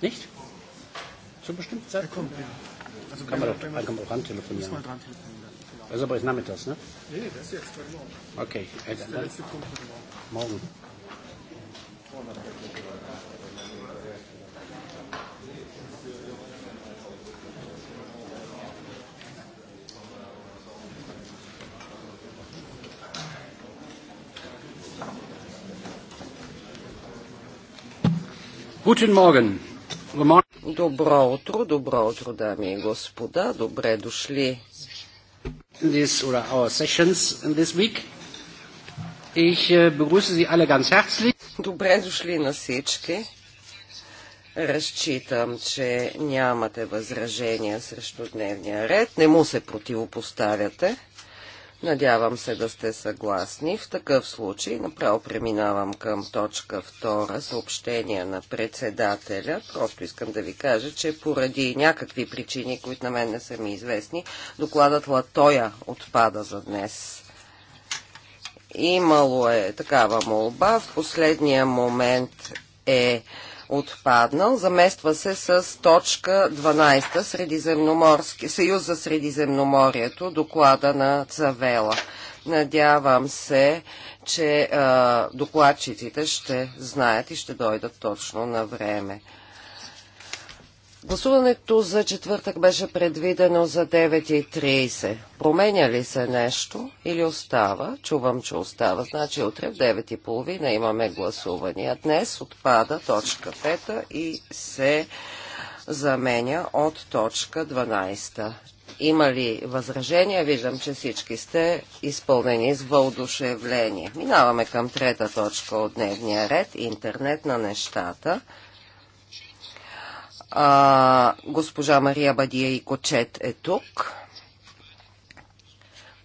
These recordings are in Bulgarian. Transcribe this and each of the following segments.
Nicht? Zu bestimmten Zeit? Er kommt, ja. Also kann man, doch, man auch ran telefonieren. Muss dran telefonieren. Das ist aber jetzt nachmittags, ne? Nee, nee, das ist jetzt heute Morgen. Okay. Das ist der letzte Punkt heute Morgen. Morgen. Guten Morgen. Добро утро, добро утро, дами и господа. Добре дошли. This, uh, our sessions this week. Ich äh, begrüße Sie alle ganz herzlich. Добре дошли на всички. Разчитам, че нямате възражения срещу дневния ред. Не му се противопоставяте. Надявам се да сте съгласни. В такъв случай направо преминавам към точка 2, съобщение на председателя. Просто искам да ви кажа, че поради някакви причини, които на мен не са ми известни, докладът Латоя отпада за днес. Имало е такава молба. В последния момент е отпаднал. Замества се с точка 12 Средиземноморски, Съюз за Средиземноморието, доклада на Цавела. Надявам се, че а, докладчиците ще знаят и ще дойдат точно на време. Гласуването за четвъртък беше предвидено за 9.30. Променя ли се нещо или остава? Чувам, че остава. Значи утре в 9.30 имаме гласувания. Днес отпада точка 5 и се заменя от точка 12. Има ли възражения? Виждам, че всички сте изпълнени с въодушевление. Минаваме към трета точка от дневния ред – интернет на нещата – а, госпожа Мария Бадия и Кочет е тук.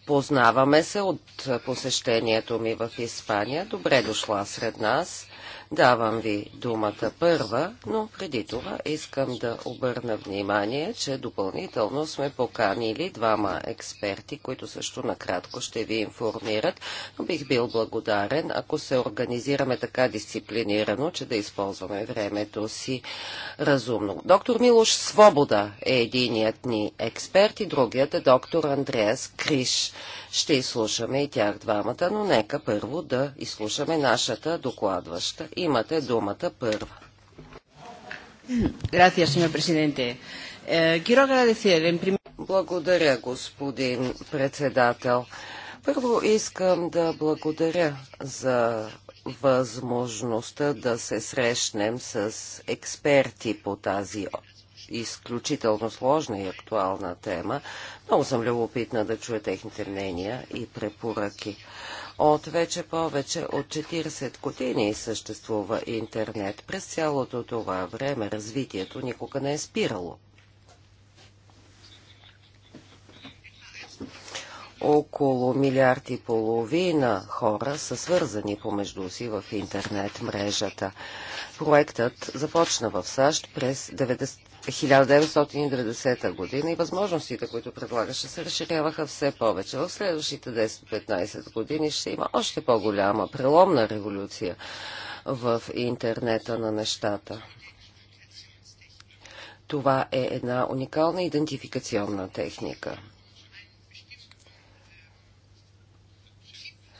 Познаваме се от посещението ми в Испания. Добре дошла сред нас. Давам ви думата първа, но преди това искам да обърна внимание, че допълнително сме поканили двама експерти, които също накратко ще ви информират, но бих бил благодарен, ако се организираме така дисциплинирано, че да използваме времето си разумно. Доктор Милош Свобода е единият ни експерт и другият е доктор Андреас Криш. Ще изслушаме и тях двамата, но нека първо да изслушаме нашата докладваща. Имате думата първа. Eh, благодаря, господин председател. Първо искам да благодаря за възможността да се срещнем с експерти по тази изключително сложна и актуална тема. Много съм любопитна да чуя техните мнения и препоръки. От вече повече от 40 години съществува интернет. През цялото това време развитието никога не е спирало. Около милиард и половина хора са свързани помежду си в интернет мрежата. Проектът започна в САЩ през 90 1990 година и възможностите, които предлагаше, се разширяваха все повече. В следващите 10-15 години ще има още по-голяма преломна революция в интернета на нещата. Това е една уникална идентификационна техника.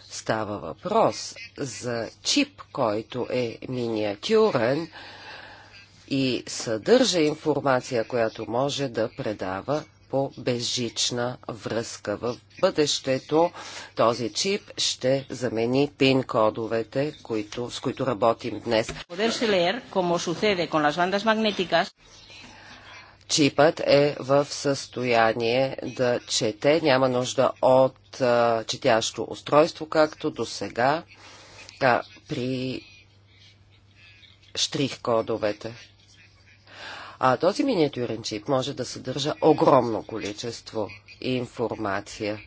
Става въпрос за чип, който е миниатюрен, и съдържа информация, която може да предава по безжична връзка. В бъдещето този чип ще замени пин-кодовете, с които работим днес. Чипът е в състояние да чете, няма нужда от а, четящо устройство, както до сега при штрих-кодовете. А този миниатюрен чип може да съдържа огромно количество информация.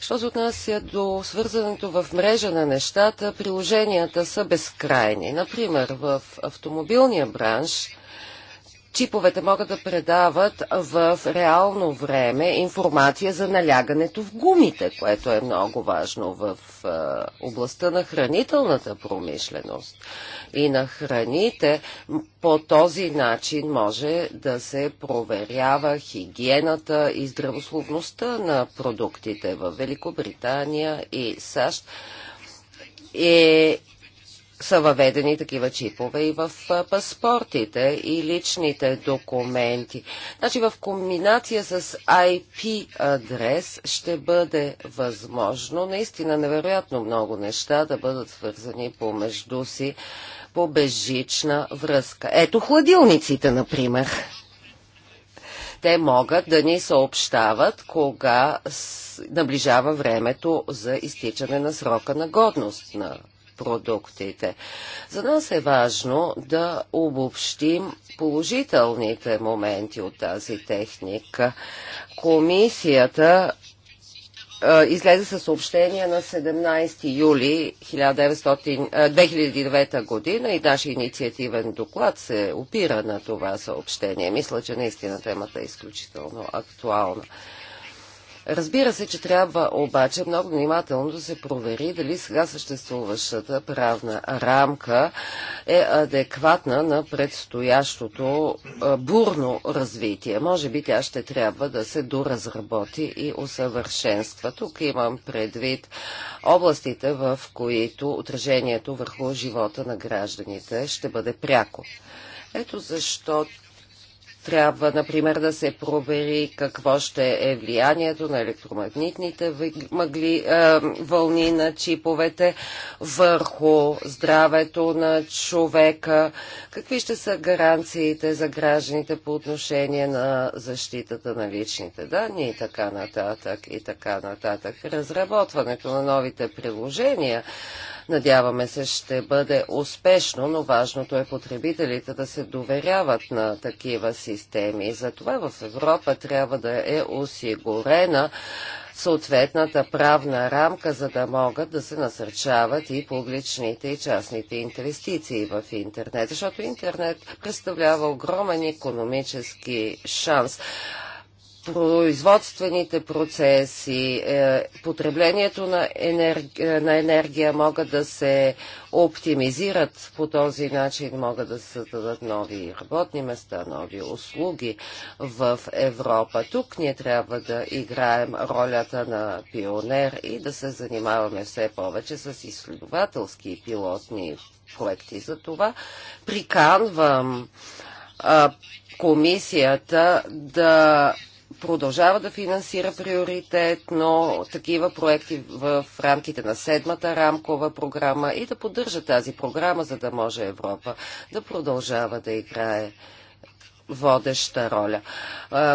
Що се отнася до свързането в мрежа на нещата, приложенията са безкрайни. Например, в автомобилния бранш чиповете могат да предават в реално време информация за налягането в гумите, което е много важно в областта на хранителната промишленост. И на храните по този начин може да се проверява хигиената и здравословността на продуктите в Великобритания и САЩ е са въведени такива чипове и в паспортите и личните документи. Значи в комбинация с IP адрес ще бъде възможно наистина невероятно много неща да бъдат свързани помежду си по безжична връзка. Ето хладилниците, например. Те могат да ни съобщават кога наближава времето за изтичане на срока на годност на продуктите. За нас е важно да обобщим положителните моменти от тази техника. Комисията излезе със съобщение на 17 юли 1900, 2009 година и нашия инициативен доклад се опира на това съобщение. Мисля, че наистина темата е изключително актуална. Разбира се, че трябва обаче много внимателно да се провери дали сега съществуващата правна рамка е адекватна на предстоящото бурно развитие. Може би тя ще трябва да се доразработи и усъвършенства. Тук имам предвид областите, в които отражението върху живота на гражданите ще бъде пряко. Ето защо трябва, например, да се провери какво ще е влиянието на електромагнитните мъгли, е, вълни на чиповете върху здравето на човека, какви ще са гаранциите за гражданите по отношение на защитата на личните данни и така нататък и така нататък. Разработването на новите приложения Надяваме се, ще бъде успешно, но важното е потребителите да се доверяват на такива системи. Затова в Европа трябва да е осигурена съответната правна рамка, за да могат да се насърчават и публичните и частните инвестиции в интернет, защото интернет представлява огромен економически шанс производствените процеси, е, потреблението на енергия, е, на енергия могат да се оптимизират по този начин, могат да се създадат нови работни места, нови услуги в Европа. Тук ние трябва да играем ролята на пионер и да се занимаваме все повече с изследователски и пилотни проекти. За това приканвам комисията да продължава да финансира приоритетно такива проекти в рамките на седмата рамкова програма и да поддържа тази програма, за да може Европа да продължава да играе водеща роля.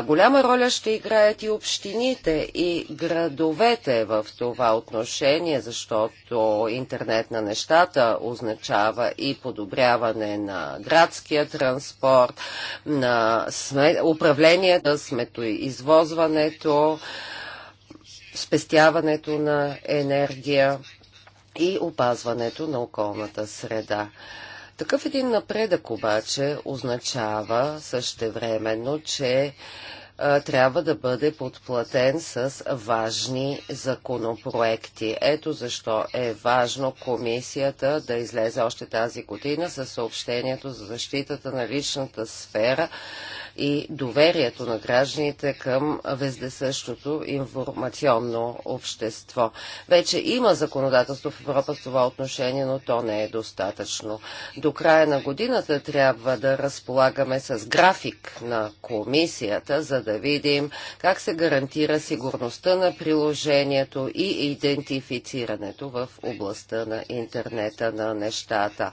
Голяма роля ще играят и общините и градовете в това отношение, защото интернет на нещата означава и подобряване на градския транспорт, на сме... управлението, сметоизвозването, спестяването на енергия и опазването на околната среда. Такъв един напредък обаче означава същевременно, че а, трябва да бъде подплатен с важни законопроекти. Ето защо е важно комисията да излезе още тази година с съобщението за защитата на личната сфера и доверието на гражданите към вездесъщото информационно общество. Вече има законодателство в Европа с това отношение, но то не е достатъчно. До края на годината трябва да разполагаме с график на комисията, за да видим как се гарантира сигурността на приложението и идентифицирането в областта на интернета на нещата.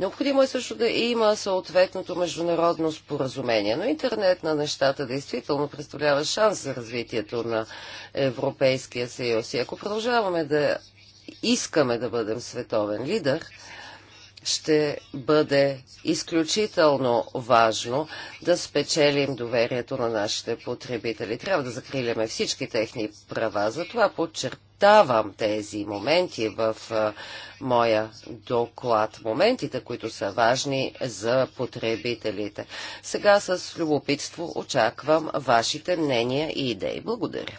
Необходимо е също да има съответното международно споразумение, но интернет на нещата действително представлява шанс за развитието на Европейския съюз. И ако продължаваме да искаме да бъдем световен лидер, ще бъде изключително важно да спечелим доверието на нашите потребители. Трябва да закриляме всички техни права. Затова подчер подчертавам тези моменти в моя доклад. Моментите, които са важни за потребителите. Сега с любопитство очаквам вашите мнения и идеи. Благодаря.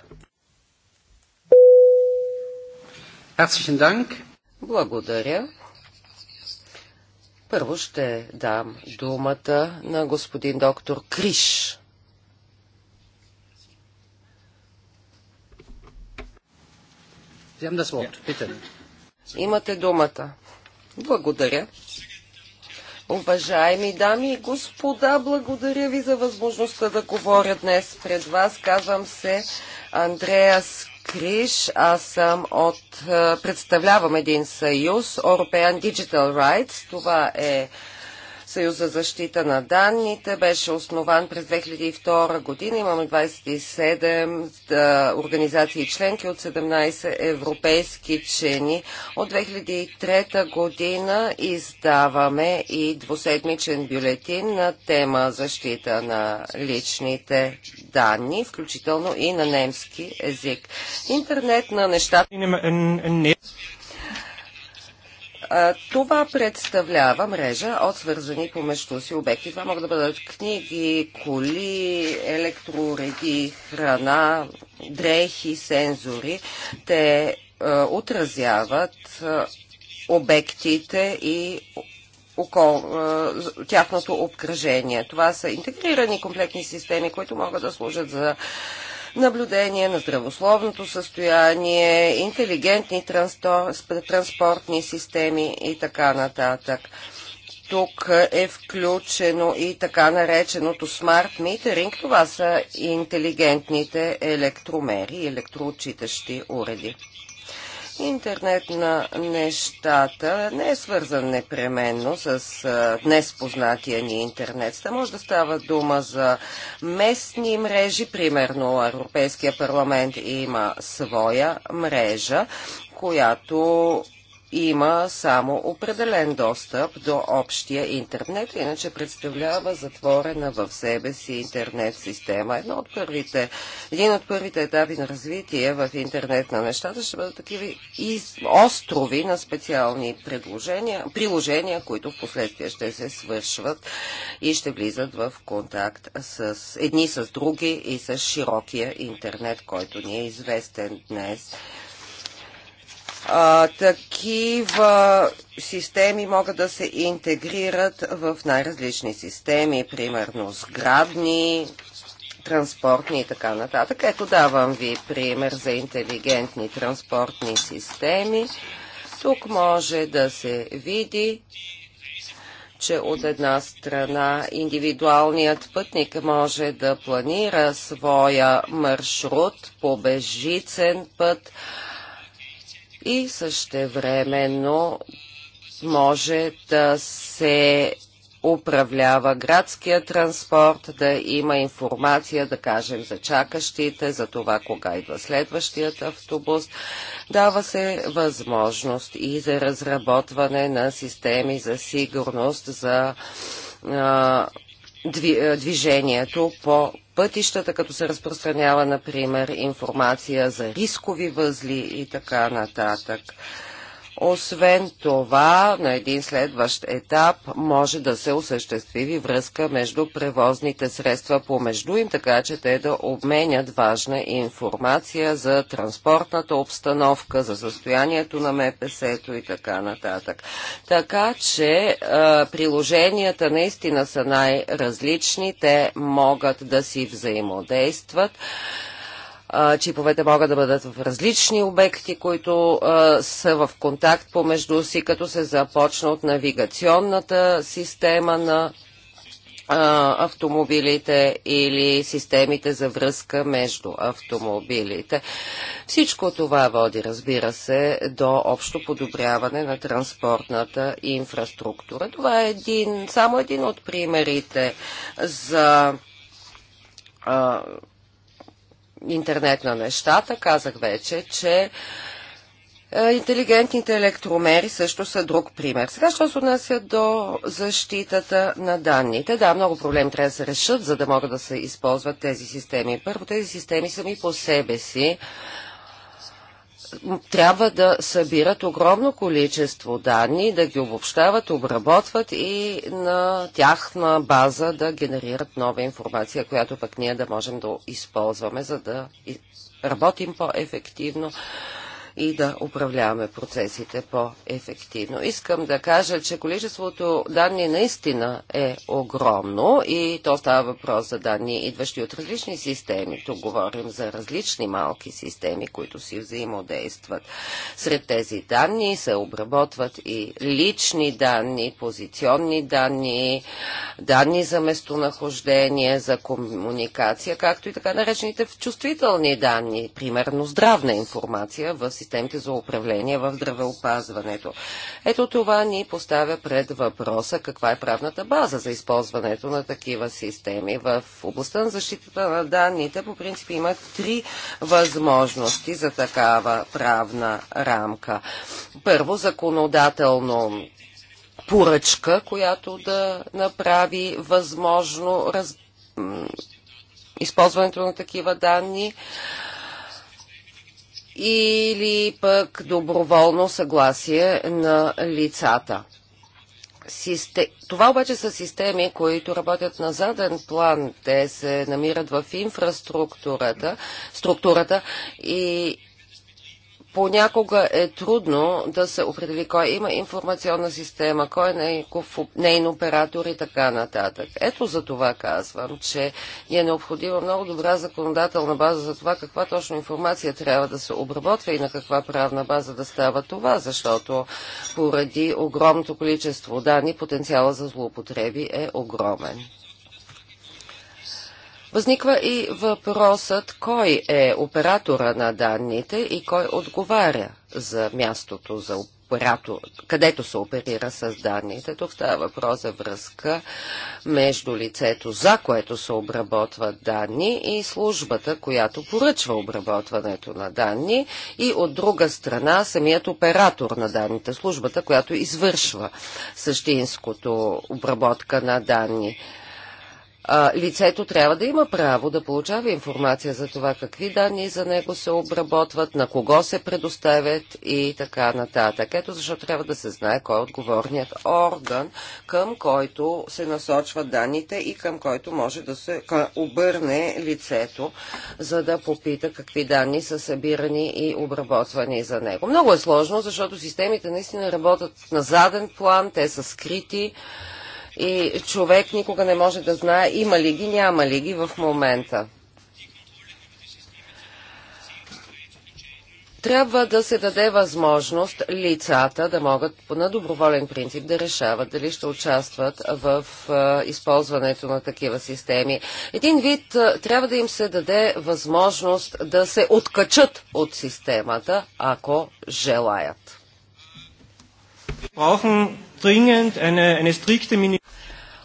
Благодаря. Първо ще дам думата на господин доктор Криш. Sie haben das Wort, bitte. Имате думата. Благодаря. Уважаеми дами и господа, благодаря ви за възможността да говоря днес пред вас. Казвам се Андреас Криш. Аз съм от... Е, представлявам един съюз, European Digital Rights. Това е Съюз за защита на данните беше основан през 2002 година. Имаме 27 организации организации членки от 17 европейски чени. От 2003 година издаваме и двуседмичен бюлетин на тема защита на личните данни, включително и на немски език. Интернет на нещата. Това представлява мрежа от свързани помежду си обекти. Това могат да бъдат книги, коли, електроуреди, храна, дрехи, сензори. Те отразяват обектите и окол, тяхното обкръжение. Това са интегрирани комплектни системи, които могат да служат за наблюдение на здравословното състояние, интелигентни транспортни системи и така нататък. Тук е включено и така нареченото смарт митеринг, Това са интелигентните електромери, електроочитащи уреди. Интернет на нещата не е свързан непременно с днес познатия ни интернет. Та може да става дума за местни мрежи. Примерно Европейския парламент има своя мрежа, която има само определен достъп до общия интернет, иначе представлява затворена в себе си интернет система. Едно от първите, един от първите етапи на развитие в интернет на нещата ще бъдат такива и острови на специални предложения, приложения, които в последствие ще се свършват и ще влизат в контакт с едни с други и с широкия интернет, който ни е известен днес. А, такива системи могат да се интегрират в най-различни системи, примерно сградни, транспортни и така нататък. Ето давам ви пример за интелигентни транспортни системи. Тук може да се види, че от една страна индивидуалният пътник може да планира своя маршрут по безжицен път, и същевременно може да се управлява градския транспорт, да има информация, да кажем, за чакащите, за това кога идва следващият автобус. Дава се възможност и за разработване на системи за сигурност, за а, движението по пътищата, като се разпространява, например, информация за рискови възли и така нататък. Освен това, на един следващ етап може да се осъществи връзка между превозните средства помежду им, така че те да обменят важна информация за транспортната обстановка, за състоянието на МПС-то и така нататък. Така че приложенията наистина са най-различни, те могат да си взаимодействат чиповете могат да бъдат в различни обекти, които са в контакт помежду си, като се започна от навигационната система на автомобилите или системите за връзка между автомобилите. Всичко това води, разбира се, до общо подобряване на транспортната инфраструктура. Това е един, само един от примерите за а, интернет на нещата. Казах вече, че е, интелигентните електромери също са друг пример. Сега, що се отнася до защитата на данните? Да, много проблеми трябва да се решат, за да могат да се използват тези системи. Първо, тези системи сами по себе си трябва да събират огромно количество данни, да ги обобщават, обработват и на тяхна база да генерират нова информация, която пък ние да можем да използваме, за да работим по-ефективно и да управляваме процесите по-ефективно. Искам да кажа, че количеството данни наистина е огромно и то става въпрос за данни, идващи от различни системи. Тук говорим за различни малки системи, които си взаимодействат. Сред тези данни се обработват и лични данни, позиционни данни, данни за местонахождение, за комуникация, както и така наречените чувствителни данни, примерно здравна информация в системите за управление в здравеопазването. Ето това ни поставя пред въпроса каква е правната база за използването на такива системи. В областта на защитата на данните по принцип има три възможности за такава правна рамка. Първо, законодателно поръчка, която да направи възможно раз... използването на такива данни или пък доброволно съгласие на лицата. Систе... Това обаче са системи, които работят на заден план. Те се намират в инфраструктурата структурата и понякога е трудно да се определи кой има информационна система, кой е нейн оператор и така нататък. Ето за това казвам, че е необходима много добра законодателна база за това каква точно информация трябва да се обработва и на каква правна база да става това, защото поради огромното количество данни потенциала за злоупотреби е огромен. Възниква и въпросът кой е оператора на данните и кой отговаря за мястото за оператор, където се оперира с данните. Тук става въпрос за връзка между лицето, за което се обработват данни и службата, която поръчва обработването на данни и от друга страна самият оператор на данните, службата, която извършва същинското обработка на данни а, лицето трябва да има право да получава информация за това какви данни за него се обработват, на кого се предоставят и така нататък. Ето защо трябва да се знае кой е отговорният орган, към който се насочват данните и към който може да се обърне лицето, за да попита какви данни са събирани и обработвани за него. Много е сложно, защото системите наистина работят на заден план, те са скрити и човек никога не може да знае има ли ги, няма ли ги в момента. Трябва да се даде възможност лицата да могат на доброволен принцип да решават дали ще участват в използването на такива системи. Един вид трябва да им се даде възможност да се откачат от системата, ако желаят.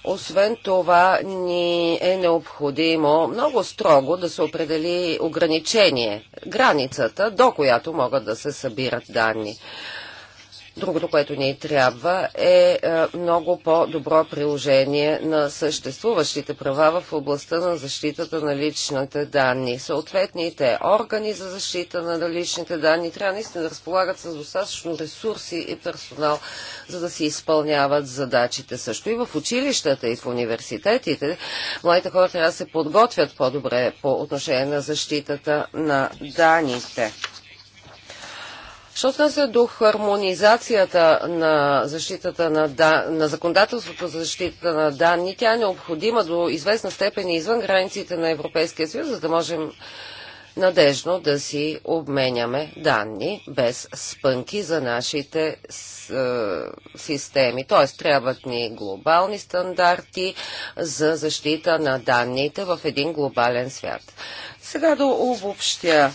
Освен това ни е необходимо много строго да се определи ограничение, границата, до която могат да се събират данни. Другото, което ни трябва е, е много по-добро приложение на съществуващите права в областта на защитата на личните данни. Съответните органи за защита на личните данни трябва наистина да разполагат с достатъчно ресурси и персонал, за да си изпълняват задачите. Също и в училищата и в университетите младите хора трябва да се подготвят по-добре по отношение на защитата на данните. Що отнася до хармонизацията на, защитата на, да, на законодателството за защита на данни, тя е необходима до известна степен и извън границите на Европейския съюз, за да можем надежно да си обменяме данни без спънки за нашите е, системи. Т.е. трябват ни глобални стандарти за защита на данните в един глобален свят. Сега да обобщя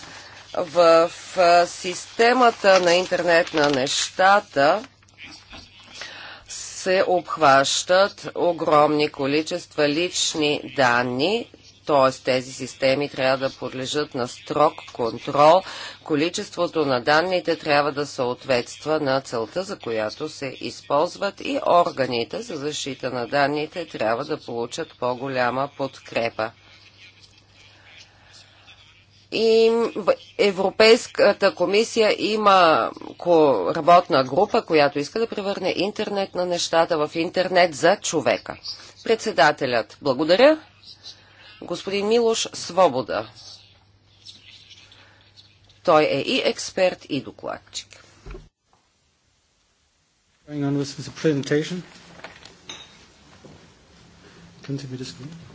в системата на интернет на нещата се обхващат огромни количества лични данни, т.е. тези системи трябва да подлежат на строг контрол. Количеството на данните трябва да съответства на целта, за която се използват и органите за защита на данните трябва да получат по-голяма подкрепа. И Европейската комисия има работна група, която иска да превърне интернет на нещата в интернет за човека. Председателят, благодаря. Господин Милош Свобода. Той е и експерт, и докладчик. Going on with the presentation. Können Sie mir das geben?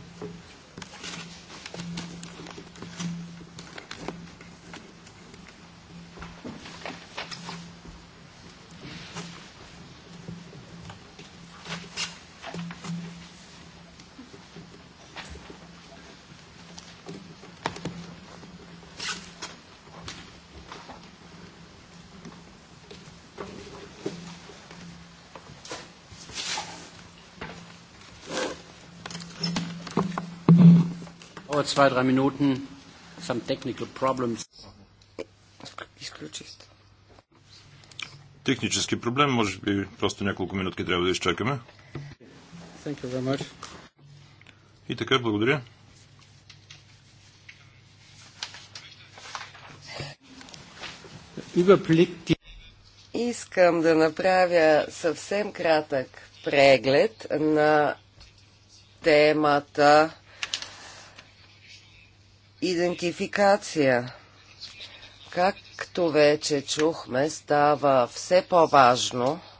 zwei, drei Minuten. Some technical problems. Технически проблем, може би просто няколко минутки трябва да изчакаме. Thank you very much. И така, благодаря. Искам да направя съвсем кратък преглед на темата идентификация. Както вече чухме, става все по-важно –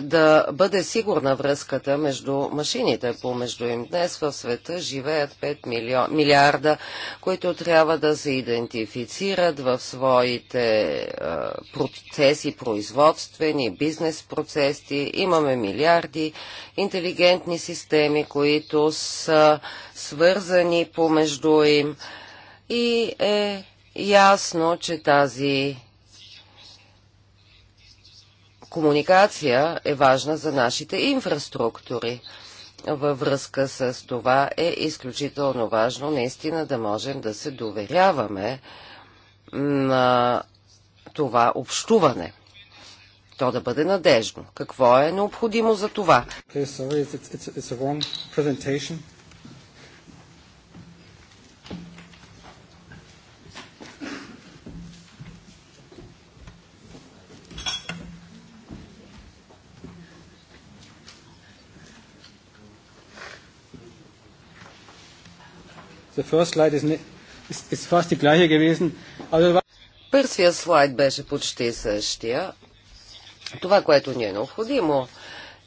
да бъде сигурна връзката между машините помежду им. Днес в света живеят 5 милион, милиарда, които трябва да се идентифицират в своите процеси, производствени, бизнес процеси. Имаме милиарди интелигентни системи, които са свързани помежду им и е ясно, че тази Комуникация е важна за нашите инфраструктури. Във връзка с това е изключително важно наистина да можем да се доверяваме на това общуване. То да бъде надежно. Какво е необходимо за това? Okay, The first slide is, is, is fast gleiche gewesen. Първия слайд беше почти същия. Това, което ни е необходимо,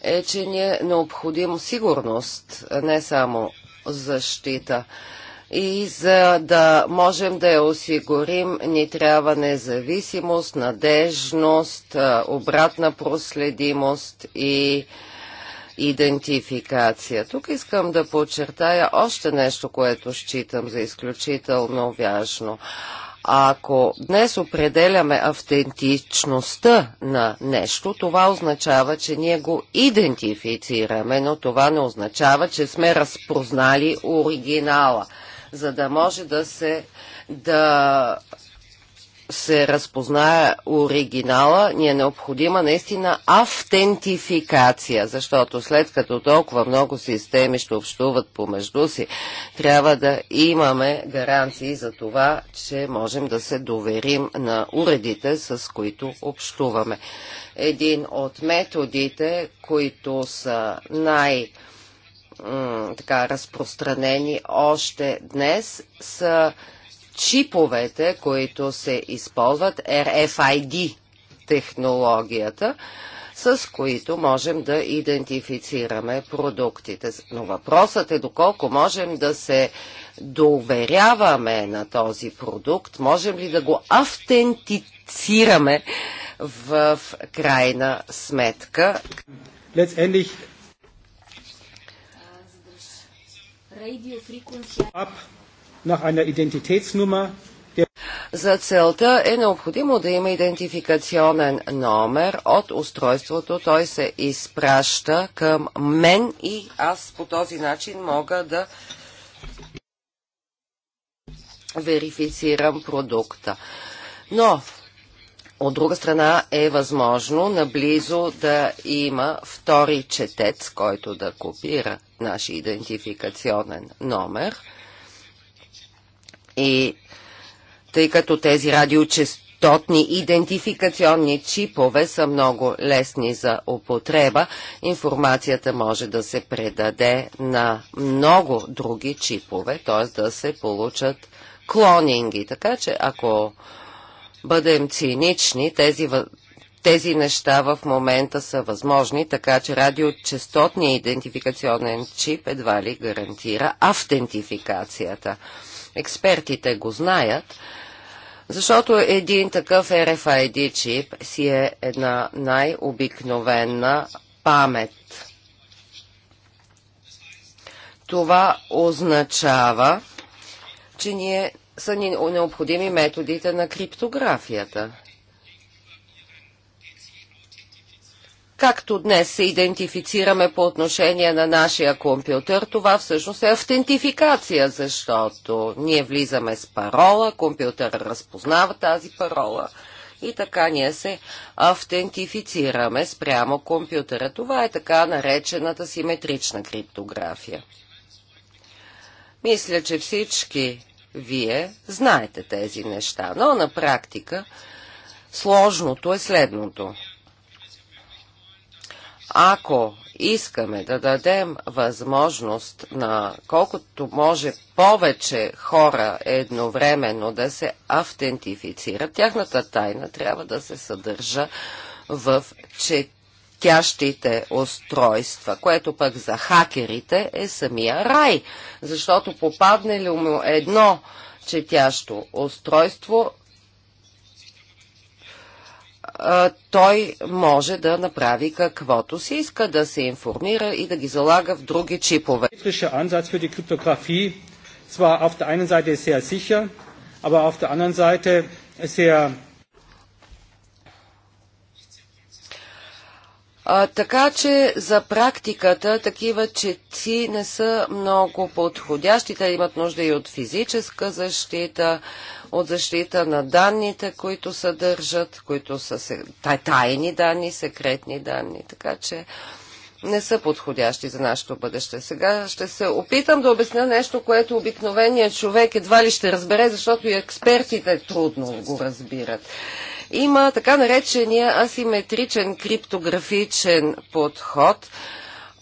е, че ни е необходимо сигурност, не само защита. И за да можем да я осигурим, ни трябва независимост, надежност, обратна проследимост и идентификация. Тук искам да подчертая още нещо, което считам за изключително важно. Ако днес определяме автентичността на нещо, това означава, че ние го идентифицираме, но това не означава, че сме разпознали оригинала. За да може да се да се разпознае оригинала, ни е необходима наистина автентификация, защото след като толкова много системи ще общуват помежду си, трябва да имаме гаранции за това, че можем да се доверим на уредите, с които общуваме. Един от методите, които са най- така разпространени още днес, са чиповете, които се използват, RFID технологията, с които можем да идентифицираме продуктите. Но въпросът е доколко можем да се доверяваме на този продукт, можем ли да го автентицираме в крайна сметка. Letztendlich nach einer Identitätsnummer. За целта е необходимо да има идентификационен номер от устройството. Той се изпраща към мен и аз по този начин мога да верифицирам продукта. Но от друга страна е възможно наблизо да има втори четец, който да копира нашия идентификационен номер – и тъй като тези радиочестотни идентификационни чипове са много лесни за употреба, информацията може да се предаде на много други чипове, т.е. да се получат клонинги. Така че ако бъдем цинични, тези, тези неща в момента са възможни, така че радиочастотният идентификационен чип едва ли гарантира автентификацията. Експертите го знаят, защото един такъв RFID чип си е една най-обикновена памет. Това означава, че ние са ни необходими методите на криптографията. както днес се идентифицираме по отношение на нашия компютър, това всъщност е автентификация, защото ние влизаме с парола, компютър разпознава тази парола и така ние се автентифицираме спрямо компютъра. Това е така наречената симетрична криптография. Мисля, че всички вие знаете тези неща, но на практика сложното е следното – ако искаме да дадем възможност на колкото може повече хора едновременно да се автентифицират, тяхната тайна трябва да се съдържа в четящите устройства, което пък за хакерите е самия рай, защото попадне ли му едно четящо устройство, той може да направи каквото си иска, да се информира и да ги залага в други чипове. Zwar auf der einen Seite ist sehr sicher, А, така че за практиката такива чети не са много подходящи. Те имат нужда и от физическа защита, от защита на данните, които съдържат, които са тайни данни, секретни данни. Така че не са подходящи за нашето бъдеще. Сега ще се опитам да обясня нещо, което обикновеният човек едва ли ще разбере, защото и експертите трудно го разбират. Има така наречения асиметричен криптографичен подход,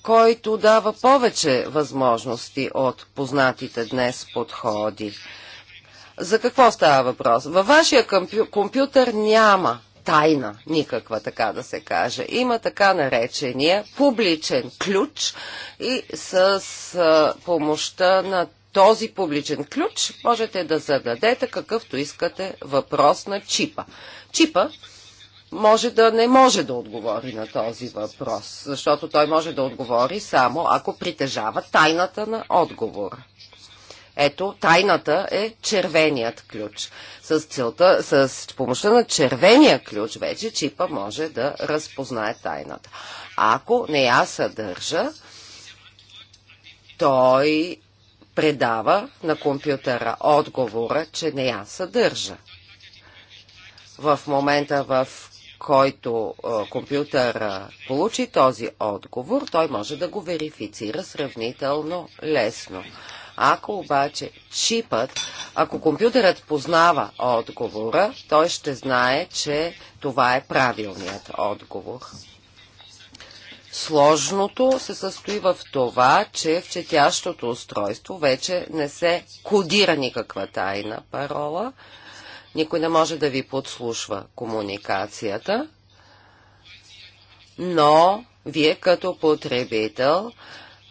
който дава повече възможности от познатите днес подходи. За какво става въпрос? Във вашия компю... компютър няма тайна, никаква така да се каже. Има така наречения публичен ключ и с а, помощта на този публичен ключ можете да зададете какъвто искате въпрос на чипа. Чипа може да не може да отговори на този въпрос, защото той може да отговори само ако притежава тайната на отговор. Ето, тайната е червеният ключ. С, целта, с помощта на червения ключ вече чипа може да разпознае тайната. Ако не я съдържа, той предава на компютъра отговора, че не я съдържа. В момента, в който компютъра получи този отговор, той може да го верифицира сравнително лесно. Ако обаче чипът, ако компютърът познава отговора, той ще знае, че това е правилният отговор. Сложното се състои в това, че в четящото устройство вече не се кодира никаква тайна парола. Никой не може да ви подслушва комуникацията, но вие като потребител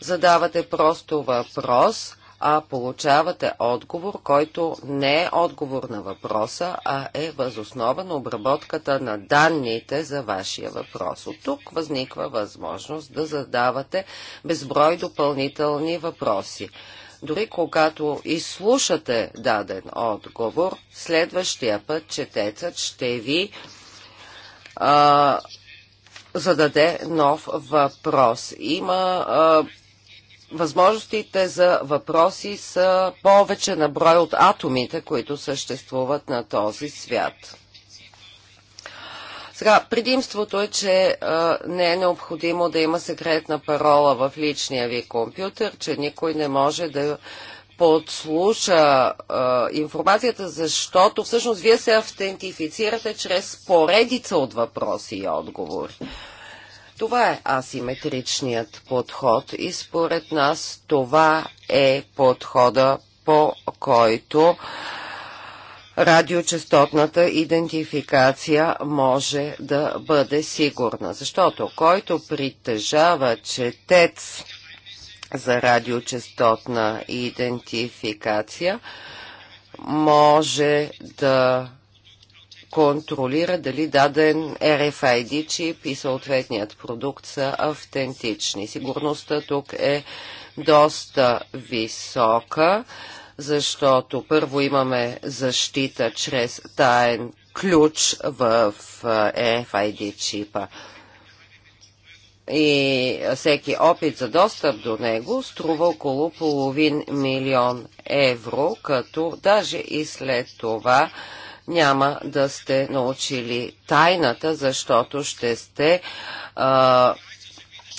задавате просто въпрос а получавате отговор, който не е отговор на въпроса, а е възоснова на обработката на данните за вашия въпрос. От тук възниква възможност да задавате безброй допълнителни въпроси. Дори когато изслушате даден отговор, следващия път четецът ще ви а, зададе нов въпрос. Има а, възможностите за въпроси са повече на брой от атомите, които съществуват на този свят. Сега, предимството е, че а, не е необходимо да има секретна парола в личния ви компютър, че никой не може да подслуша а, информацията, защото всъщност вие се автентифицирате чрез поредица от въпроси и отговори. Това е асиметричният подход и според нас това е подхода по който радиочастотната идентификация може да бъде сигурна. Защото който притежава четец за радиочастотна идентификация, може да контролира дали даден RFID чип и съответният продукт са автентични. Сигурността тук е доста висока, защото първо имаме защита чрез таен ключ в RFID чипа. И всеки опит за достъп до него струва около половин милион евро, като даже и след това няма да сте научили тайната, защото ще сте а,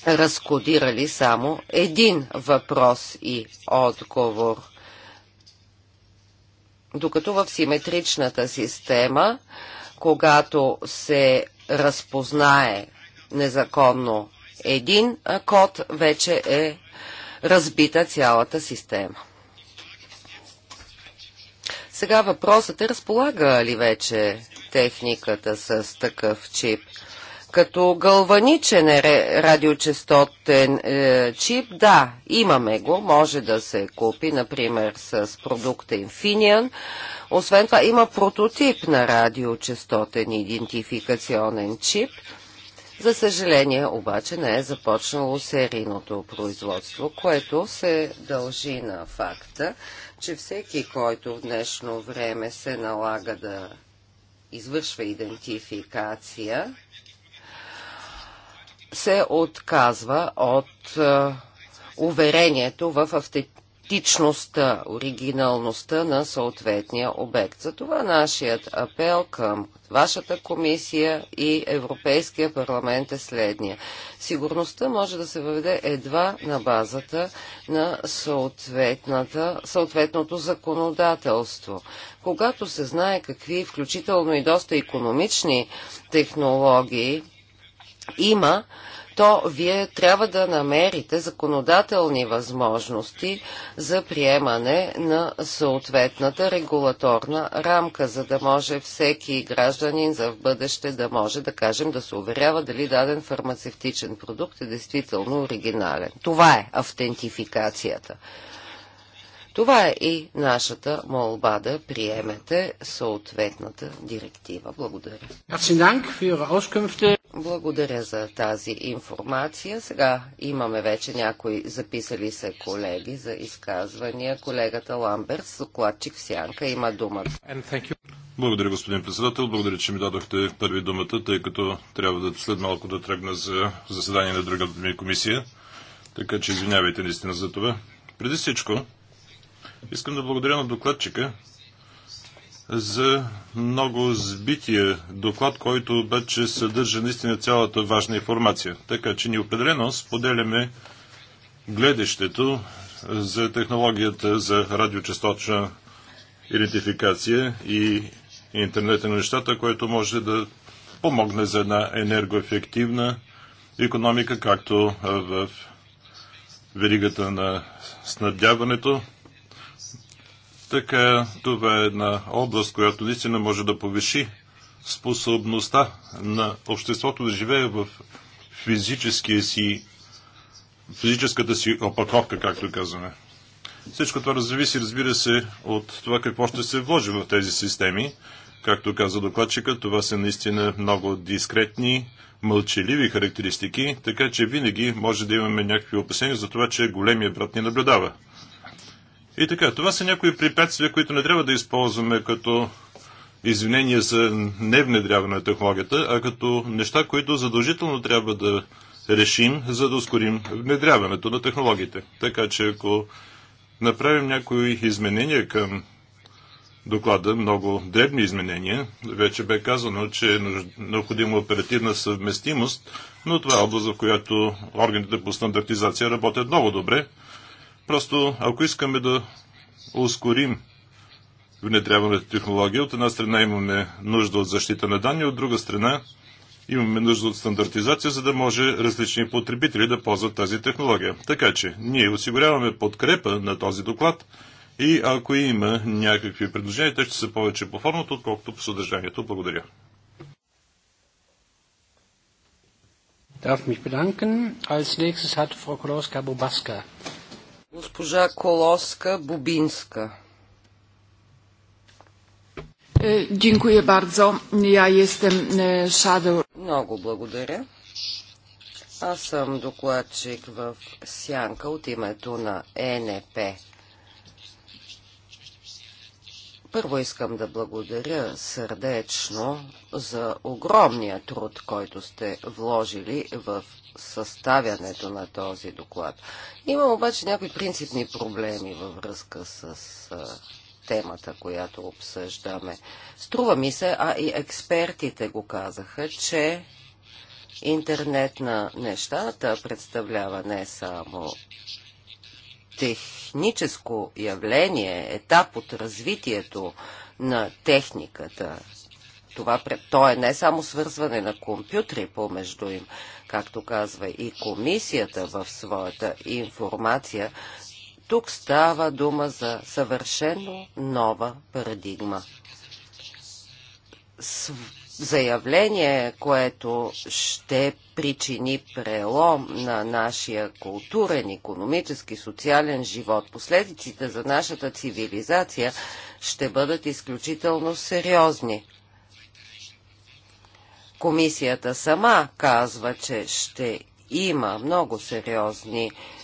разкодирали само един въпрос и отговор. Докато в симетричната система, когато се разпознае незаконно един код, вече е разбита цялата система. Сега въпросът е, разполага ли вече техниката с такъв чип? Като галваничен е радиочастотен е, чип, да, имаме го, може да се купи, например, с продукта Infineon. Освен това има прототип на радиочастотен идентификационен чип. За съжаление, обаче не е започнало серийното производство, което се дължи на факта, че всеки, който в днешно време се налага да извършва идентификация, се отказва от уверението в автентичността, оригиналността на съответния обект. Затова нашият апел към вашата комисия и Европейския парламент е следния. Сигурността може да се въведе едва на базата на съответното законодателство. Когато се знае какви, включително и доста економични технологии има, то вие трябва да намерите законодателни възможности за приемане на съответната регулаторна рамка, за да може всеки гражданин за в бъдеще да може, да кажем, да се уверява дали даден фармацевтичен продукт е действително оригинален. Това е автентификацията. Това е и нашата молба да приемете съответната директива. Благодаря. Благодаря за тази информация. Сега имаме вече някои записали се колеги за изказвания. Колегата Ламберс, докладчик в Сянка, има думата. Благодаря, господин председател. Благодаря, че ми дадохте първи думата, тъй като трябва да след малко да тръгна за заседание на другата ми комисия. Така че извинявайте наистина за това. Преди всичко, Искам да благодаря на докладчика за много сбития доклад, който обаче съдържа наистина цялата важна информация. Така че ни определено споделяме гледащето за технологията за радиочастотна идентификация и интернета на нещата, което може да помогне за една енергоефективна економика, както в веригата на снабдяването, така това е една област, която наистина може да повиши способността на обществото да живее в физическия си, физическата си опаковка, както казваме. Всичко това зависи, разбира се, от това какво ще се вложи в тези системи. Както каза докладчика, това са наистина много дискретни, мълчаливи характеристики, така че винаги може да имаме някакви опасения за това, че големия брат ни наблюдава. И така, това са някои препятствия, които не трябва да използваме като извинение за невнедряване на технологията, а като неща, които задължително трябва да решим, за да ускорим внедряването на технологиите. Така че ако направим някои изменения към доклада, много дребни изменения, вече бе казано, че е необходима оперативна съвместимост, но това е област, в която органите по стандартизация работят много добре. Просто ако искаме да ускорим внедряването технология, от една страна имаме нужда от защита на данни, от друга страна имаме нужда от стандартизация, за да може различни потребители да ползват тази технология. Така че ние осигуряваме подкрепа на този доклад и ако има някакви предложения, те ще са повече по формата, отколкото по съдържанието. Благодаря. Darf mich bedanken. Als nächstes hat Frau kolowska bobaska Госпожа Колоска Бубинска. Е, дякую бардзо. Я естем е, шадъл. Много благодаря. Аз съм докладчик в Сянка от името на ЕНП. Първо искам да благодаря сърдечно за огромния труд, който сте вложили в съставянето на този доклад. Имам обаче някои принципни проблеми във връзка с темата, която обсъждаме. Струва ми се, а и експертите го казаха, че интернет на нещата представлява не само техническо явление, етап от развитието на техниката, това, то е не само свързване на компютри помежду им, както казва и комисията в своята информация, тук става дума за съвършено нова парадигма заявление, което ще причини прелом на нашия културен, економически, социален живот. Последиците за нашата цивилизация ще бъдат изключително сериозни. Комисията сама казва, че ще има много сериозни последици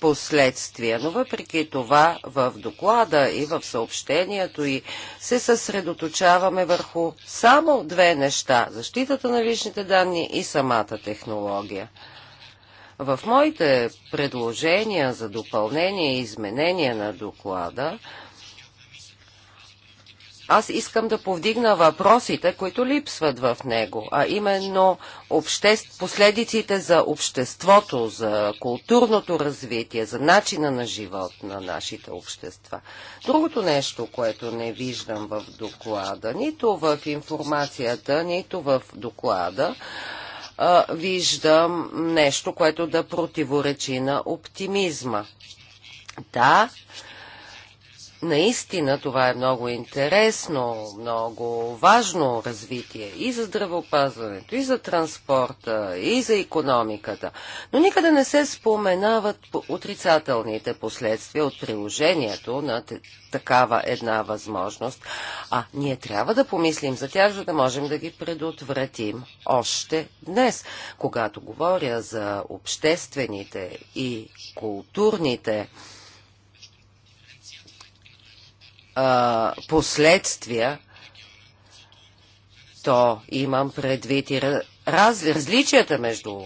последствия. Но въпреки това в доклада и в съобщението и се съсредоточаваме върху само две неща – защитата на личните данни и самата технология. В моите предложения за допълнение и изменение на доклада – аз искам да повдигна въпросите, които липсват в него, а именно обществ, последиците за обществото, за културното развитие, за начина на живот на нашите общества. Другото нещо, което не виждам в доклада, нито в информацията, нито в доклада, а, виждам нещо, което да противоречи на оптимизма. Да, Наистина това е много интересно, много важно развитие и за здравеопазването, и за транспорта, и за економиката. Но никъде не се споменават отрицателните последствия от приложението на такава една възможност. А ние трябва да помислим за тях, за да можем да ги предотвратим още днес. Когато говоря за обществените и културните а, последствия, то имам предвид и раз, различията между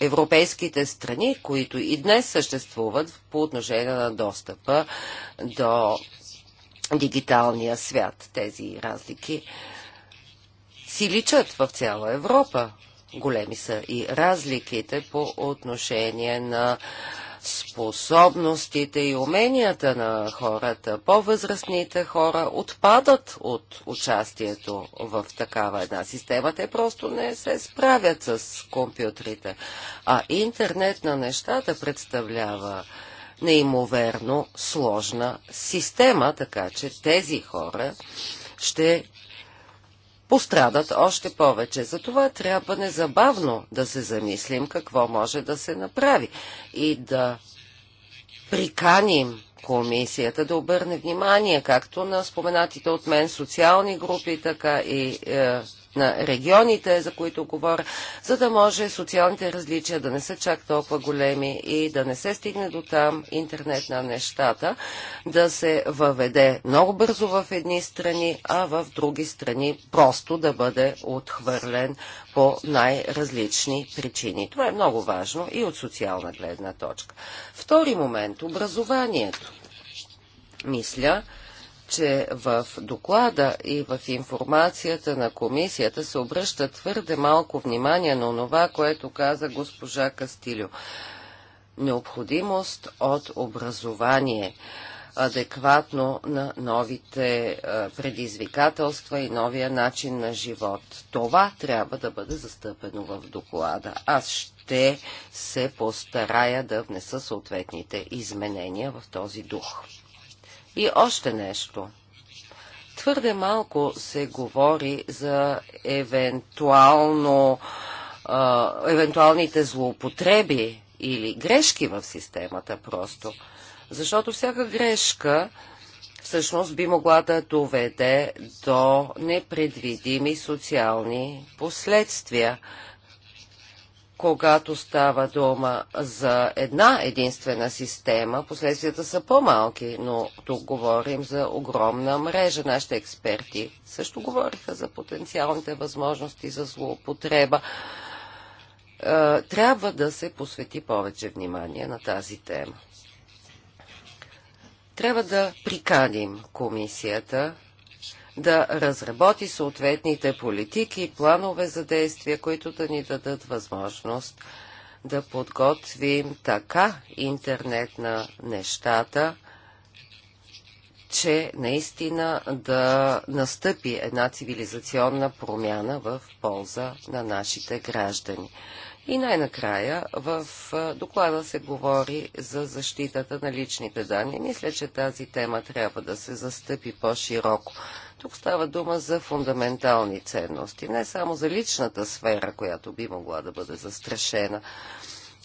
европейските страни, които и днес съществуват по отношение на достъпа до дигиталния свят. Тези разлики си личат в цяла Европа. Големи са и разликите по отношение на способностите и уменията на хората, по-възрастните хора отпадат от участието в такава една система. Те просто не се справят с компютрите. А интернет на нещата представлява неимоверно сложна система, така че тези хора ще пострадат още повече. Затова трябва незабавно да се замислим какво може да се направи и да приканим комисията да обърне внимание както на споменатите от мен социални групи, така и е, на регионите, за които говоря, за да може социалните различия да не са чак толкова големи и да не се стигне до там интернет на нещата, да се въведе много бързо в едни страни, а в други страни просто да бъде отхвърлен по най-различни причини. Това е много важно и от социална гледна точка. Втори момент – образованието. Мисля, че в доклада и в информацията на комисията се обръща твърде малко внимание на това, което каза госпожа Кастилю. Необходимост от образование адекватно на новите е, предизвикателства и новия начин на живот. Това трябва да бъде застъпено в доклада. Аз ще се постарая да внеса съответните изменения в този дух. И още нещо. Твърде малко се говори за евентуално, а, евентуалните злоупотреби или грешки в системата просто. Защото всяка грешка всъщност би могла да доведе до непредвидими социални последствия когато става дума за една единствена система, последствията са по-малки, но тук говорим за огромна мрежа. Нашите експерти също говориха за потенциалните възможности за злоупотреба. Е, трябва да се посвети повече внимание на тази тема. Трябва да приканим комисията да разработи съответните политики и планове за действия, които да ни дадат възможност да подготвим така интернет на нещата, че наистина да настъпи една цивилизационна промяна в полза на нашите граждани. И най-накрая в доклада се говори за защитата на личните данни. Мисля, че тази тема трябва да се застъпи по-широко. Тук става дума за фундаментални ценности, не само за личната сфера, която би могла да бъде застрашена.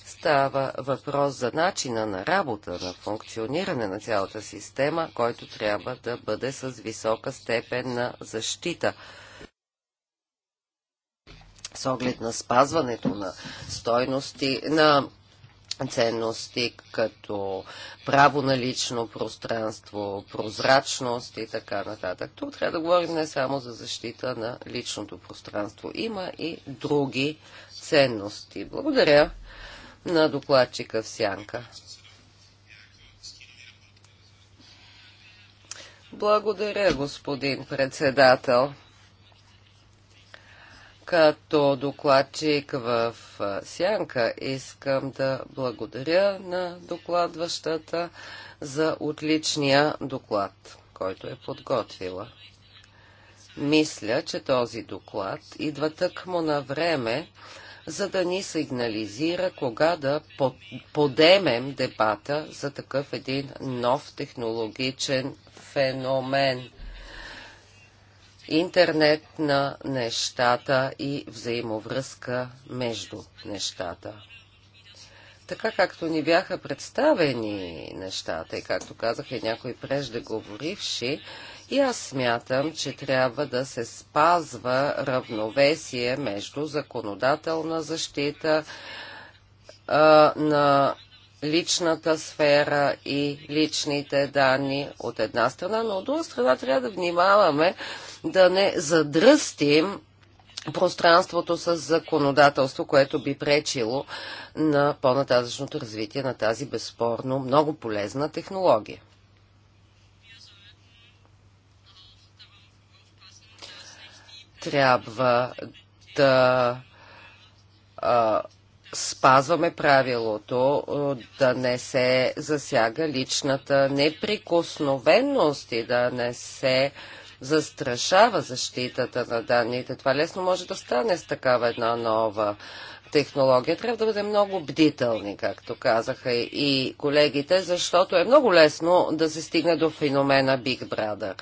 Става въпрос за начина на работа, на функциониране на цялата система, който трябва да бъде с висока степен на защита с оглед на спазването на стойности, на ценности, като право на лично пространство, прозрачност и така нататък. Тук трябва да говорим не само за защита на личното пространство. Има и други ценности. Благодаря на докладчика в Сянка. Благодаря, господин председател. Като докладчик в Сянка искам да благодаря на докладващата за отличния доклад, който е подготвила. Мисля, че този доклад идва тъкмо на време, за да ни сигнализира кога да подемем дебата за такъв един нов технологичен феномен – интернет на нещата и взаимовръзка между нещата. Така както ни бяха представени нещата и както казаха и някои преждеговоривши, и аз смятам, че трябва да се спазва равновесие между законодателна защита а, на личната сфера и личните данни от една страна, но от друга страна трябва да внимаваме да не задръстим пространството с законодателство, което би пречило на по-нататъчното развитие на тази безспорно много полезна технология. Трябва да а, спазваме правилото е, да не се засяга личната неприкосновеност и да не се застрашава защитата на данните. Това лесно може да стане с такава една нова технология. Трябва да бъдем много бдителни, както казаха и колегите, защото е много лесно да се стигне до феномена Big Brother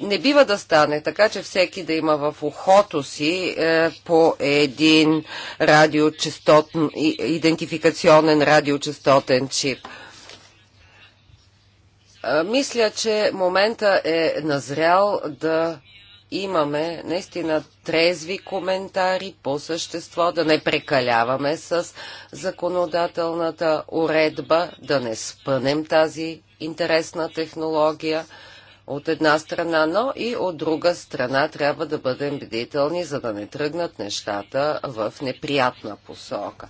не бива да стане така, че всеки да има в ухото си е, по един радиочастотен, идентификационен радиочастотен чип. Е, мисля, че момента е назрял да имаме наистина трезви коментари по същество, да не прекаляваме с законодателната уредба, да не спънем тази интересна технология – от една страна, но и от друга страна трябва да бъдем бдителни, за да не тръгнат нещата в неприятна посока.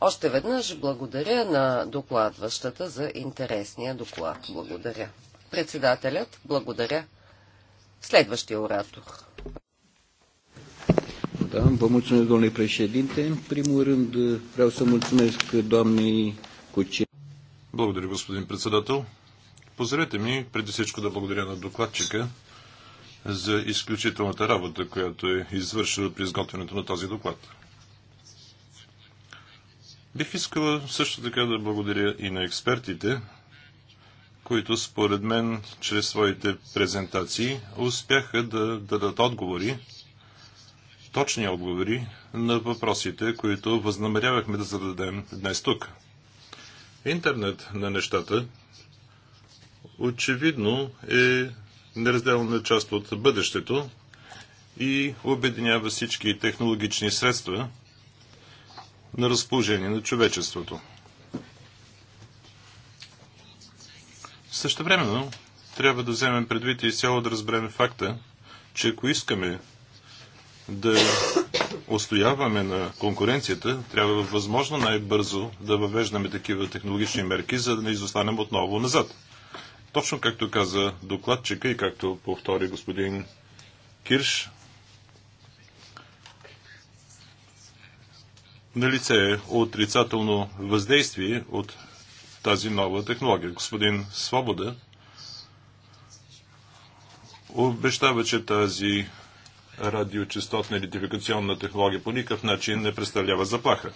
Още веднъж благодаря на докладващата за интересния доклад. Благодаря. Председателят, благодаря. Следващия оратор. Да, vă mulțumesc, domnule președinte. În primul rând, vreau să mulțumesc doamnei Благодаря, господин председател. Позволете ми преди всичко да благодаря на докладчика за изключителната работа, която е извършила при изготвянето на този доклад. Бих искала също така да благодаря и на експертите, които според мен чрез своите презентации успяха да дадат отговори, точни отговори на въпросите, които възнамерявахме да зададем днес тук. Интернет на нещата очевидно е неразделна част от бъдещето и обединява всички технологични средства на разположение на човечеството. Също времено трябва да вземем предвид и цяло да разберем факта, че ако искаме да устояваме на конкуренцията, трябва възможно най-бързо да въвеждаме такива технологични мерки, за да не изостанем отново назад. Точно както каза докладчика и както повтори господин Кирш, налице е отрицателно въздействие от тази нова технология. Господин Свобода обещава, че тази радиочастотна идентификационна технология по никакъв начин не представлява заплаха.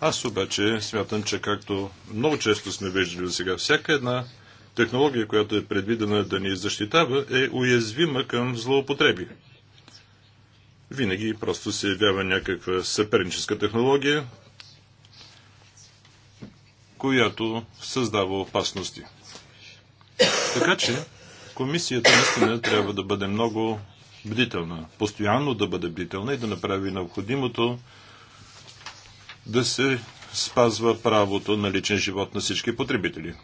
Аз обаче смятам, че както много често сме виждали до сега, всяка една технология, която е предвидена да ни защитава, е уязвима към злоупотреби. Винаги просто се явява някаква съперническа технология, която създава опасности. Така че комисията наистина трябва да бъде много бдителна, постоянно да бъде бдителна и да направи необходимото да се спазва правото на личен живот на всички потребители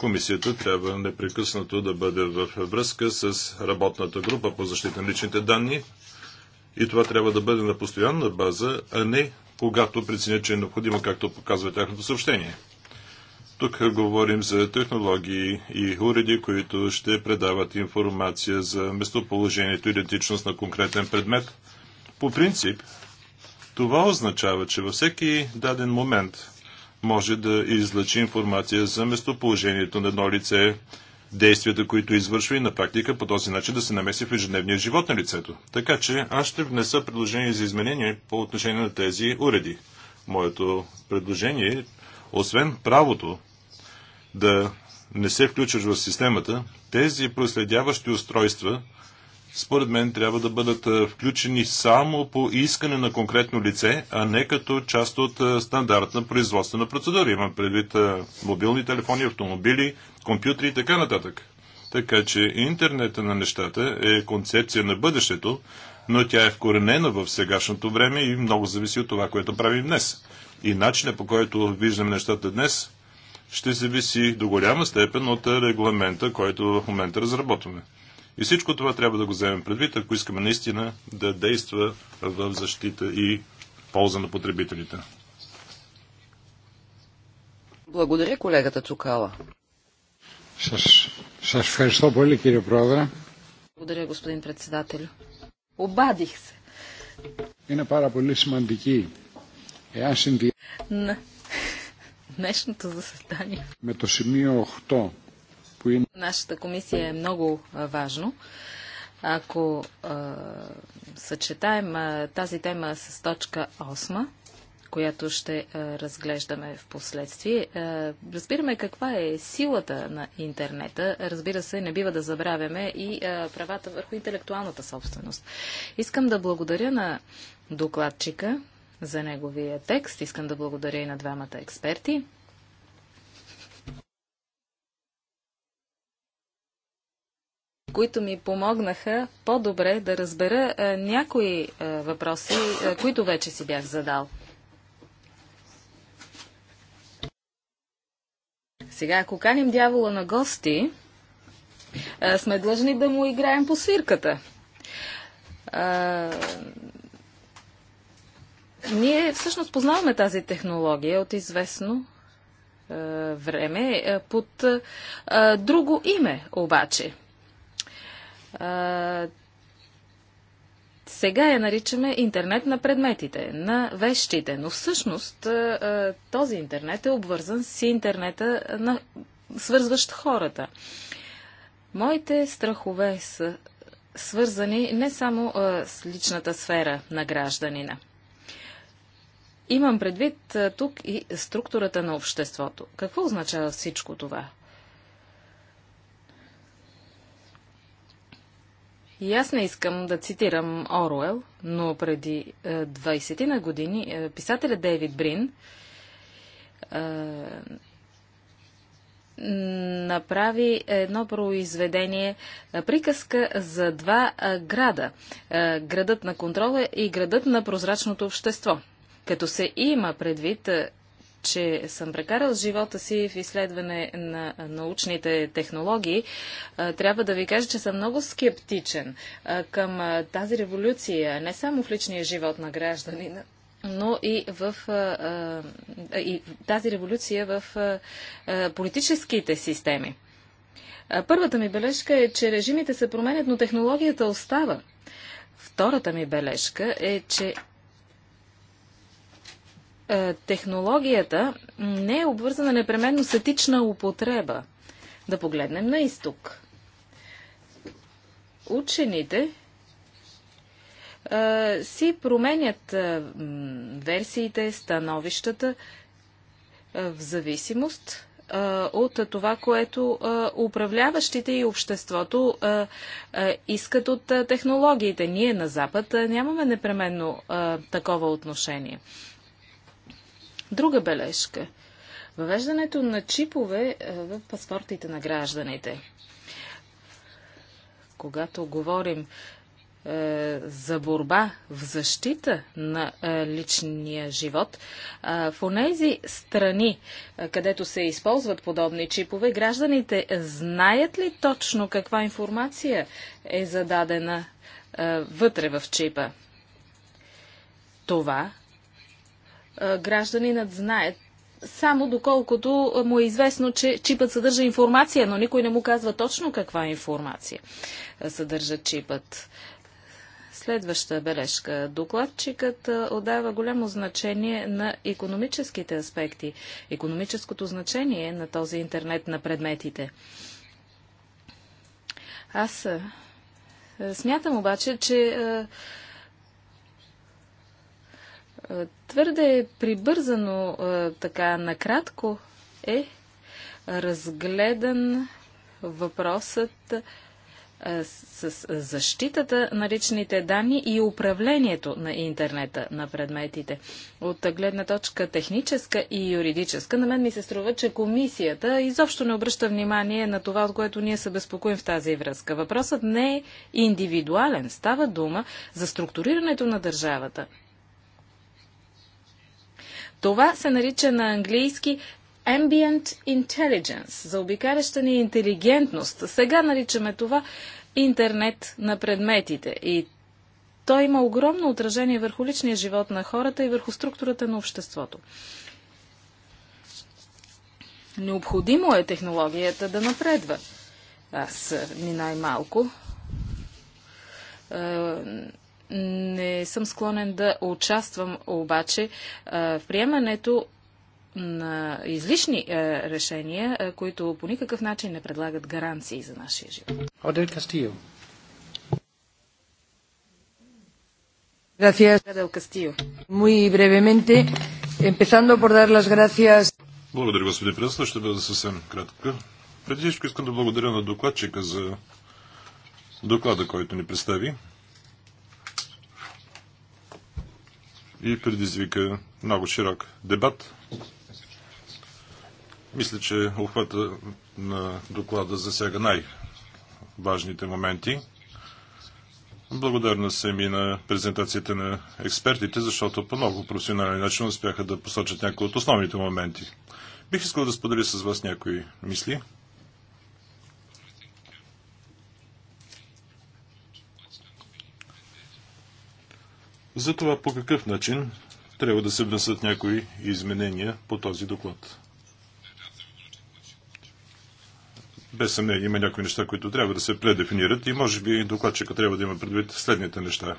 комисията трябва непрекъснато да бъде в връзка с работната група по защита на личните данни и това трябва да бъде на постоянна база, а не когато преценя, че е необходимо, както показва тяхното съобщение. Тук говорим за технологии и уреди, които ще предават информация за местоположението и идентичност на конкретен предмет. По принцип, това означава, че във всеки даден момент може да излъчи информация за местоположението на едно лице, действията, които извършва и на практика по този начин да се намеси в ежедневния живот на лицето. Така че аз ще внеса предложение за изменение по отношение на тези уреди. Моето предложение, е, освен правото да не се включваш в системата, тези проследяващи устройства според мен трябва да бъдат включени само по искане на конкретно лице, а не като част от стандартна производствена процедура. Имам предвид мобилни телефони, автомобили, компютри и така нататък. Така че интернета на нещата е концепция на бъдещето, но тя е вкоренена в сегашното време и много зависи от това, което правим днес. И начинът по който виждам нещата днес ще зависи до голяма степен от регламента, който в момента разработваме. И всичко това трябва да го вземем предвид, ако искаме наистина да действа в защита и полза на потребителите. Благодаря колегата Цукала. Благодаря, господин председател. Обадих се. Είναι πάρα πολύ σημαντική. Εάν συνδυάσουμε. Днешното заседание. Με το σημείο 8 Нашата комисия е много важно. Ако а, съчетаем а, тази тема с точка 8, която ще а, разглеждаме в последствие. разбираме каква е силата на интернета. Разбира се, не бива да забравяме и а, правата върху интелектуалната собственост. Искам да благодаря на докладчика за неговия текст. Искам да благодаря и на двамата експерти. които ми помогнаха по-добре да разбера е, някои е, въпроси, е, които вече си бях задал. Сега, ако каним дявола на гости, сме длъжни да му играем по свирката. Ние всъщност познаваме тази технология от известно време под друго име обаче сега я наричаме интернет на предметите, на вещите, но всъщност този интернет е обвързан с интернета, на, свързващ хората. Моите страхове са свързани не само с личната сфера на гражданина. Имам предвид тук и структурата на обществото. Какво означава всичко това? И аз не искам да цитирам Оруел, но преди 20 е, на години е, писателя Дейвид Брин е, направи едно произведение приказка за два града. Градът на контрола и градът на прозрачното общество. Като се има предвид, че съм прекарал живота си в изследване на научните технологии, трябва да ви кажа, че съм много скептичен към тази революция, не само в личния живот на гражданина, но и в и тази революция в политическите системи. Първата ми бележка е, че режимите се променят, но технологията остава. Втората ми бележка е, че е, технологията не е обвързана непременно с етична употреба. Да погледнем на изток. Учените е, си променят е, версиите, становищата в зависимост от това, което управляващите и обществото искат от технологиите. Ние на Запад нямаме непременно такова отношение. Друга бележка. Въвеждането на чипове е, в паспортите на гражданите. Когато говорим е, за борба в защита на е, личния живот. В онези страни, където се използват подобни чипове, гражданите знаят ли точно каква информация е зададена вътре в чипа? Това гражданинът знае само доколкото му е известно, че чипът съдържа информация, но никой не му казва точно каква информация съдържа чипът. Следваща бележка. Докладчикът отдава голямо значение на економическите аспекти, економическото значение на този интернет на предметите. Аз смятам обаче, че е, твърде прибързано, е, така накратко, е разгледан въпросът е, с защитата на личните данни и управлението на интернета на предметите. От гледна точка техническа и юридическа, на мен ми се струва, че комисията изобщо не обръща внимание на това, от което ние се безпокоим в тази връзка. Въпросът не е индивидуален. Става дума за структурирането на държавата, това се нарича на английски Ambient Intelligence, заобикаляща ни интелигентност. Сега наричаме това интернет на предметите. И той има огромно отражение върху личния живот на хората и върху структурата на обществото. Необходимо е технологията да напредва. Аз ни най-малко не съм склонен да участвам обаче в приемането на излишни решения, които по никакъв начин не предлагат гаранции за нашия живот. Одел Кастио. Благодаря, господин председател. Ще бъда съвсем кратка. Преди всичко искам да благодаря на докладчика за доклада, който ни представи. и предизвика много широк дебат. Мисля, че обхвата на доклада засяга най-важните моменти. Благодарна съм и на презентацията на експертите, защото по много професионален начин успяха да посочат някои от основните моменти. Бих искал да споделя с вас някои мисли. за това по какъв начин трябва да се внесат някои изменения по този доклад. Без съмнение има някои неща, които трябва да се предефинират и може би докладчика трябва да има предвид следните неща.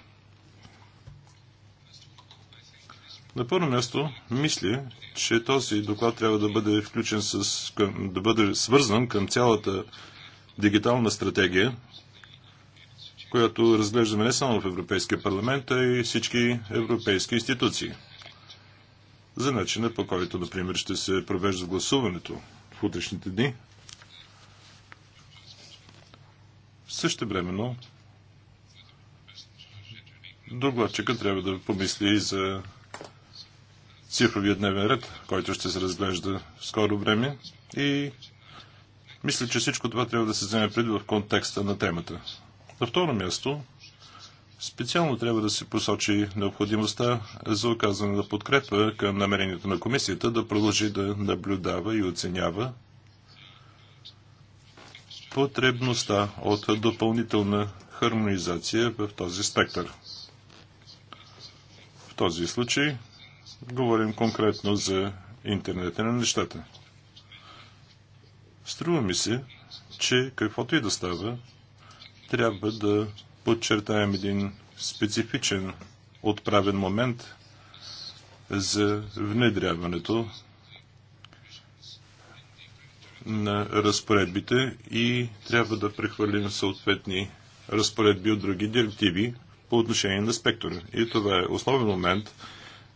На първо място, мисля, че този доклад трябва да бъде включен с, да бъде свързан към цялата дигитална стратегия, която разглеждаме не само в Европейския парламент, а и всички европейски институции. За начина по който, например, ще се провежда гласуването в утрешните дни. Също времено докладчика трябва да помисли и за цифровия дневен ред, който ще се разглежда в скоро време и мисля, че всичко това трябва да се вземе преди в контекста на темата. На второ място, специално трябва да се посочи необходимостта за оказване на подкрепа към намерението на комисията да продължи да наблюдава и оценява потребността от допълнителна хармонизация в този спектър. В този случай говорим конкретно за интернета на нещата. Струва ми се, че каквото и да става, трябва да подчертаем един специфичен отправен момент за внедряването на разпоредбите и трябва да прехвърлим съответни разпоредби от други директиви по отношение на спектъра. И това е основен момент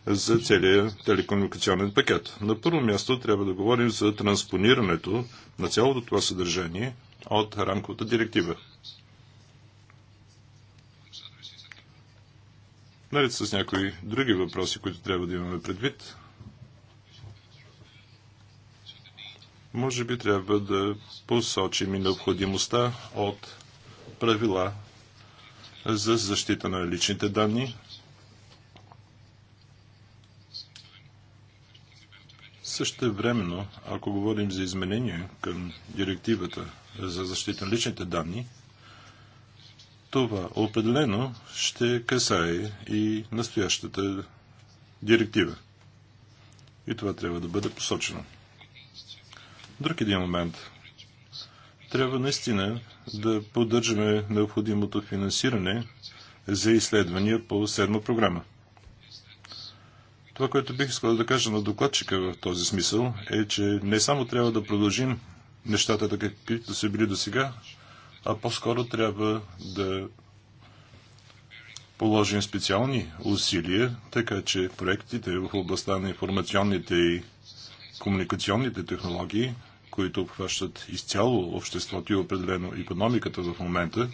за целия телекомуникационен пакет. На първо място трябва да говорим за транспонирането на цялото това съдържание от рамковата директива. наред с някои други въпроси, които трябва да имаме предвид, може би трябва да посочим и необходимостта от правила за защита на личните данни. Също времено, ако говорим за изменения към директивата за защита на личните данни, това определено ще касае и настоящата директива. И това трябва да бъде посочено. Друг един момент. Трябва наистина да поддържаме необходимото финансиране за изследвания по седма програма. Това, което бих искал да кажа на докладчика в този смисъл, е, че не само трябва да продължим нещата, каквито са били до сега, а по-скоро трябва да положим специални усилия, така че проектите в областта на информационните и комуникационните технологии, които обхващат изцяло обществото и определено економиката в момента,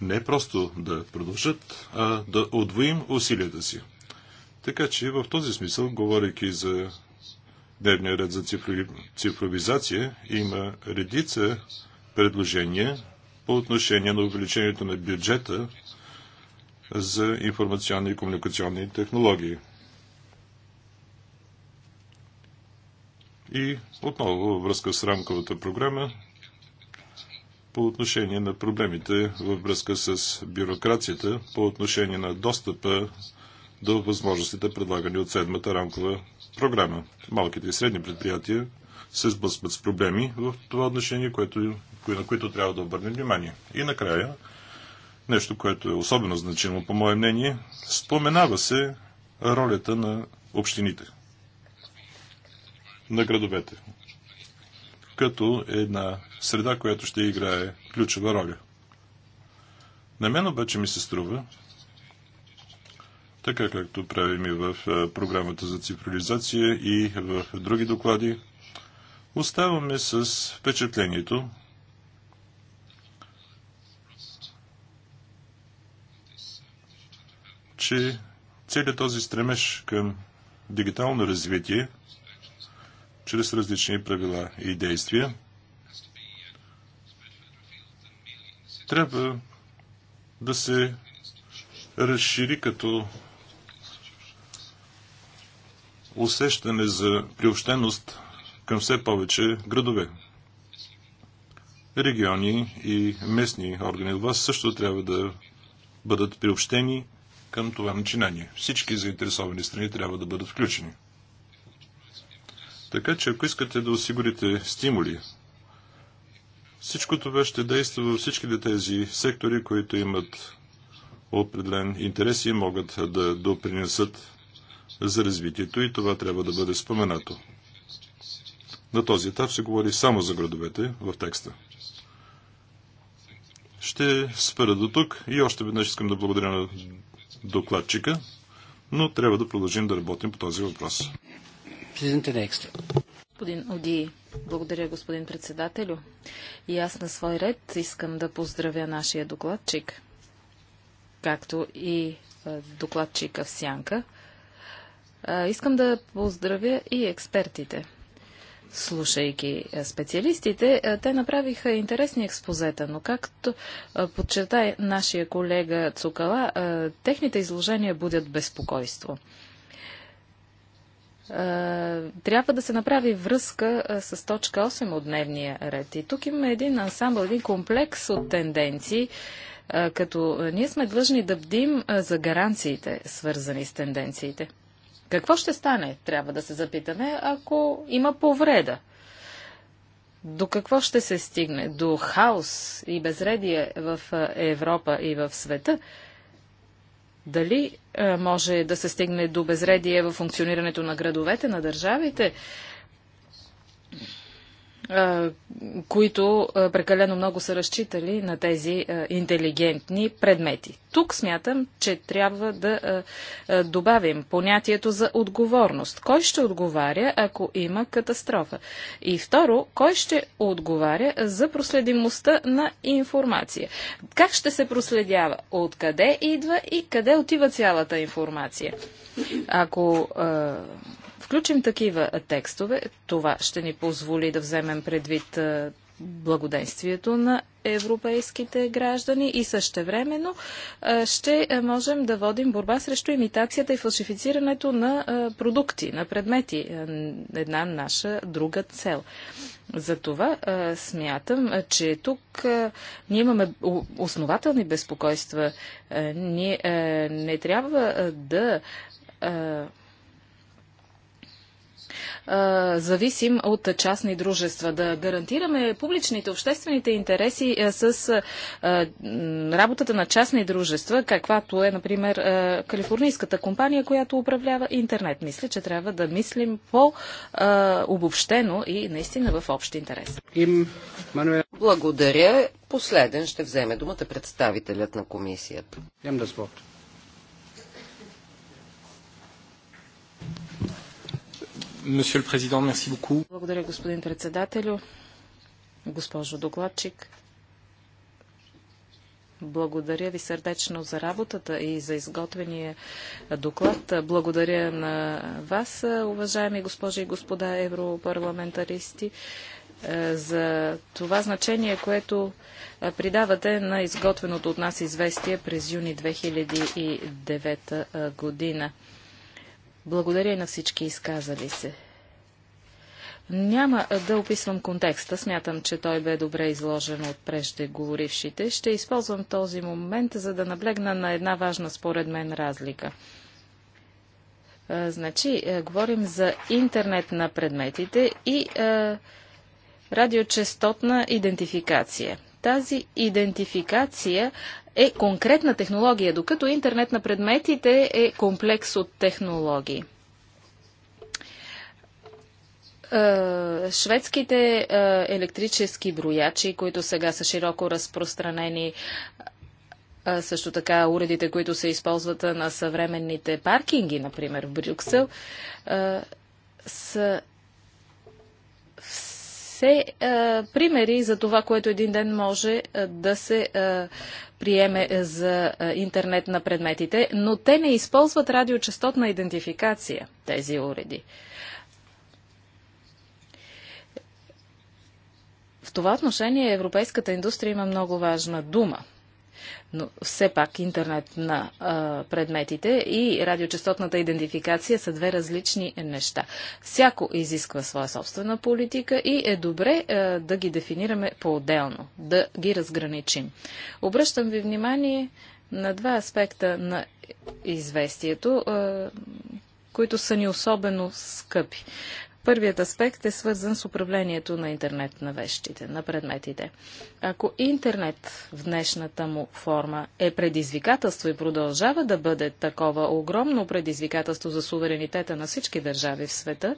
не просто да продължат, а да отвоим усилията си. Така че в този смисъл, говоряки за дневния ред за цифровизация, има редица предложения по отношение на увеличението на бюджета за информационни и комуникационни технологии. И отново във връзка с рамковата програма по отношение на проблемите във връзка с бюрокрацията, по отношение на достъпа до възможностите, предлагани от седмата рамкова програма. Малките и средни предприятия се сблъскват с проблеми в това отношение, което на които трябва да обърнем внимание. И накрая, нещо, което е особено значимо, по мое мнение, споменава се ролята на общините, на градовете, като една среда, която ще играе ключова роля. На мен обаче ми се струва, така както правим и в програмата за цифровизация и в други доклади, оставаме с впечатлението, че целият този стремеж към дигитално развитие, чрез различни правила и действия, трябва да се разшири като усещане за приобщеност към все повече градове. Региони и местни органи от вас също трябва да бъдат приобщени към това начинание. Всички заинтересовани страни трябва да бъдат включени. Така че ако искате да осигурите стимули, всичко това ще действа във всичките тези сектори, които имат определен интерес и могат да допринесат за развитието и това трябва да бъде споменато. На този етап се говори само за градовете в текста. Ще спера до тук и още веднъж искам да благодаря на докладчика, но трябва да продължим да работим по този въпрос. Е господин Оди, благодаря господин председателю. И аз на свой ред искам да поздравя нашия докладчик, както и е, докладчика в Сянка. Е, искам да поздравя и експертите слушайки е, специалистите, е, те направиха интересни експозета, но както е, подчерта нашия колега Цукала, техните изложения будят безпокойство. Трябва да се направи връзка с точка 8 от дневния ред. И тук има един ансамбъл, един комплекс от тенденции, като ние сме длъжни да бдим за гаранциите, свързани с тенденциите. Какво ще стане, трябва да се запитаме, ако има повреда? До какво ще се стигне? До хаос и безредие в Европа и в света? Дали може да се стигне до безредие в функционирането на градовете, на държавите? които прекалено много са разчитали на тези интелигентни предмети. Тук смятам, че трябва да добавим понятието за отговорност. Кой ще отговаря, ако има катастрофа? И второ, кой ще отговаря за проследимостта на информация? Как ще се проследява? Откъде идва и къде отива цялата информация? Ако включим такива текстове, това ще ни позволи да вземем предвид благоденствието на европейските граждани и същевременно ще можем да водим борба срещу имитацията и фалшифицирането на продукти, на предмети. Една наша друга цел. Затова смятам, че тук ние имаме основателни безпокойства. Ние не трябва да зависим от частни дружества. Да гарантираме публичните, обществените интереси с работата на частни дружества, каквато е, например, калифорнийската компания, която управлява интернет. Мисля, че трябва да мислим по-обобщено и наистина в общ интерес. Благодаря. Последен ще вземе думата представителят на комисията. Имам Благодаря, господин председателю. Госпожо докладчик, благодаря ви сърдечно за работата и за изготвения доклад. Благодаря на вас, уважаеми госпожи и господа европарламентаристи, за това значение, което придавате на изготвеното от нас известие през юни 2009 година. Благодаря и на всички изказали се. Няма да описвам контекста, смятам, че той бе добре изложен от преждеговорившите. Ще използвам този момент, за да наблегна на една важна според мен разлика. значи, говорим за интернет на предметите и а, радиочастотна идентификация. Тази идентификация е конкретна технология, докато интернет на предметите е комплекс от технологии. Е, шведските е, електрически броячи, които сега са широко разпространени, е, също така уредите, които се използват на съвременните паркинги, например в Брюксел, са се а, е, примери за това, което един ден може а, е, да се а, е, приеме за а, интернет на предметите, но те не използват радиочастотна идентификация, тези уреди. В това отношение европейската индустрия има много важна дума – но все пак интернет на а, предметите и радиочастотната идентификация са две различни неща. Всяко изисква своя собствена политика и е добре а, да ги дефинираме по-отделно, да ги разграничим. Обръщам ви внимание на два аспекта на известието, а, които са ни особено скъпи. Първият аспект е свързан с управлението на интернет на вещите, на предметите. Ако интернет в днешната му форма е предизвикателство и продължава да бъде такова огромно предизвикателство за суверенитета на всички държави в света,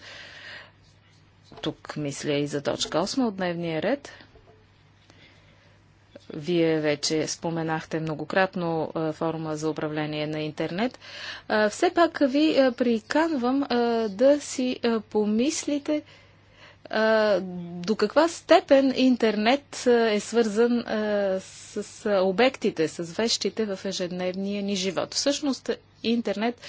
тук мисля и за точка 8 от дневния ред, вие вече споменахте многократно форума за управление на интернет. Все пак ви приканвам да си помислите до каква степен интернет е свързан с обектите, с вещите в ежедневния ни живот. Всъщност интернет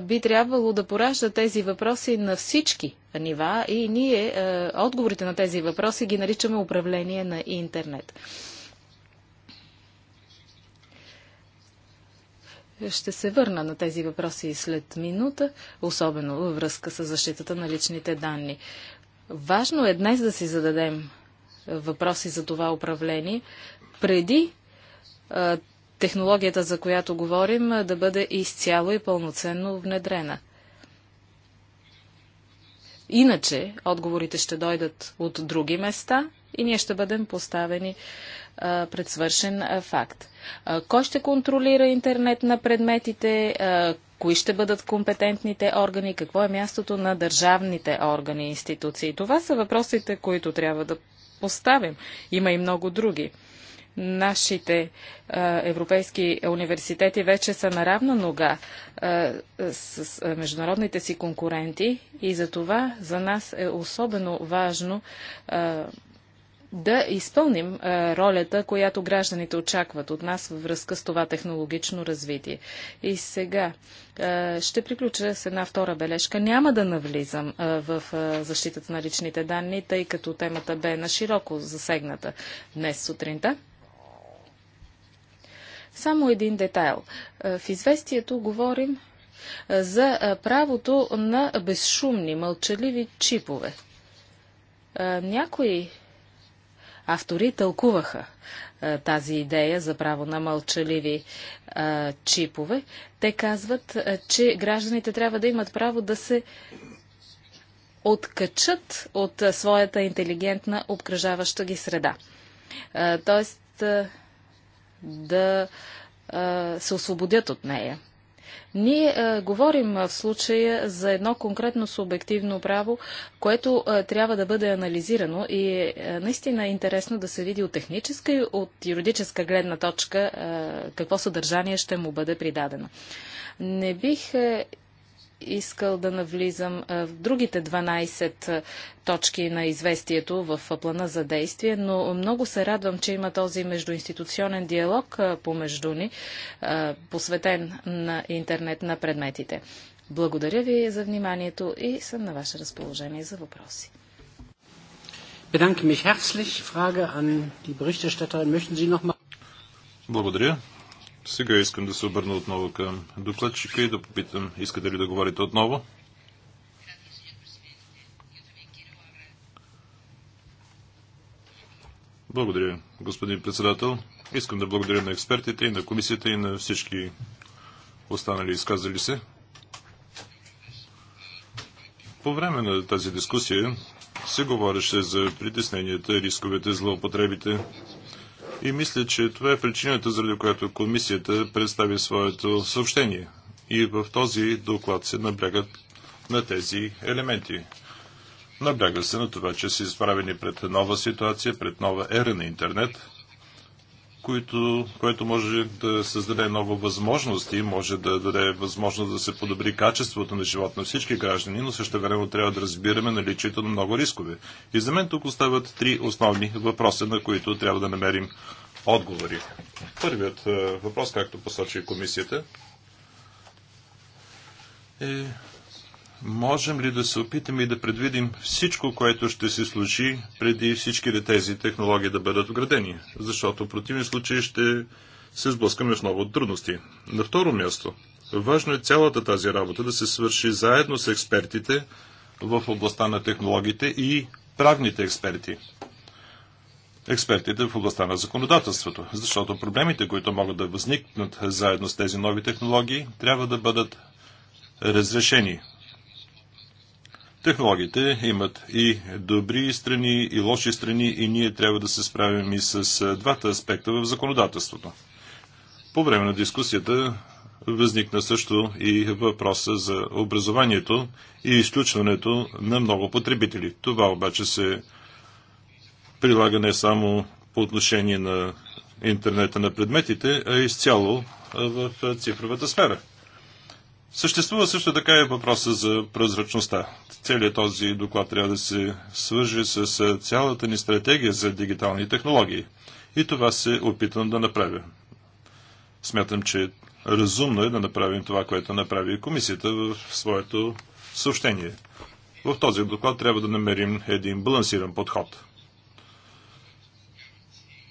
би трябвало да поражда тези въпроси на всички нива и ние отговорите на тези въпроси ги наричаме управление на интернет. Ще се върна на тези въпроси и след минута, особено във връзка с защитата на личните данни. Важно е днес да си зададем въпроси за това управление, преди а, технологията, за която говорим, да бъде изцяло и пълноценно внедрена. Иначе отговорите ще дойдат от други места – и ние ще бъдем поставени пред свършен факт. кой ще контролира интернет на предметите? кои ще бъдат компетентните органи? Какво е мястото на държавните органи и институции? Това са въпросите, които трябва да поставим. Има и много други нашите европейски университети вече са на равна нога с, международните си конкуренти и за това за нас е особено важно а, да изпълним а, е, ролята, която гражданите очакват от нас във връзка с това технологично развитие. И сега а, е, ще приключа с една втора бележка. Няма да навлизам а, е, в защитата на личните данни, тъй като темата бе на широко засегната днес сутринта. Само един детайл. В известието говорим за правото на безшумни, мълчаливи чипове. Някои автори тълкуваха а, тази идея за право на мълчаливи а, чипове. Те казват, а, че гражданите трябва да имат право да се откачат от а, своята интелигентна обкръжаваща ги среда. А, тоест а, да а, се освободят от нея. Ние а, е, говорим а, в случая за едно конкретно субективно право, което а, е, трябва да бъде анализирано и а, е, наистина е интересно да се види от техническа и от юридическа гледна точка какво съдържание ще му бъде придадено. Не бих искал да навлизам в другите 12 точки на известието в плана за действие, но много се радвам, че има този междуинституционен диалог помежду ни, посветен на интернет на предметите. Благодаря ви за вниманието и съм на ваше разположение за въпроси. Благодаря. Сега искам да се обърна отново към докладчика и да попитам, искате ли да говорите отново? Благодаря, господин председател. Искам да благодаря на експертите и на комисията и на всички останали изказали се. По време на тази дискусия се говореше за притесненията, рисковете, злоупотребите, и мисля, че това е причината, заради която комисията представи своето съобщение. И в този доклад се наблягат на тези елементи. Набляга се на това, че са изправени пред нова ситуация, пред нова ера на интернет – които, което може да създаде нова възможност и може да даде възможност да се подобри качеството на живот на всички граждани, но също време трябва да разбираме наличието на много рискове. И за мен тук остават три основни въпроса, на които трябва да намерим отговори. Първият е, въпрос, както посочи комисията, е Можем ли да се опитаме и да предвидим всичко, което ще се случи преди всичките тези технологии да бъдат вградени? Защото в противни случаи ще се сблъскаме с много трудности. На второ място, важно е цялата тази работа да се свърши заедно с експертите в областта на технологиите и правните експерти. Експертите в областта на законодателството, защото проблемите, които могат да възникнат заедно с тези нови технологии, трябва да бъдат разрешени Технологиите имат и добри страни, и лоши страни, и ние трябва да се справим и с двата аспекта в законодателството. По време на дискусията възникна също и въпроса за образованието и изключването на много потребители. Това обаче се прилага не само по отношение на интернета на предметите, а изцяло в цифровата сфера. Съществува също така и въпроса за прозрачността. Целият този доклад трябва да се свържи с цялата ни стратегия за дигитални технологии. И това се опитвам да направя. Смятам, че разумно е да направим това, което направи комисията в своето съобщение. В този доклад трябва да намерим един балансиран подход.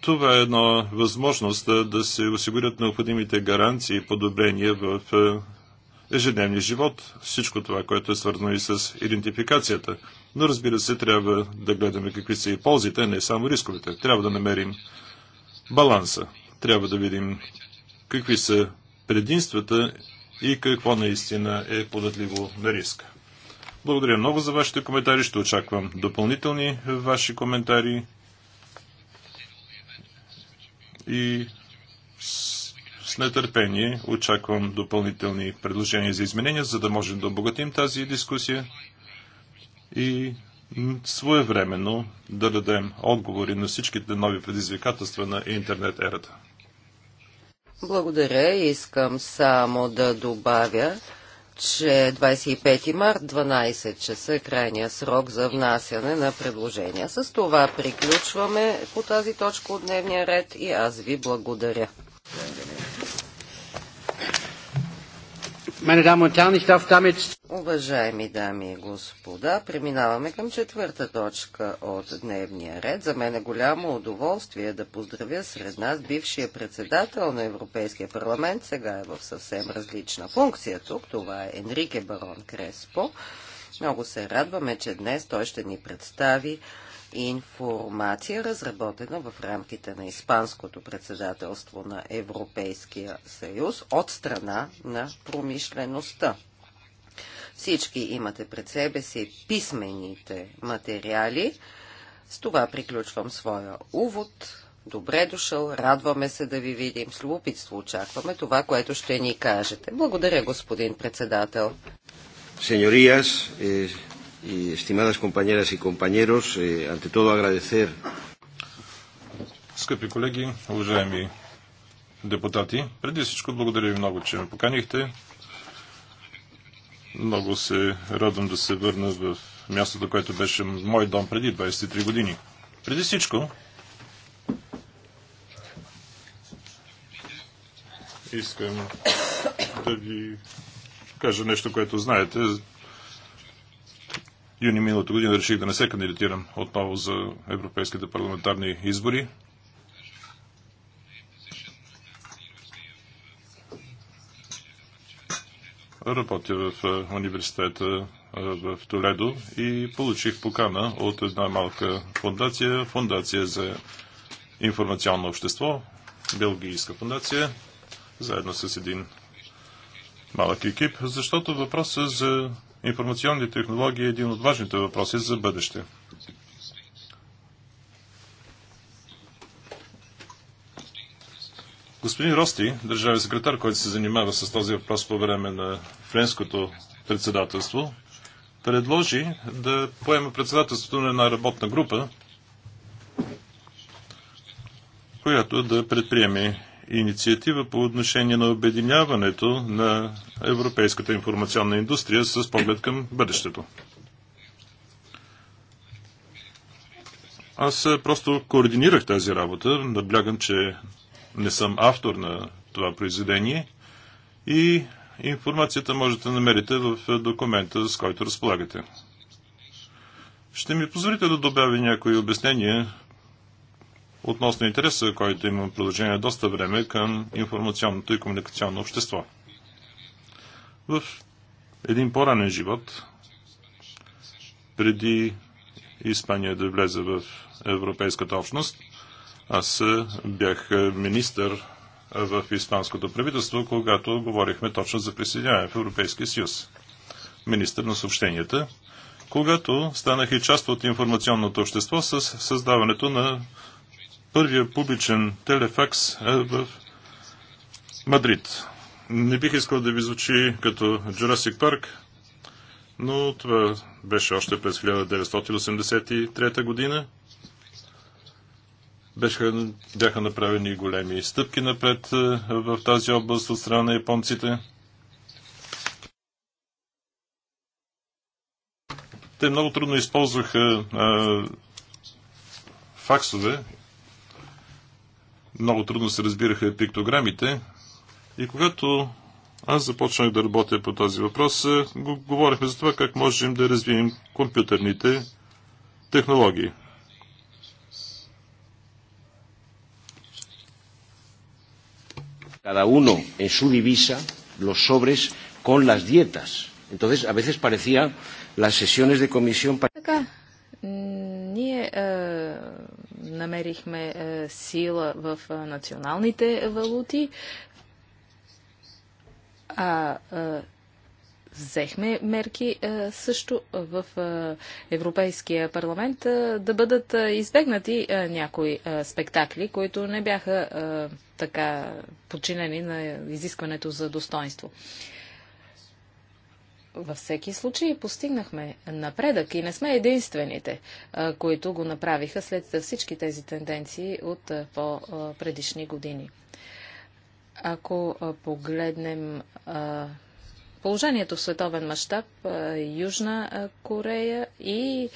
Това е една възможност да се осигурят необходимите гаранции и подобрения в ежедневния живот, всичко това, което е свързано и с идентификацията. Но разбира се, трябва да гледаме какви са и ползите, не само рисковете. Трябва да намерим баланса. Трябва да видим какви са предимствата и какво наистина е податливо на риска. Благодаря много за вашите коментари. Ще очаквам допълнителни ваши коментари. И с нетърпение очаквам допълнителни предложения за изменения, за да можем да обогатим тази дискусия и своевременно да дадем отговори на всичките нови предизвикателства на интернет ерата. Благодаря. Искам само да добавя, че 25 март 12 часа е крайния срок за внасяне на предложения. С това приключваме по тази точка от дневния ред и аз ви благодаря. Уважаеми дами и господа, преминаваме към четвърта точка от дневния ред. За мен е голямо удоволствие да поздравя сред нас бившия председател на Европейския парламент. Сега е в съвсем различна функция тук. Това е Енрике Барон Креспо. Много се радваме, че днес той ще ни представи информация, разработена в рамките на Испанското председателство на Европейския съюз от страна на промишлеността. Всички имате пред себе си писмените материали. С това приключвам своя увод. Добре дошъл, радваме се да ви видим. С любопитство очакваме това, което ще ни кажете. Благодаря, господин председател. Сеньорияс, е, y estimadas compañeras y compañeros, eh, ante todo agradecer. Скъпи колеги, уважаеми депутати, преди всичко благодаря ви много, че ме поканихте. Много се радвам да се върна в мястото, което беше мой дом преди 23 години. Преди всичко, искам да ви кажа нещо, което знаете юни миналата година реших да не се кандидатирам отново за европейските парламентарни избори. Работя в университета в Толедо и получих покана от една малка фундация, фундация за информационно общество, белгийска фундация, заедно с един малък екип, защото въпросът за Информационни технологии е един от важните въпроси за бъдеще. Господин Рости, държавен секретар, който се занимава с този въпрос по време на френското председателство, предложи да поема председателството на една работна група, която да предприеме инициатива по отношение на обединяването на европейската информационна индустрия с поглед към бъдещето. Аз е, просто координирах тази работа. Наблягам, че не съм автор на това произведение и информацията можете да намерите в е, документа, с който разполагате. Ще ми позволите да добавя някои обяснения относно интереса, който има продължение доста време към информационното и комуникационно общество. В един по-ранен живот, преди Испания да влезе в Европейската общност, аз бях министър в Испанското правителство, когато говорихме точно за присъединяване в Европейския съюз. Министър на съобщенията, когато станах и част от информационното общество с създаването на първия публичен телефакс е в Мадрид. Не бих искал да ви звучи като Jurassic парк, но това беше още през 1983 година. Беше, бяха направени големи стъпки напред е, в тази област от страна на японците. Те много трудно използваха а, е, факсове много трудно се разбираха пиктограмите. И когато аз започнах да работя по този въпрос, е, говорихме за това как можем да развием компютърните технологии. Cada uno en su divisa los sobres con las dietas. Entonces, a veces parecía las sesiones de comisión. Така, ние е, намерихме е, сила в е, националните валути, а е, взехме мерки също в Европейския парламент да бъдат избегнати някои спектакли, които не бяха така подчинени на изискването за достоинство. Във всеки случай постигнахме напредък и не сме единствените, които го направиха след всички тези тенденции от по-предишни години. Ако погледнем положението в световен мащаб, Южна Корея и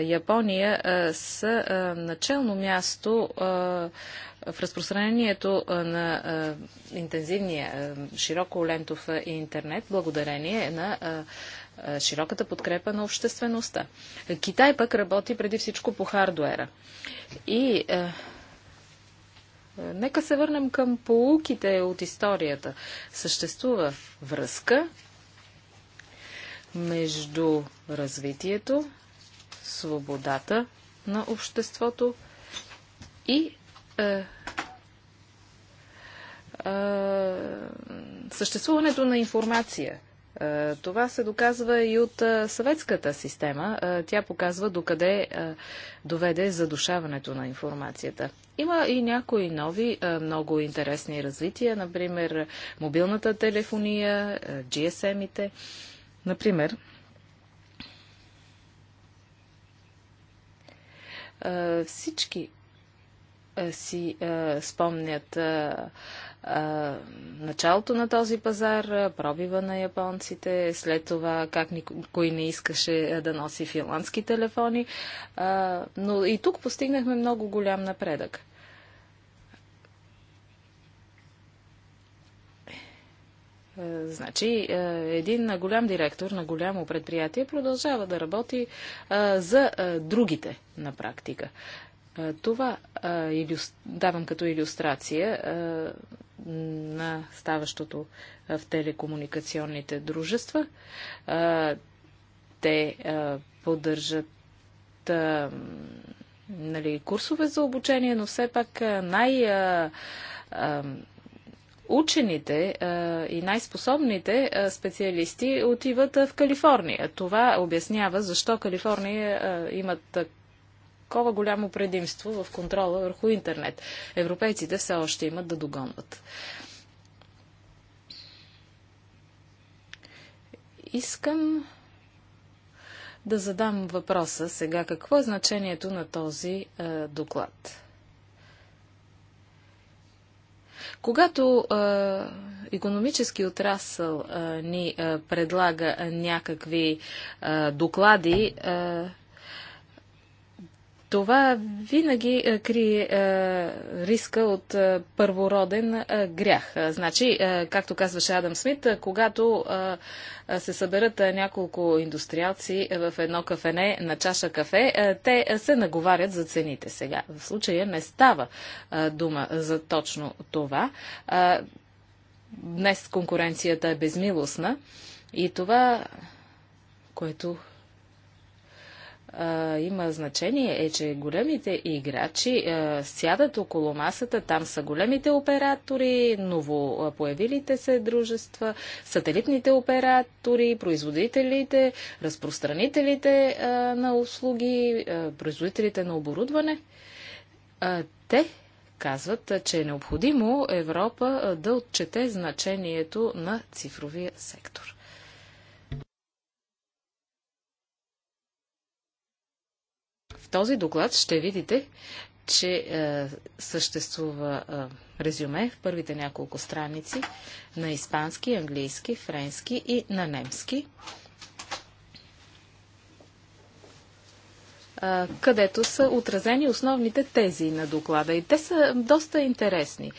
Япония са начално място в разпространението на интензивния широко лентов интернет, благодарение на широката подкрепа на обществеността. Китай пък работи преди всичко по хардуера. И Нека се върнем към полуките от историята. Съществува връзка между развитието, свободата на обществото и е, е, съществуването на информация. Е, това се доказва и от съветската система. Тя показва докъде доведе задушаването на информацията. Има и някои нови, много интересни развития, например мобилната телефония, GSM-ите. Например, всички е, си е, спомнят е, началото на този пазар, пробива на японците, след това как никой не искаше да носи финландски телефони. Но и тук постигнахме много голям напредък. Значи, един голям директор на голямо предприятие продължава да работи за другите на практика. Това давам като иллюстрация на ставащото в телекомуникационните дружества. Те поддържат нали, курсове за обучение, но все пак най- учените и най-способните специалисти отиват в Калифорния. Това обяснява защо Калифорния имат такова голямо предимство в контрола върху интернет. Европейците все още имат да догонват. Искам да задам въпроса сега. Какво е значението на този е, доклад? Когато е, економически отрасъл е, ни е, предлага някакви е, доклади, е, това винаги е, крие е, риска от е, първороден грях. Значи, както казваше Адам Смит, когато се съберат няколко индустриалци в едно кафене на чаша кафе, те се наговарят за цените сега. В случая не става дума за точно това. Днес конкуренцията е безмилостна и това, което а, има значение е, че големите играчи а, сядат около масата. Там са големите оператори, новопоявилите се дружества, сателитните оператори, производителите, разпространителите а, на услуги, а, производителите на оборудване. А, те казват, че е необходимо Европа да отчете значението на цифровия сектор. този доклад ще видите, че е, съществува е, резюме в първите няколко страници на испански, английски, френски и на немски, е, където са отразени основните тези на доклада. И те са доста интересни.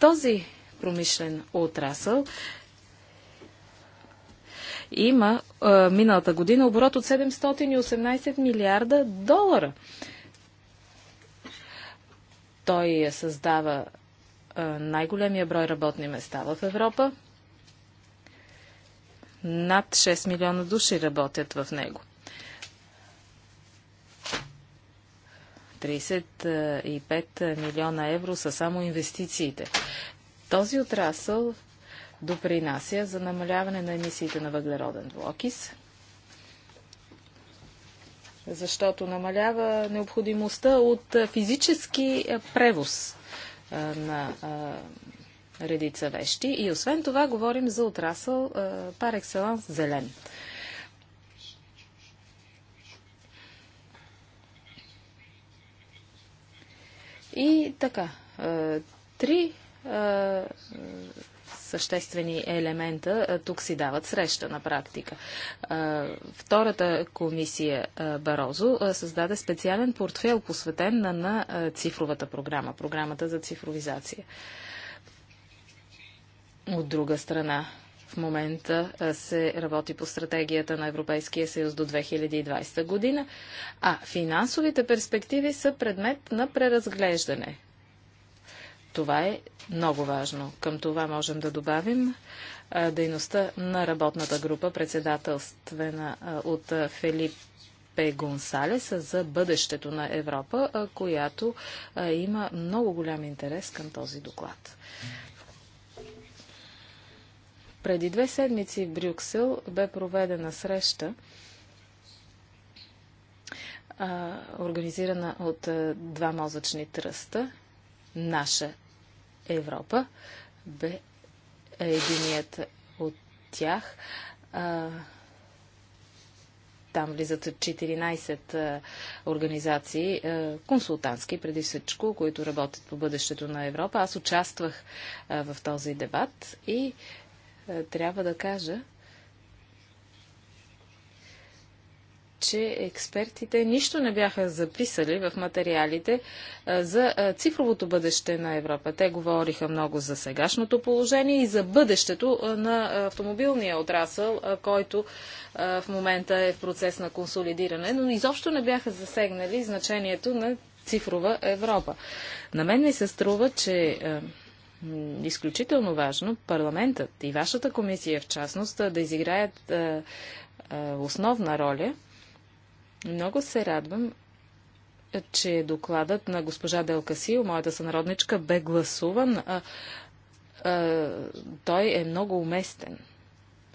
Този промишлен отрасъл има а, е, миналата година оборот от 718 милиарда долара. Той създава е, най-големия брой работни места в Европа. Над 6 милиона души работят в него. 35 е, милиона евро са само инвестициите. Този отрасъл допринася за намаляване на емисиите на въглероден двуокис, защото намалява необходимостта от физически е, превоз е, на е, редица вещи. И освен това говорим за отрасъл пар екселанс зелен. И така, три съществени елемента тук си дават среща на практика. Втората комисия Барозо създаде специален портфел, посветен на, цифровата програма, програмата за цифровизация. От друга страна, в момента се работи по стратегията на Европейския съюз до 2020 година, а финансовите перспективи са предмет на преразглеждане това е много важно. Към това можем да добавим дейността на работната група, председателствена от Филип Пе Гонсалес за бъдещето на Европа, която има много голям интерес към този доклад. Преди две седмици в Брюксел бе проведена среща, организирана от два мозъчни тръста, наша Европа бе единият от тях. А, там влизат 14 а, организации, а, консултантски преди всичко, които работят по бъдещето на Европа. Аз участвах а, в този дебат и трябва да кажа, че експертите нищо не бяха записали в материалите за цифровото бъдеще на Европа. Те говориха много за сегашното положение и за бъдещето на автомобилния отрасъл, който в момента е в процес на консолидиране, но изобщо не бяха засегнали значението на цифрова Европа. На мен ми се струва, че изключително важно парламентът и вашата комисия в частност да изиграят основна роля – много се радвам, че докладът на госпожа Делкасио, моята сънародничка, бе гласуван. А, а, той е много уместен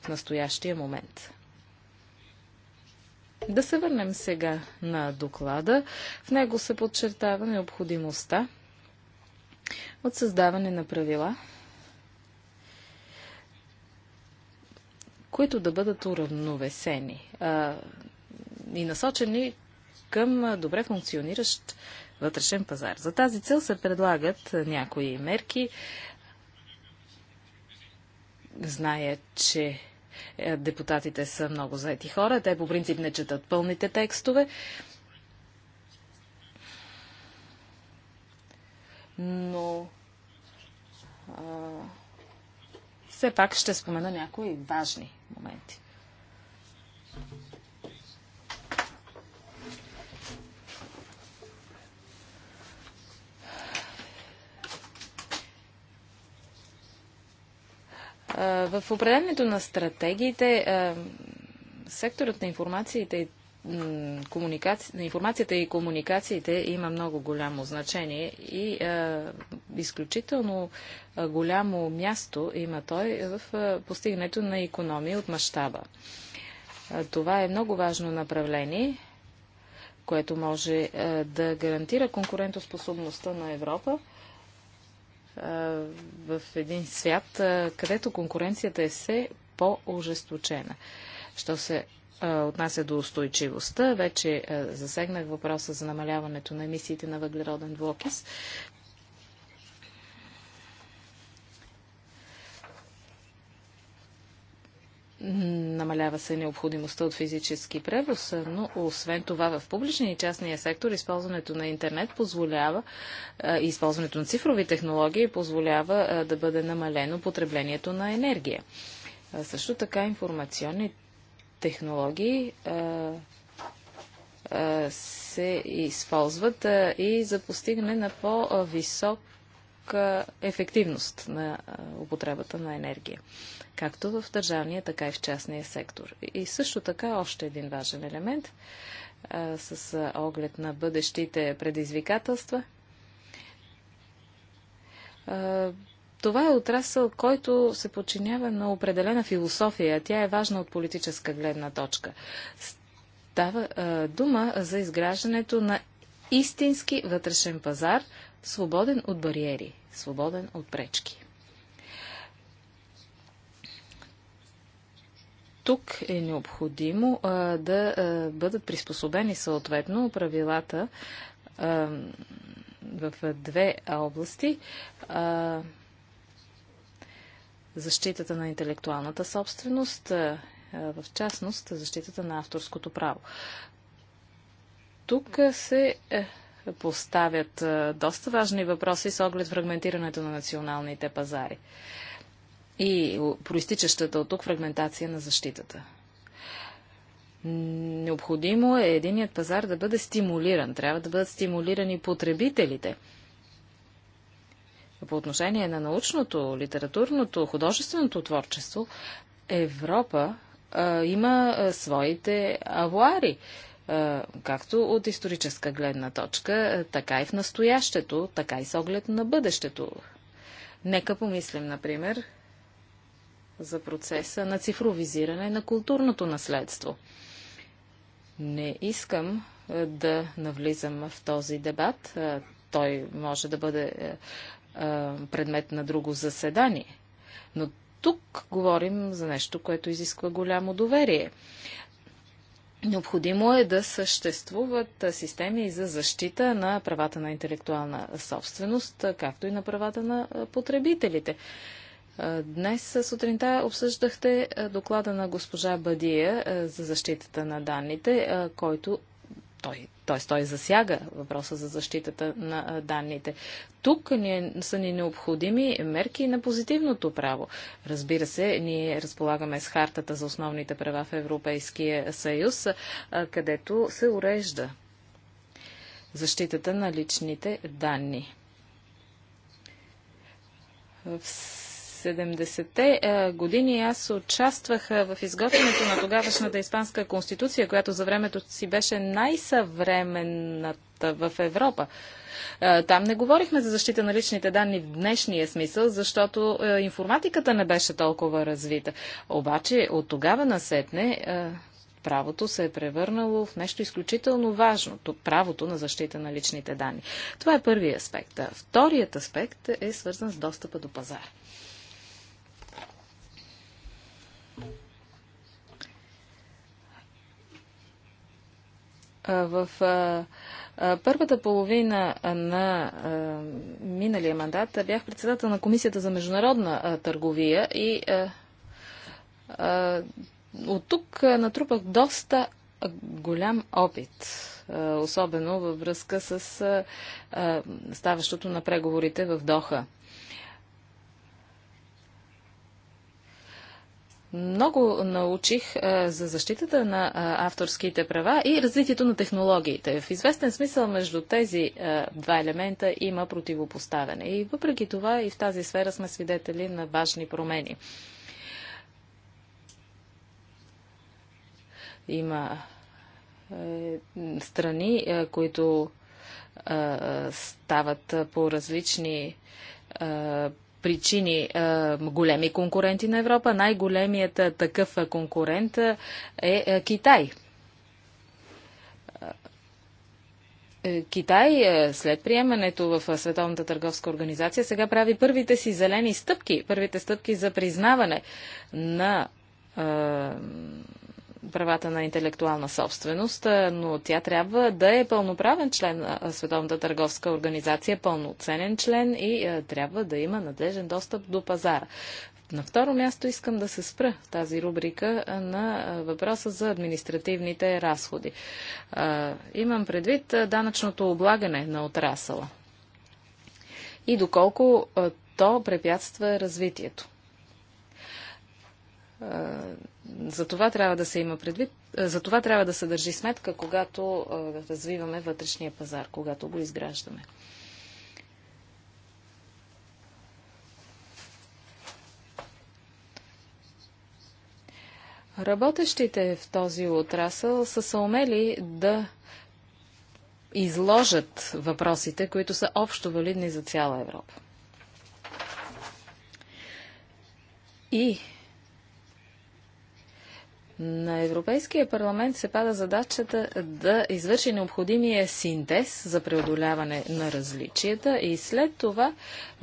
в настоящия момент. Да се върнем сега на доклада. В него се подчертава необходимостта от създаване на правила, които да бъдат уравновесени. А, и насочени към добре функциониращ вътрешен пазар. За тази цел се предлагат някои мерки. Зная, че депутатите са много заети хора. Те по принцип не четат пълните текстове. Но а, все пак ще спомена някои важни моменти. В определенето на стратегиите секторът на информациите и комуникаци... на информацията и комуникациите има много голямо значение и е, изключително голямо място има той в постигането на економия от мащаба. това е много важно направление, което може да гарантира конкурентоспособността на Европа в един свят, където конкуренцията е все по-ожесточена. Що се отнася до устойчивостта. Вече засегнах въпроса за намаляването на емисиите на въглероден двуокис. Намалява се необходимостта от физически превоз, но освен това в публичния и частния сектор използването на интернет позволява, и използването на цифрови технологии позволява да бъде намалено потреблението на енергия. Също така информационни технологии се използват и за постигане на по-висок висока ефективност на употребата на енергия, както в държавния, така и в частния сектор. И също така още един важен елемент с оглед на бъдещите предизвикателства. това е отрасъл, който се подчинява на определена философия. Тя е важна от политическа гледна точка. Става дума за изграждането на истински вътрешен пазар – свободен от бариери, свободен от пречки. Тук е необходимо а, да а, бъдат приспособени съответно правилата а, в две области. А, защитата на интелектуалната собственост, а, в частност защитата на авторското право. Тук се. А, е, поставят доста важни въпроси с оглед фрагментирането на националните пазари и проистичащата от тук фрагментация на защитата. Необходимо е единият пазар да бъде стимулиран. Трябва да бъдат стимулирани потребителите. По отношение на научното, литературното, художественото творчество, Европа а, има а, своите авуари. Е, както от историческа гледна точка, е, така и в настоящето, така и с оглед на бъдещето. Нека помислим, например, за процеса на цифровизиране на културното наследство. Не искам е, да навлизам в този дебат. Той може да бъде предмет на друго заседание. Но тук говорим за нещо, което изисква голямо доверие. Необходимо е да съществуват системи за защита на правата на интелектуална собственост, както и на правата на потребителите. Днес сутринта обсъждахте доклада на госпожа Бадия за защитата на данните, който той, т.е. той засяга въпроса за защитата на данните. Тук ни, са ни необходими мерки на позитивното право. Разбира се, ние разполагаме с хартата за основните права в Европейския съюз, където се урежда защитата на личните данни. 70-те е, години аз участвах в изготвянето на тогавашната испанска конституция, която за времето си беше най-съвременната в Европа. Е, там не говорихме за защита на личните данни в днешния смисъл, защото е, информатиката не беше толкова развита. Обаче от тогава насетне правото се е превърнало в нещо изключително важно правото на защита на личните данни. Това е първият аспект. Вторият аспект е свързан с достъпа до пазара. В първата половина на миналия мандат бях председател на Комисията за международна търговия и от тук натрупах доста голям опит, особено във връзка с ставащото на преговорите в Доха. Много научих за защитата на авторските права и развитието на технологиите. В известен смисъл между тези два елемента има противопоставяне. И въпреки това и в тази сфера сме свидетели на важни промени. Има страни, които стават по различни причини е, големи конкуренти на Европа. Най-големият е, такъв е, конкурент е Китай. Китай след приемането в Световната търговска организация сега прави първите си зелени стъпки, първите стъпки за признаване на правата на интелектуална собственост, но тя трябва да е пълноправен член на Световната търговска организация, пълноценен член и трябва да има надежен достъп до пазара. На второ място искам да се спра в тази рубрика на въпроса за административните разходи. имам предвид данъчното облагане на отрасъла и доколко то препятства развитието. За това трябва да се има предвид, за това трябва да се държи сметка, когато развиваме вътрешния пазар, когато го изграждаме. Работещите в този отрасъл са се умели да изложат въпросите, които са общо валидни за цяла Европа. И на Европейския парламент се пада задачата да извърши необходимия синтез за преодоляване на различията и след това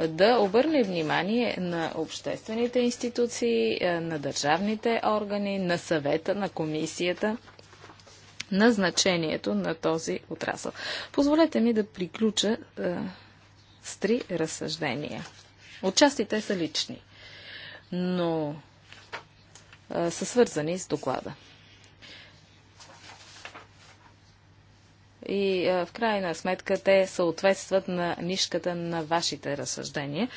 да обърне внимание на обществените институции, е, на държавните органи, на съвета, на комисията на значението на този отрасъл. Позволете ми да приключа е, с три разсъждения. Отчасти те са лични, но са свързани с доклада. И в крайна сметка те съответстват на нишката на вашите разсъждения,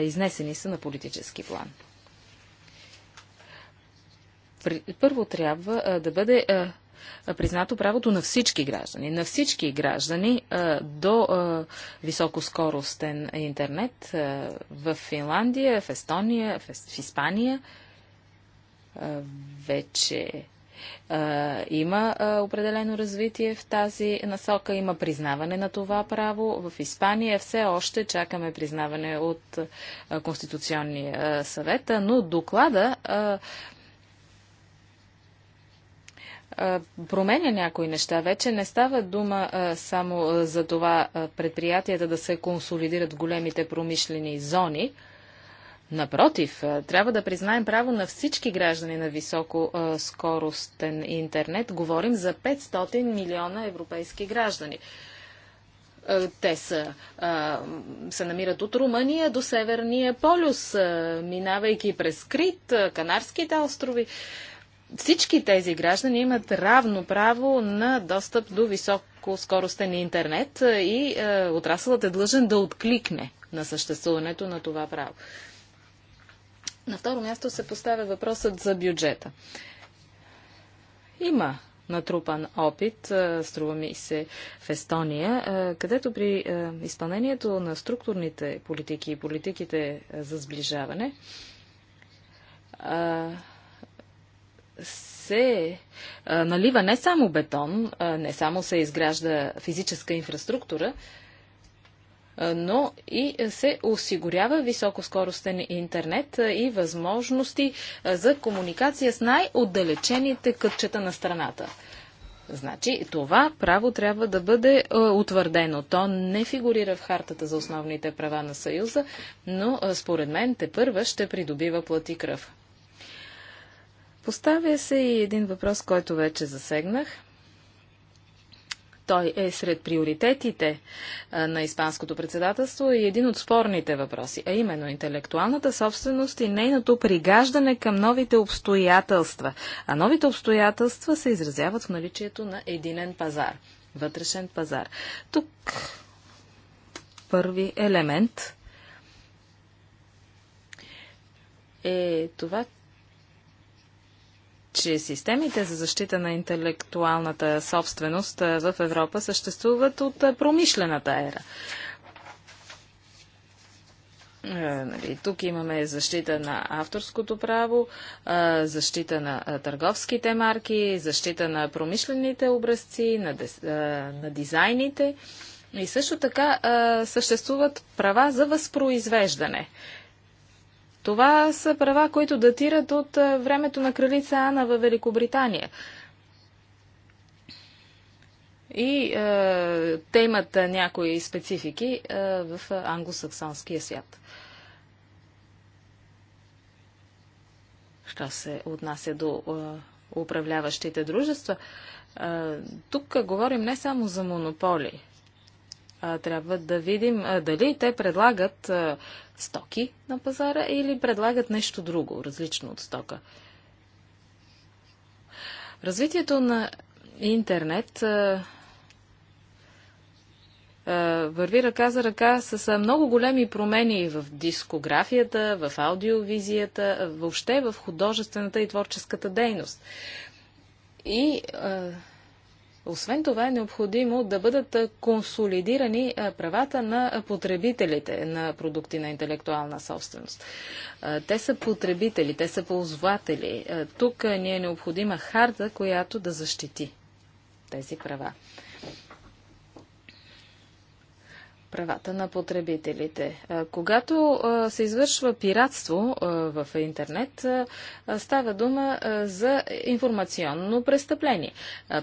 изнесени са на политически план. Първо трябва да бъде признато правото на всички граждани. На всички граждани до високоскоростен интернет в Финландия, в Естония, в Испания, вече има определено развитие в тази насока, има признаване на това право. В Испания все още чакаме признаване от Конституционния съвет, но доклада променя някои неща. Вече не става дума само за това предприятията да се консолидират големите промишлени зони, Напротив, трябва да признаем право на всички граждани на високо скоростен интернет. Говорим за 500 милиона европейски граждани. Те са, се намират от Румъния до Северния полюс, минавайки през Крит, Канарските острови. Всички тези граждани имат равно право на достъп до високоскоростен интернет и отрасълът е длъжен да откликне на съществуването на това право. На второ място се поставя въпросът за бюджета. Има натрупан опит, струва ми се, в Естония, където при изпълнението на структурните политики и политиките за сближаване се налива не само бетон, не само се изгражда физическа инфраструктура, но и се осигурява високоскоростен интернет и възможности за комуникация с най-отдалечените кътчета на страната. Значи това право трябва да бъде утвърдено. То не фигурира в хартата за основните права на Съюза, но според мен те първа ще придобива плати кръв. Поставя се и един въпрос, който вече засегнах – той е сред приоритетите на Испанското председателство и един от спорните въпроси, а именно интелектуалната собственост и нейното пригаждане към новите обстоятелства. А новите обстоятелства се изразяват в наличието на единен пазар, вътрешен пазар. Тук първи елемент е това, че системите за защита на интелектуалната собственост в Европа съществуват от промишлената ера. Нали, тук имаме защита на авторското право, защита на търговските марки, защита на промишлените образци, на дизайните. И също така съществуват права за възпроизвеждане. Това са права, които датират от е, времето на кралица Ана във Великобритания. И е, те имат е, някои специфики е, в англосаксонския свят. Що се отнася до е, управляващите дружества, е, тук говорим не само за монополи. трябва да видим е, дали те предлагат е, стоки на пазара или предлагат нещо друго, различно от стока. Развитието на интернет а, а, върви ръка за ръка с а, много големи промени в дискографията, в аудиовизията, въобще в художествената и творческата дейност. И освен това е необходимо да бъдат консолидирани правата на потребителите на продукти на интелектуална собственост. Те са потребители, те са ползватели. Тук ни е необходима харта, която да защити тези права. правата на потребителите. Когато се извършва пиратство в интернет, става дума за информационно престъпление.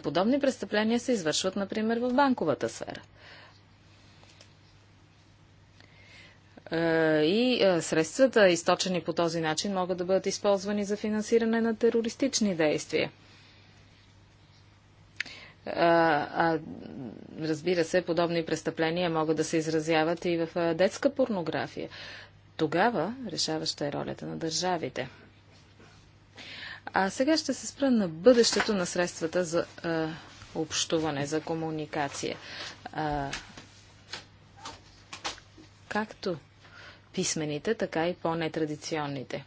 Подобни престъпления се извършват, например, в банковата сфера. И средствата, източени по този начин, могат да бъдат използвани за финансиране на терористични действия. А, разбира се, подобни престъпления могат да се изразяват и в детска порнография. Тогава решаваща е ролята на държавите. А сега ще се спра на бъдещето на средствата за а, общуване, за комуникация. А, както писмените, така и по-нетрадиционните.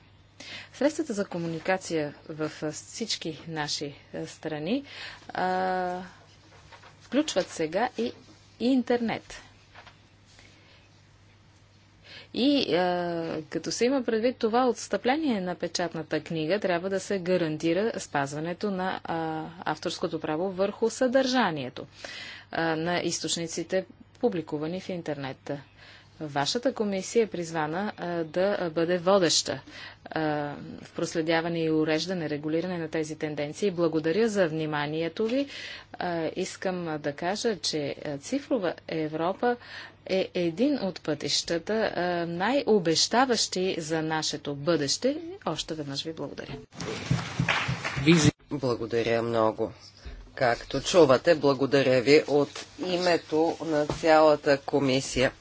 Средствата за комуникация в всички наши страни а, включват сега и, и интернет. И а, като се има предвид това отстъпление на печатната книга, трябва да се гарантира спазването на а, авторското право върху съдържанието а, на източниците, публикувани в интернет. Вашата комисия е призвана а, да бъде водеща а, в проследяване и уреждане, регулиране на тези тенденции. Благодаря за вниманието ви. А, искам да кажа, че цифрова Европа е един от пътищата най-обещаващи за нашето бъдеще. Още веднъж ви благодаря. Благодаря много. Както чувате, благодаря ви от името на цялата комисия.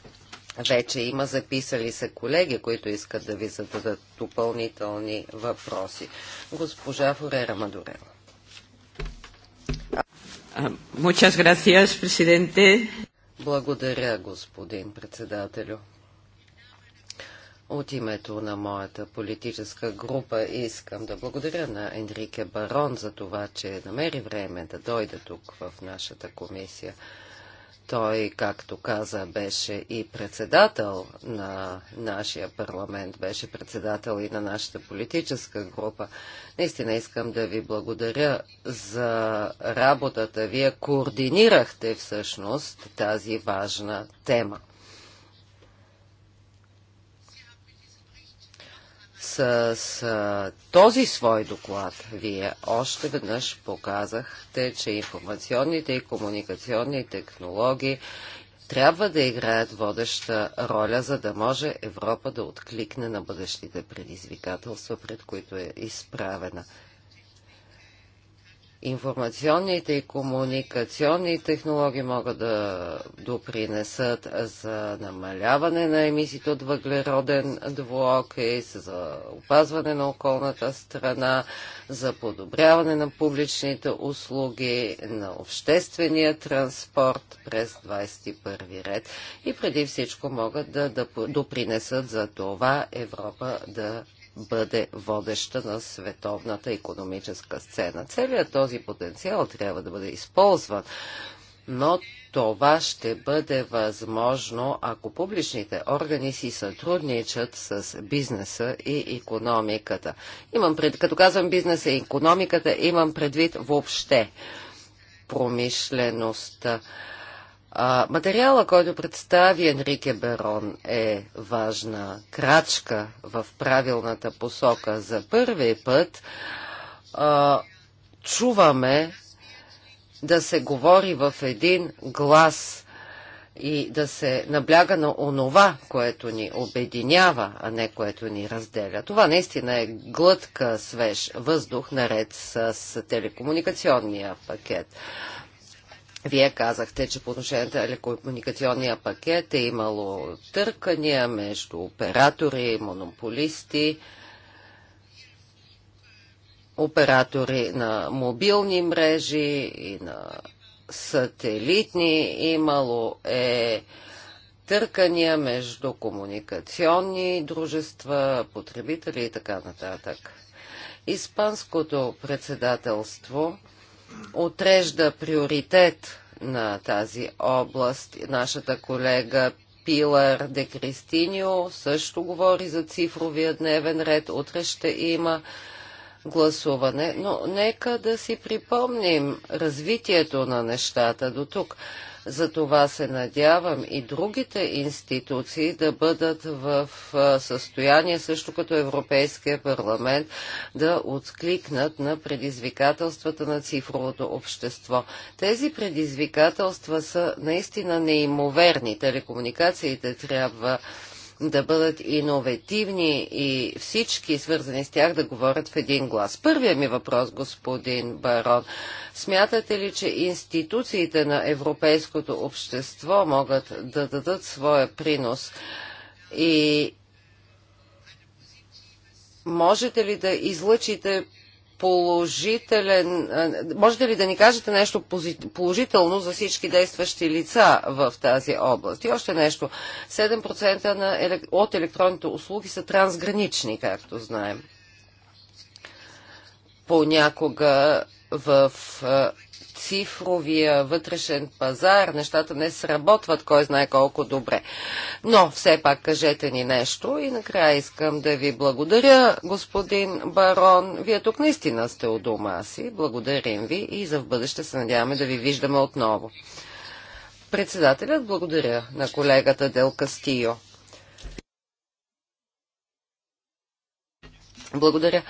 Вече има записали се колеги, които искат да ви зададат допълнителни въпроси. Госпожа Форера Мадурела. Muchas gracias, presidente. Благодаря, господин председателю. От името на моята политическа група искам да благодаря на Енрике Барон за това, че намери време да дойде тук в нашата комисия. Той, както каза, беше и председател на нашия парламент, беше председател и на нашата политическа група. Наистина искам да ви благодаря за работата. Вие координирахте всъщност тази важна тема. С, с този свой доклад вие още веднъж показахте, че информационните и комуникационни технологии трябва да играят водеща роля, за да може Европа да откликне на бъдещите предизвикателства, пред които е изправена информационните и комуникационни технологии могат да допринесат за намаляване на емисиите от въглероден двуокис, за опазване на околната страна, за подобряване на публичните услуги, на обществения транспорт през 21 ред. И преди всичко могат да, да допринесат за това Европа да бъде водеща на световната економическа сцена. Целият този потенциал трябва да бъде използван, но това ще бъде възможно, ако публичните органи си сътрудничат с бизнеса и економиката. Имам пред... Като казвам бизнеса и економиката, имам предвид въобще промишлеността. А, материала, който представи Енрике Берон е важна крачка в правилната посока. За първи път а, чуваме да се говори в един глас и да се набляга на онова, което ни обединява, а не което ни разделя. Това наистина е глътка свеж въздух наред с телекомуникационния пакет. Вие казахте, че по отношение на телекомуникационния пакет е имало търкания между оператори, монополисти, оператори на мобилни мрежи и на сателитни. Имало е търкания между комуникационни дружества, потребители и така нататък. Испанското председателство отрежда приоритет на тази област. Нашата колега Пилар де Кристинио също говори за цифровия дневен ред. Утре ще има гласуване, но нека да си припомним развитието на нещата до тук. Затова се надявам и другите институции да бъдат в състояние, също като Европейския парламент, да откликнат на предизвикателствата на цифровото общество. Тези предизвикателства са наистина неимоверни. Телекомуникациите трябва да бъдат иновативни и всички свързани с тях да говорят в един глас. Първият ми въпрос, господин Барон, смятате ли, че институциите на европейското общество могат да дадат своя принос и можете ли да излъчите положителен. Можете ли да ни кажете нещо положително за всички действащи лица в тази област? И още нещо. 7% на, от електронните услуги са трансгранични, както знаем. Понякога в цифровия вътрешен пазар нещата не сработват, кой знае колко добре. Но все пак кажете ни нещо и накрая искам да ви благодаря, господин Барон. Вие тук наистина сте у дома си. Благодарим ви и за в бъдеще се надяваме да ви виждаме отново. Председателят благодаря на колегата Дел Кастио. Благодаря,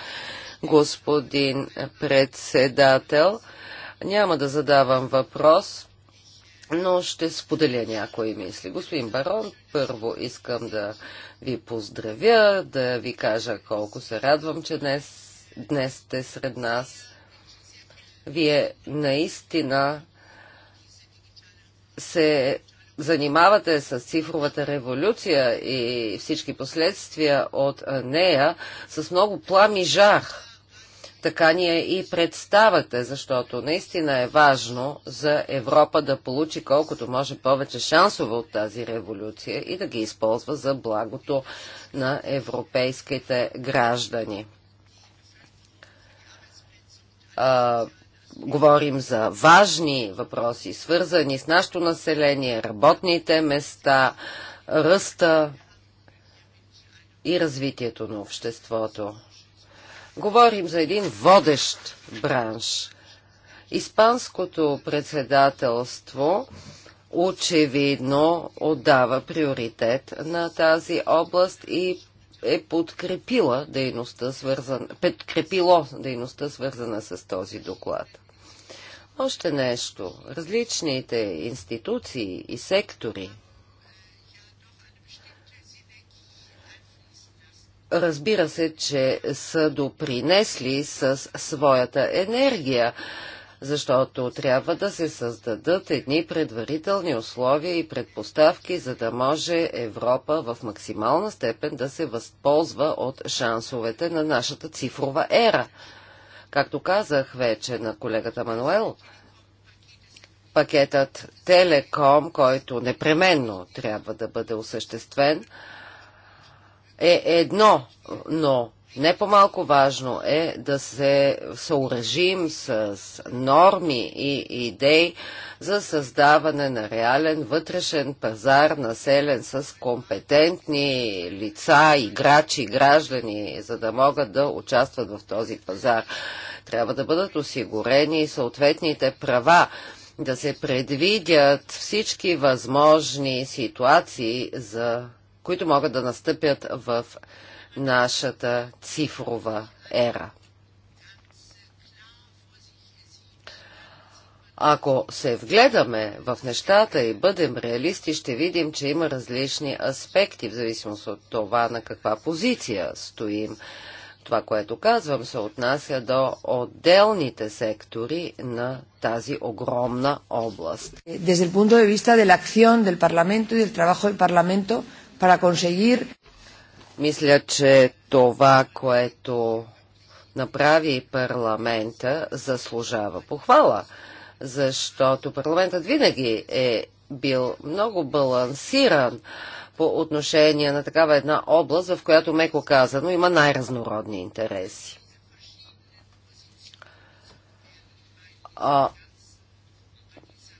господин председател. Няма да задавам въпрос, но ще споделя някои мисли. Господин Барон, първо искам да ви поздравя, да ви кажа колко се радвам, че днес, днес сте сред нас. Вие наистина се занимавате с цифровата революция и всички последствия от нея с много плам и жар така ни е и представата, защото наистина е важно за Европа да получи колкото може повече шансове от тази революция и да ги използва за благото на европейските граждани. А, говорим за важни въпроси, свързани с нашето население, работните места, ръста и развитието на обществото. Говорим за един водещ бранш. Испанското председателство очевидно отдава приоритет на тази област и е подкрепила дейността, свързана, подкрепило дейността, свързана с този доклад. Още нещо. Различните институции и сектори разбира се, че са допринесли с своята енергия, защото трябва да се създадат едни предварителни условия и предпоставки, за да може Европа в максимална степен да се възползва от шансовете на нашата цифрова ера. Както казах вече на колегата Мануел, пакетът Телеком, който непременно трябва да бъде осъществен, е едно, но не по-малко важно е да се съоръжим с норми и идеи за създаване на реален вътрешен пазар, населен с компетентни лица, играчи, граждани, за да могат да участват в този пазар. Трябва да бъдат осигурени съответните права да се предвидят всички възможни ситуации за които могат да настъпят в нашата цифрова ера. Ако се вгледаме в нещата и бъдем реалисти, ще видим, че има различни аспекти, в зависимост от това на каква позиция стоим. Това, което казвам, се отнася до отделните сектори на тази огромна област. Desde el punto de vista de la acción del Parlamento y del trabajo del Parlamento, para conseguir... Мисля, че това, което направи парламента, заслужава похвала, защото парламентът винаги е бил много балансиран по отношение на такава една област, в която, меко казано, има най-разнородни интереси. А,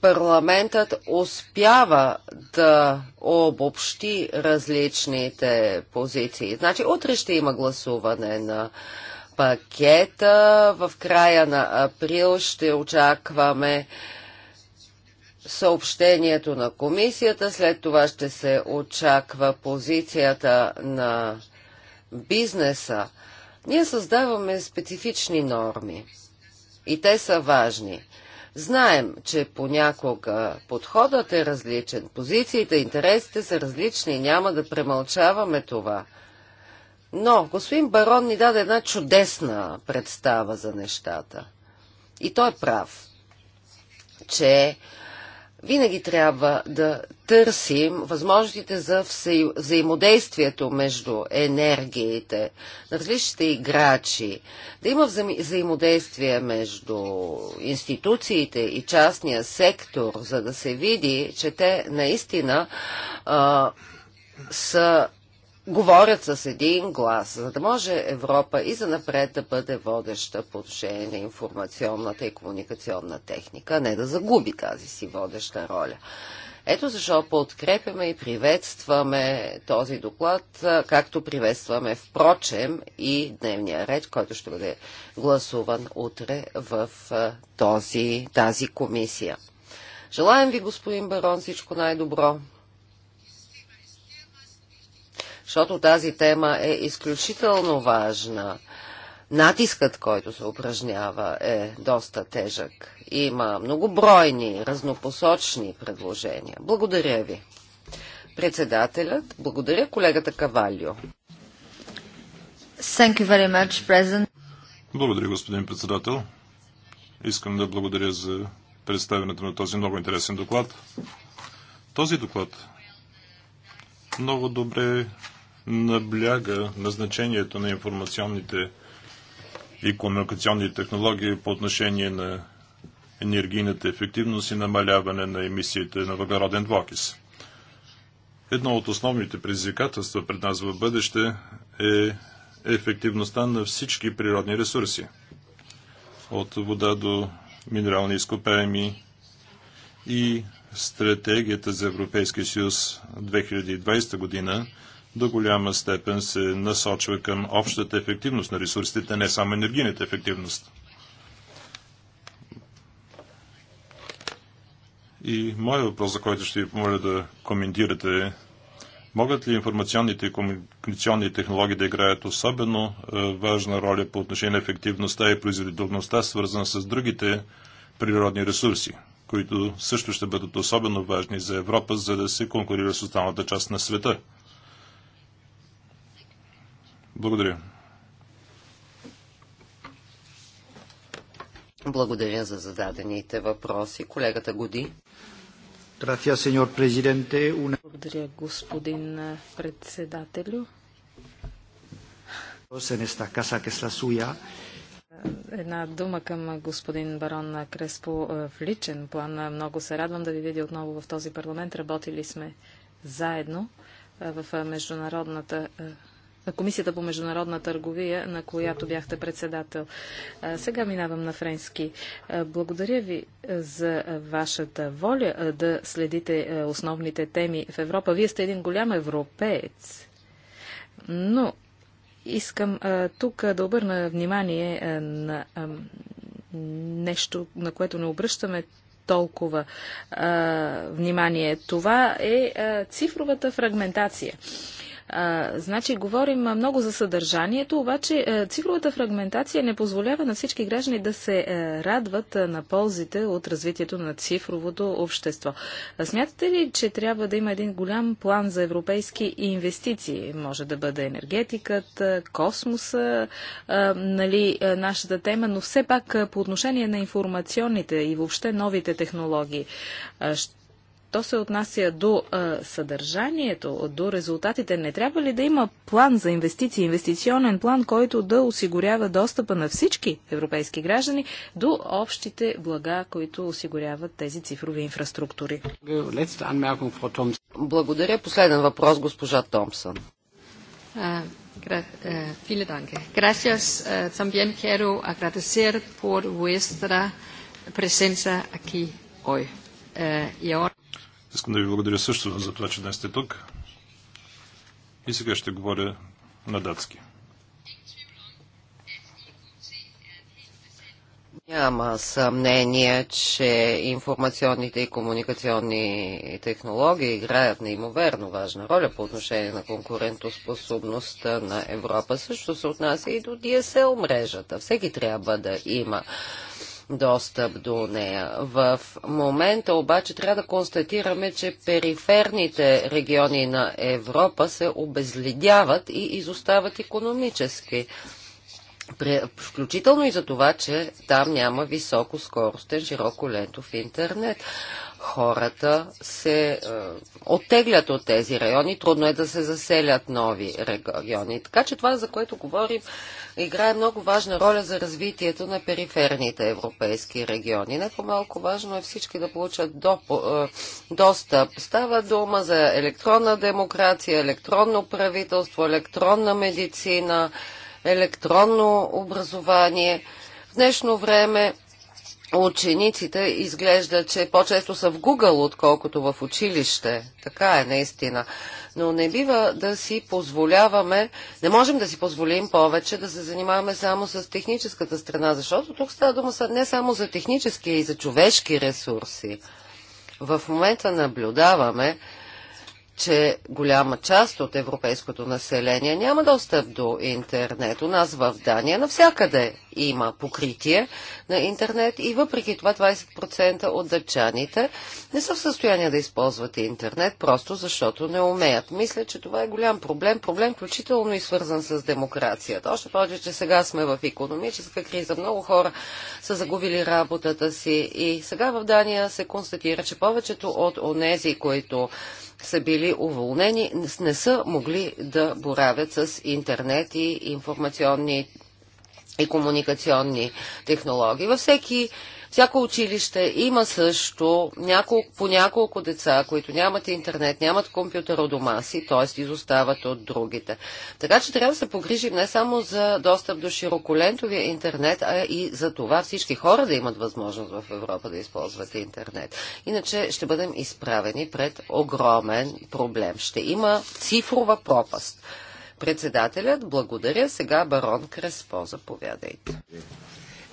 парламентът успява да обобщи различните позиции. Значи утре ще има гласуване на пакета. В края на април ще очакваме съобщението на комисията. След това ще се очаква позицията на бизнеса. Ние създаваме специфични норми и те са важни. Знаем, че понякога подходът е различен, позициите, интересите са различни и няма да премълчаваме това. Но господин Барон ни даде една чудесна представа за нещата. И той е прав, че винаги трябва да търсим възможностите за взаимодействието между енергиите на различните играчи, да има взаимодействие между институциите и частния сектор, за да се види, че те наистина а, са говорят с един глас, за да може Европа и за напред да бъде водеща по отношение на информационната и комуникационна техника, а не да загуби тази си водеща роля. Ето защо подкрепяме и приветстваме този доклад, както приветстваме впрочем и дневния ред, който ще бъде гласуван утре в този, тази комисия. Желаем ви, господин Барон, всичко най-добро защото тази тема е изключително важна. Натискът, който се упражнява, е доста тежък. Има многобройни, разнопосочни предложения. Благодаря ви. Председателят, благодаря колегата Кавалио. Much, благодаря, господин председател. Искам да благодаря за представянето на този много интересен доклад. Този доклад много добре набляга на значението на информационните и комуникационни технологии по отношение на енергийната ефективност и намаляване на емисиите на въглероден двокис. Едно от основните предизвикателства пред нас в бъдеще е ефективността на всички природни ресурси. От вода до минерални изкопаеми и стратегията за Европейския съюз 2020 година до голяма степен се насочва към общата ефективност на ресурсите, не само енергийната ефективност. И моят въпрос, за който ще ви помоля да коментирате е, могат ли информационните и комуникационни технологии да играят особено е, важна роля по отношение на ефективността и производителността, свързана с другите природни ресурси, които също ще бъдат особено важни за Европа, за да се конкурира с останалата част на света – благодаря. Благодаря за зададените въпроси. Колегата Годи. Благодаря, господин председателю. Една дума към господин барон Креспо е, в личен план. Много се радвам да ви видя отново в този парламент. Работили сме заедно е, в е, международната Комисията по международна търговия, на която бяхте председател. Сега минавам на френски. Благодаря ви за вашата воля да следите основните теми в Европа. Вие сте един голям европеец, но искам тук да обърна внимание на нещо, на което не обръщаме толкова внимание. Това е цифровата фрагментация. А, значи, говорим много за съдържанието, обаче е, цифровата фрагментация не позволява на всички граждани да се е, радват е, на ползите от развитието на цифровото общество. А, смятате ли, че трябва да има един голям план за европейски инвестиции? Може да бъде енергетиката, космоса, а, нали, нашата тема, но все пак по отношение на информационните и въобще новите технологии. Ще то се отнася до а, съдържанието, до резултатите. Не трябва ли да има план за инвестиции, инвестиционен план, който да осигурява достъпа на всички европейски граждани до общите блага, които осигуряват тези цифрови инфраструктури? Благодаря. Последен въпрос, госпожа Томсън. Vielen uh, Gracias. También aquí hoy. Eh, y ahora... Искам да ви благодаря също за това, че днес сте тук. И сега ще говоря на датски. Няма съмнение, че информационните и комуникационни технологии играят неимоверно важна роля по отношение на конкурентоспособността на Европа. Също се отнася и до DSL мрежата. Всеки трябва да има достъп до нея. В момента обаче трябва да констатираме, че периферните региони на Европа се обезлидяват и изостават економически. Включително и за това, че там няма високо скоростен широко лентов интернет хората се е, оттеглят от тези райони, трудно е да се заселят нови региони. Така че това, за което говорим, играе много важна роля за развитието на периферните европейски региони. Не по-малко важно е всички да получат до, е, достъп. Става дума за електронна демокрация, електронно правителство, електронна медицина, електронно образование. В днешно време учениците изглежда, че по-често са в Google, отколкото в училище. Така е наистина. Но не бива да си позволяваме, не можем да си позволим повече да се занимаваме само с техническата страна, защото тук става дума не само за технически, а и за човешки ресурси. В момента наблюдаваме, че голяма част от европейското население няма достъп до интернет. У нас в Дания навсякъде има покритие на интернет и въпреки това 20% от дъчаните не са в състояние да използват интернет, просто защото не умеят. Мисля, че това е голям проблем, проблем включително и свързан с демокрацията. Още повече, че сега сме в економическа криза, много хора са загубили работата си и сега в Дания се констатира, че повечето от онези, които са били уволнени, не са могли да боравят с интернет и информационни и комуникационни технологии. Във всеки Всяко училище има също няколко, по няколко деца, които нямат интернет, нямат компютър у дома си, т.е. изостават от другите. Така че трябва да се погрижим не само за достъп до широколентовия интернет, а и за това всички хора да имат възможност в Европа да използват интернет. Иначе ще бъдем изправени пред огромен проблем. Ще има цифрова пропаст. Председателят, благодаря. Сега барон Креспо, заповядайте.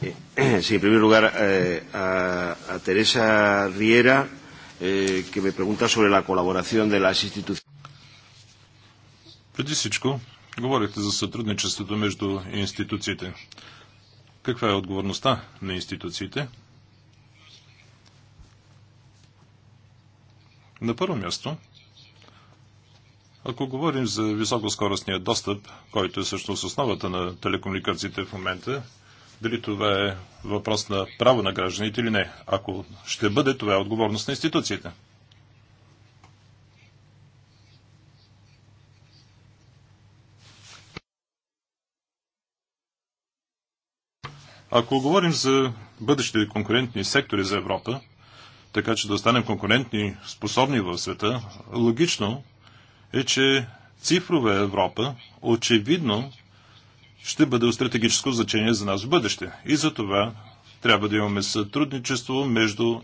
Eh, sí, en primer lugar, eh, a, a Teresa Riera, eh, que me pregunta sobre la colaboración de las instituciones. Преди всичко, говорихте за сътрудничеството между институциите. Каква е отговорността на институциите? На първо място, ако говорим за високоскоростния достъп, който е всъщност основата на телекомуникациите в момента, дали това е въпрос на право на гражданите или не? Ако ще бъде, това е отговорност на институциите. Ако говорим за бъдещите конкурентни сектори за Европа, така че да останем конкурентни, способни в света, логично е, че цифрова Европа очевидно ще бъде от стратегическо значение за нас в бъдеще. И за това трябва да имаме сътрудничество между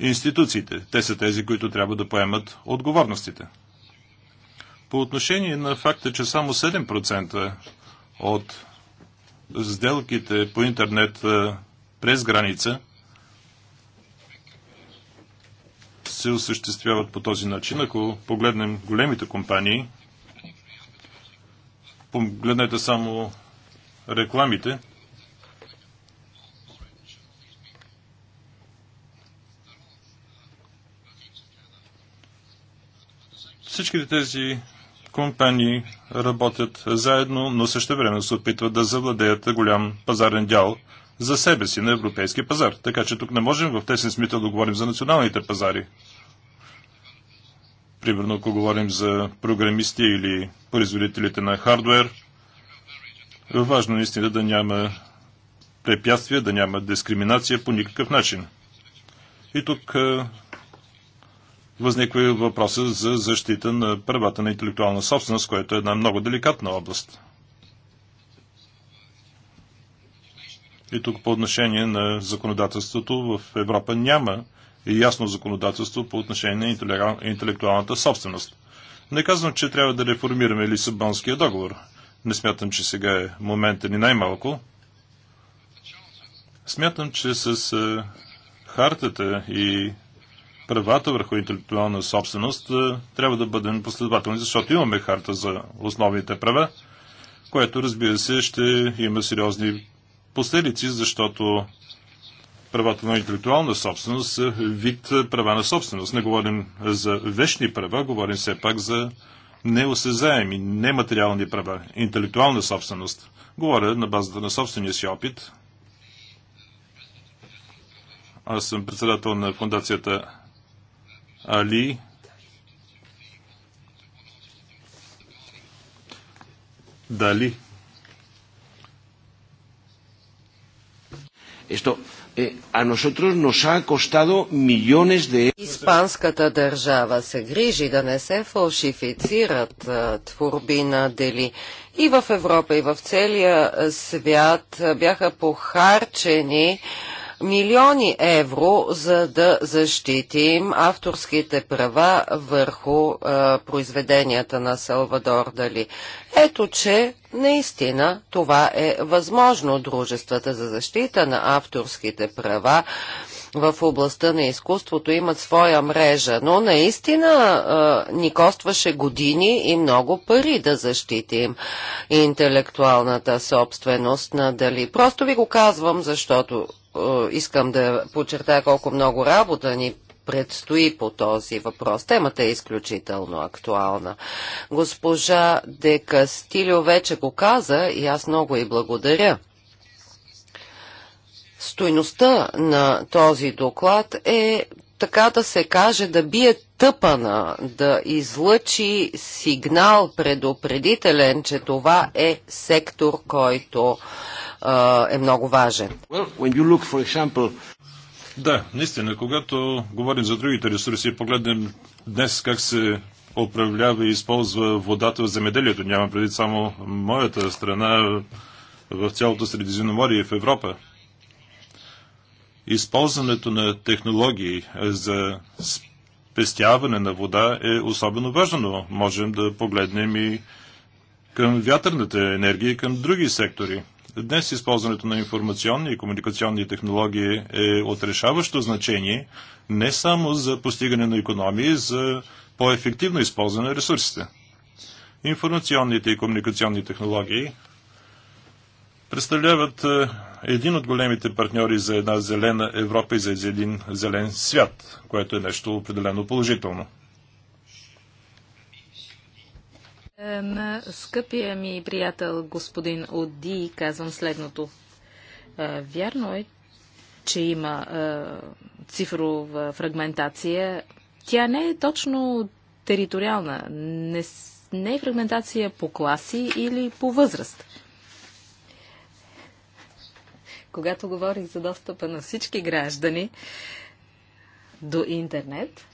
институциите. Те са тези, които трябва да поемат отговорностите. По отношение на факта, че само 7% от сделките по интернет през граница се осъществяват по този начин. Ако погледнем големите компании, Погледнете само рекламите. Всичките тези компании работят заедно, но също време се опитват да завладеят голям пазарен дял за себе си на европейски пазар. Така че тук не можем в тесен смисъл да говорим за националните пазари. Примерно, ако говорим за програмисти или производителите на хардвер, важно е наистина да няма препятствия, да няма дискриминация по никакъв начин. И тук е, възниква и въпроса за защита на правата на интелектуална собственост, което е една много деликатна област. И тук по отношение на законодателството в Европа няма и ясно законодателство по отношение на интелектуалната собственост. Не казвам, че трябва да реформираме Лисабонския договор. Не смятам, че сега е момента ни най-малко. Смятам, че с е, хартата и правата върху интелектуална собственост е, трябва да бъдем последователни, защото имаме харта за основните права, което разбира се ще има сериозни последици, защото правата на интелектуална собственост са вид права на собственост. Не говорим за вечни права, говорим все пак за неосезаеми, нематериални права, интелектуална собственост. Говоря на базата на собствения си опит. Аз съм председател на фундацията Али. Дали. Е, а nosotros nos ha costado millones de Испанската държава се грижи да не се фалшифицират творби на дели. И в Европа, и в целия свят бяха похарчени милиони евро, за да защитим авторските права върху а, е, произведенията на Салвадор Дали. Ето, че наистина това е възможно дружествата за защита на авторските права в областта на изкуството имат своя мрежа, но наистина а, е, ни костваше години и много пари да защитим интелектуалната собственост на Дали. Просто ви го казвам, защото е, искам да подчертая колко много работа ни предстои по този въпрос. Темата е изключително актуална. Госпожа Дека Стилио вече го каза и аз много и благодаря. Стойността на този доклад е така да се каже, да бие тъпана, да излъчи сигнал предупредителен, че това е сектор, който е много важен. Да, наистина, когато говорим за другите ресурси и погледнем днес как се управлява и използва водата в земеделието, няма преди само моята страна в цялото Средиземноморие в Европа. Използването на технологии за спестяване на вода е особено важно. Можем да погледнем и към вятърната енергия и към други сектори. Днес използването на информационни и комуникационни технологии е от решаващо значение не само за постигане на економии, за по-ефективно използване на ресурсите. Информационните и комуникационни технологии представляват е, един от големите партньори за една зелена Европа и за един зелен свят, което е нещо определено положително. На скъпия ми приятел господин Оди казвам следното. Е, вярно е, че има е, цифрова фрагментация. Тя не е точно териториална. Не, не е фрагментация по класи или по възраст. Когато говорих за достъпа на всички граждани до интернет,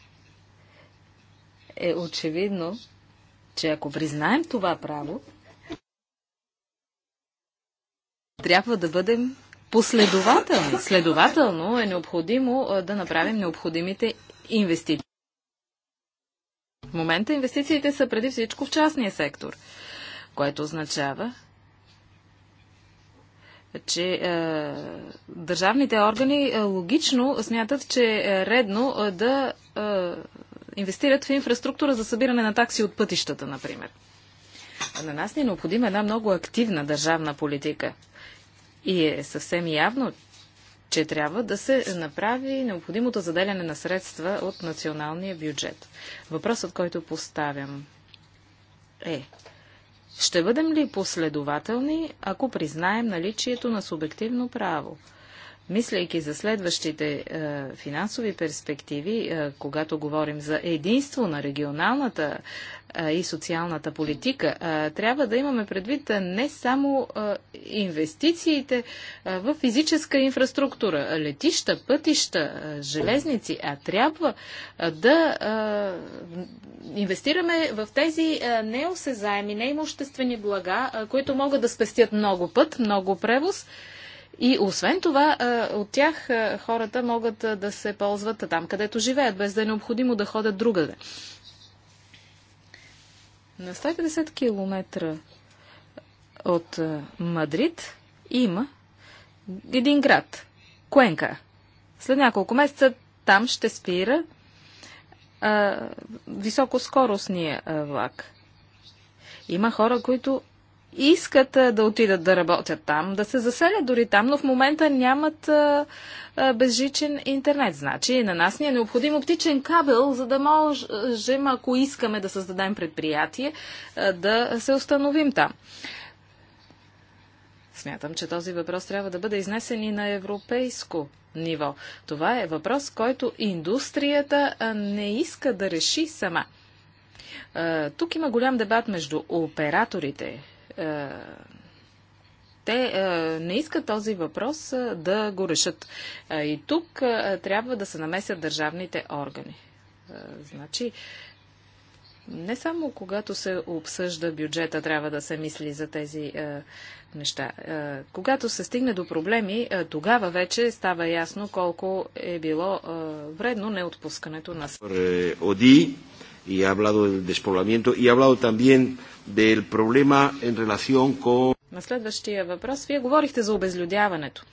е очевидно, че ако признаем това право, трябва да бъдем последователни. Следователно е необходимо да направим необходимите инвестиции. В момента инвестициите са преди всичко в частния сектор, което означава, че е, държавните органи е, логично смятат, че е редно е, да е, инвестират в инфраструктура за събиране на такси от пътищата, например. На нас ни е необходима една много активна държавна политика. И е съвсем явно, че трябва да се направи необходимото заделяне на средства от националния бюджет. Въпросът, който поставям е, ще бъдем ли последователни, ако признаем наличието на субективно право? мислейки за следващите е, финансови перспективи, е, когато говорим за единство на регионалната е, и социалната политика, е, трябва да имаме предвид е, не само е, инвестициите в физическа инфраструктура, летища, пътища, железници, а трябва да инвестираме в тези неосезаеми, неимуществени блага, които могат да спестят много път, много превоз и освен това, от тях хората могат да се ползват там, където живеят, без да е необходимо да ходят другаде. На 150 км от Мадрид има един град, Куенка. След няколко месеца там ще спира високоскоростния влак. Има хора, които искат да отидат да работят там, да се заселят дори там, но в момента нямат безжичен интернет. Значи на нас ни е необходим оптичен кабел, за да можем, ако искаме да създадем предприятие, да се установим там. Смятам, че този въпрос трябва да бъде изнесен и на европейско ниво. Това е въпрос, който индустрията не иска да реши сама. Тук има голям дебат между операторите, е, те е, не искат този въпрос е, да го решат. и тук трябва да се намесят държавните органи. значи, не само когато се обсъжда бюджета трябва да се мисли за тези неща. когато се стигне до проблеми, тогава вече става ясно колко е било вредно неотпускането на. Оди y ha hablado del despoblamiento y ha hablado también del problema en relación con... На следващия въпрос, вие говорихте за обезлюдяването.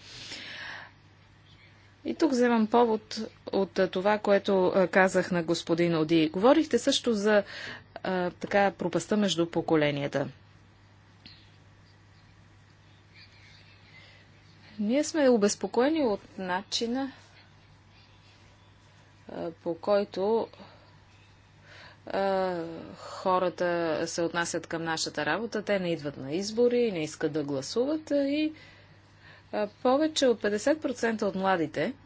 И тук вземам повод от това, което казах на господин Оди. Говорихте също за а, така пропаста между поколенията. Ние сме обезпокоени от начина, а, по който хората се отнасят към нашата работа. Те не идват на избори, не искат да гласуват и повече от 50% от младите –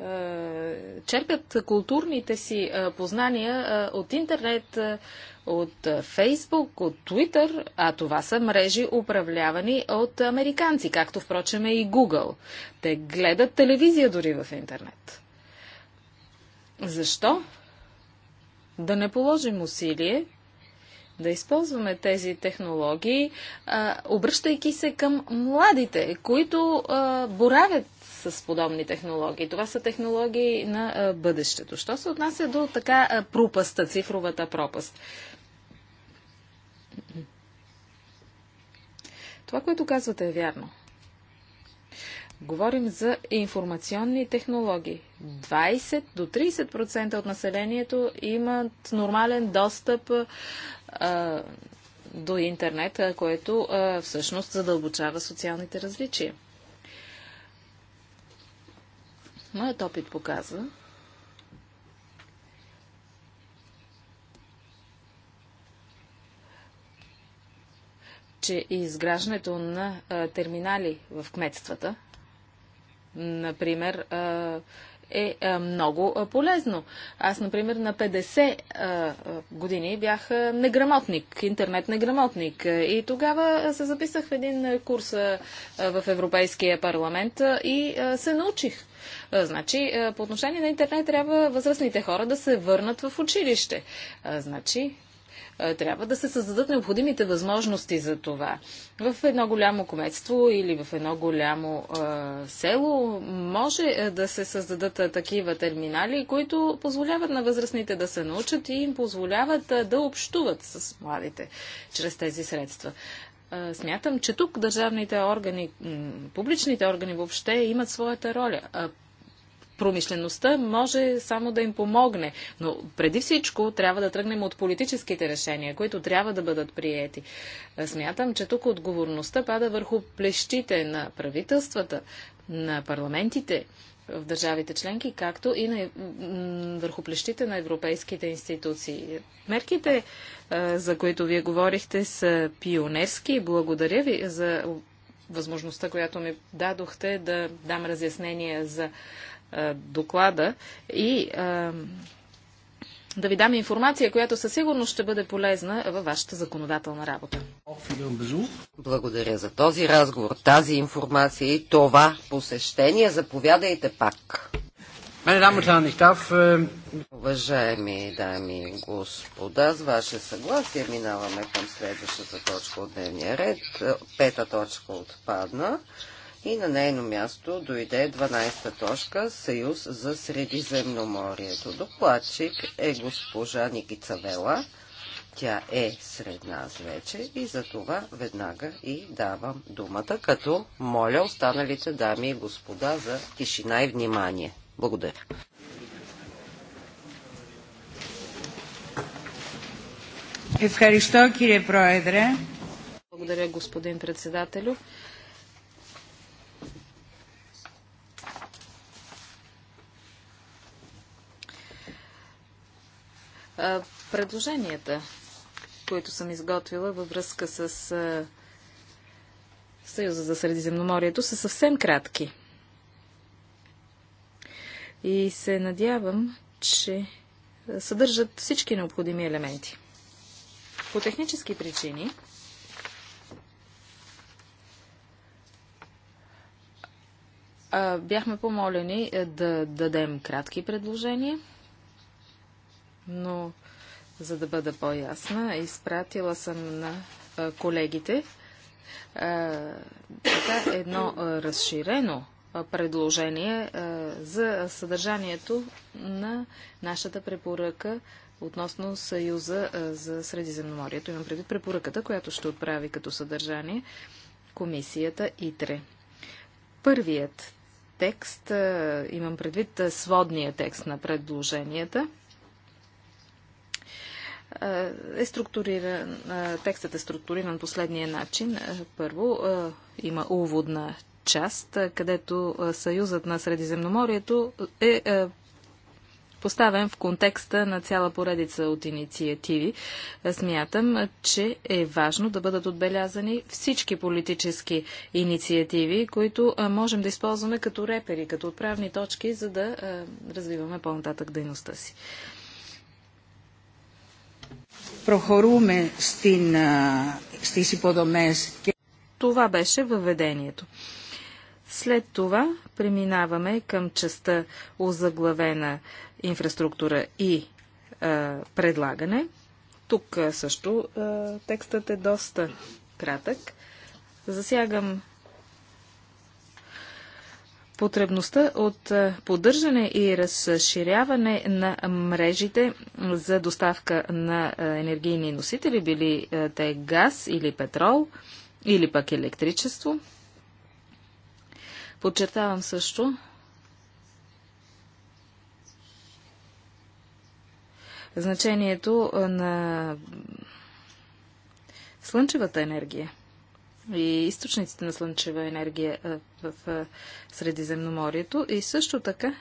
Е, черпят културните си е, познания е, от интернет, от Фейсбук, от Твитър, а това са мрежи управлявани от американци, както впрочем е и Google. Те гледат телевизия дори в интернет. Защо? Да не положим усилие да използваме тези технологии, обръщайки се към младите, които боравят с подобни технологии. Това са технологии на бъдещето. Що се отнася до така пропаста, цифровата пропаст? Това, което казвате, е вярно. Говорим за информационни технологии. 20 до 30% от населението имат нормален достъп а, до интернет, което а, всъщност задълбочава социалните различия. Моят опит показва, че изграждането на а, терминали в кметствата например, е много полезно. Аз, например, на 50 години бях неграмотник, интернет неграмотник. И тогава се записах в един курс в Европейския парламент и се научих. Значи, по отношение на интернет трябва възрастните хора да се върнат в училище. Значи, е, трябва да се създадат необходимите възможности за това. В едно голямо кометство или в едно голямо е, село може е, да се създадат такива терминали, които позволяват на възрастните да се научат и им позволяват да общуват с младите чрез тези средства смятам, че тук държавните органи, публичните органи въобще имат своята роля промишлеността може само да им помогне. Но преди всичко трябва да тръгнем от политическите решения, които трябва да бъдат приети. Е, смятам, че тук отговорността пада върху плещите на правителствата, на парламентите в държавите членки, както и на, върху плещите на европейските институции. Мерките, е, за които вие говорихте, са пионерски. Благодаря ви за възможността, която ми дадохте да дам разяснение за е, доклада и е, да ви дам информация, която със сигурност ще бъде полезна във вашата законодателна работа. Благодаря за този разговор, тази информация и това посещение. Заповядайте пак. Е, Уважаеми дами и господа, с ваше съгласие минаваме към следващата точка от дневния ред. Пета точка отпадна. И на нейно място дойде 12-та точка Съюз за Средиземноморието. Докладчик е госпожа Никица Вела. Тя е сред нас вече и за това веднага и давам думата, като моля останалите дами и господа за тишина и внимание. Благодаря. Благодаря, господин председателю. Предложенията, които съм изготвила във връзка с Съюза за Средиземноморието, са съвсем кратки. И се надявам, че съдържат всички необходими елементи. По технически причини бяхме помолени да дадем кратки предложения – но за да бъда по-ясна, изпратила съм на колегите така едно разширено предложение за съдържанието на нашата препоръка относно Съюза за Средиземноморието. Имам предвид препоръката, която ще отправи като съдържание комисията ИТРЕ. Първият текст, имам предвид сводния текст на предложенията – е, е структуриран, е, текстът е структуриран последния начин. Е, първо има уводна част, където Съюзът на Средиземноморието е поставен в контекста на цяла поредица от инициативи. Смятам, че е важно да бъдат отбелязани всички политически инициативи, които можем да използваме като репери, като отправни точки, за да развиваме по-нататък дейността си. Това беше въведението. След това преминаваме към частта озаглавена инфраструктура и а, предлагане. Тук също а, текстът е доста кратък. Засягам потребността от е, поддържане и разширяване на мрежите за доставка на е, енергийни носители, били е, те газ или петрол, или пък електричество. Подчертавам също, значението на слънчевата енергия и източниците на слънчева енергия в Средиземноморието. И също така,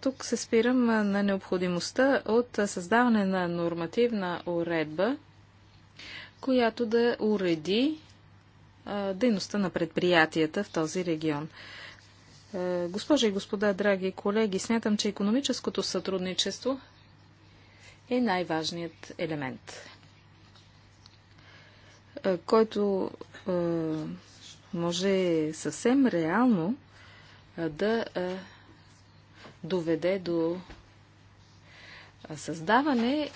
тук се спирам на необходимостта от създаване на нормативна уредба, която да уреди дейността на предприятията в този регион. Госпожи и господа, драги колеги, смятам, че економическото сътрудничество е най-важният елемент който може съвсем реално да доведе до създаване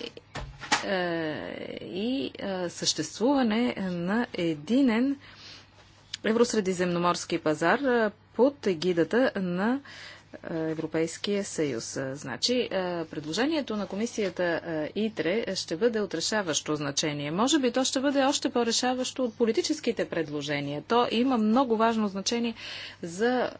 и съществуване на единен евросредиземноморски пазар под егидата на е, Европейския съюз. Е, значи, е, предложението на комисията ИТРЕ ще бъде отрешаващо значение. Може би то ще бъде още по-решаващо от политическите предложения. То има много важно значение за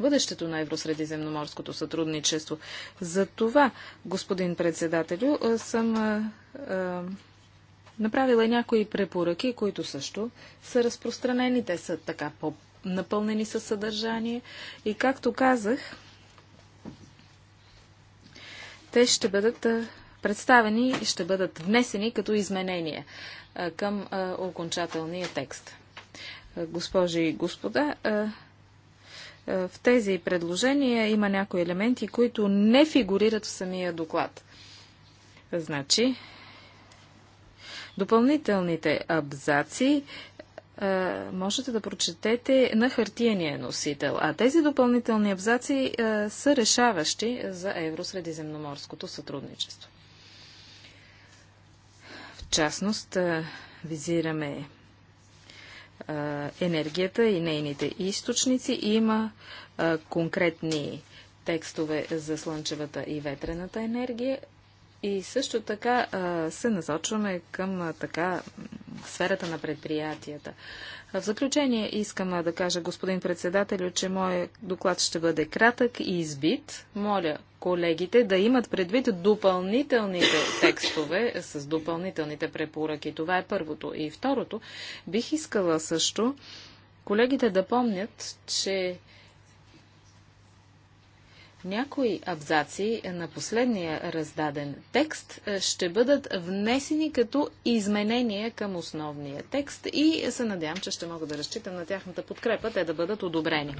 бъдещето на евросредиземноморското сътрудничество. За това, господин председателю, съм направила някои препоръки, които също са разпространени. Те са така по напълнени със съдържание. И както казах, те ще бъдат представени и ще бъдат внесени като изменения към окончателния текст. Госпожи и господа, в тези предложения има някои елементи, които не фигурират в самия доклад. Значи, допълнителните абзаци е, можете да прочетете на хартияния е носител. А тези допълнителни абзаци е, са решаващи за евросредиземноморското сътрудничество. В частност, визираме енергията и нейните източници. Има конкретни текстове за слънчевата и ветрената енергия. И също така се насочваме към така сферата на предприятията. В заключение искам да кажа, господин председателю, че моят доклад ще бъде кратък и избит. Моля колегите да имат предвид допълнителните текстове с допълнителните препоръки. Това е първото. И второто, бих искала също колегите да помнят, че някои абзаци на последния раздаден текст е, ще бъдат внесени като изменения към основния текст и се надявам, че ще мога да разчитам на тяхната подкрепа, те да бъдат одобрени.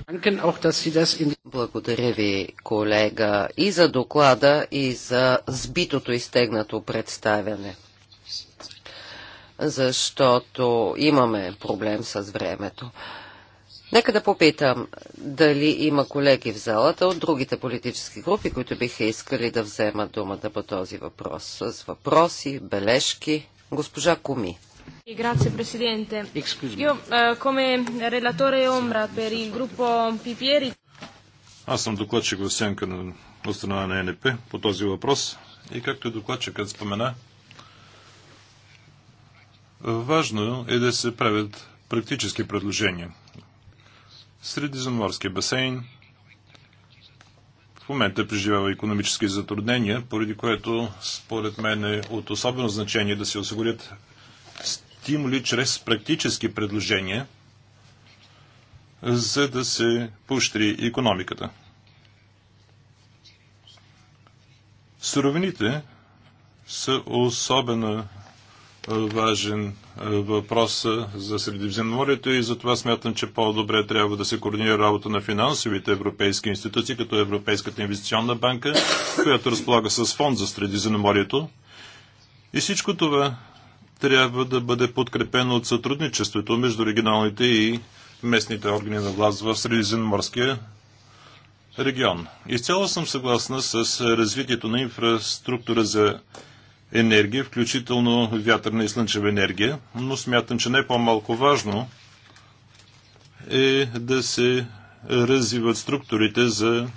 Благодаря ви, колега, и за доклада, и за сбитото изтегнато представяне защото имаме проблем с времето. Нека да попитам дали има колеги в залата от другите политически групи, които биха искали да вземат думата по този въпрос. С въпроси, бележки. Госпожа Куми. Grazie Presidente. Io е, come relatore ombra per il gruppo Pipieri. Аз съм докладчик в сенка на страна на НП по този въпрос и както докладчикът спомена, важно е да се правят практически предложения. Средиземноморския басейн в момента е преживява економически затруднения, поради което според мен е от особено значение да се осигурят стимули чрез практически предложения, за да се поощри економиката. Суровините са особено важен въпроса за Средиземноморието и затова смятам, че по-добре трябва да се координира работа на финансовите европейски институции, като Европейската инвестиционна банка, която разполага с фонд за Средиземноморието. И всичко това трябва да бъде подкрепено от сътрудничеството между регионалните и местните органи на власт в Средиземноморския регион. Изцяло съм съгласна с развитието на инфраструктура за енергия, включително вятърна и слънчева енергия, но смятам, че не по-малко важно е да се развиват структурите за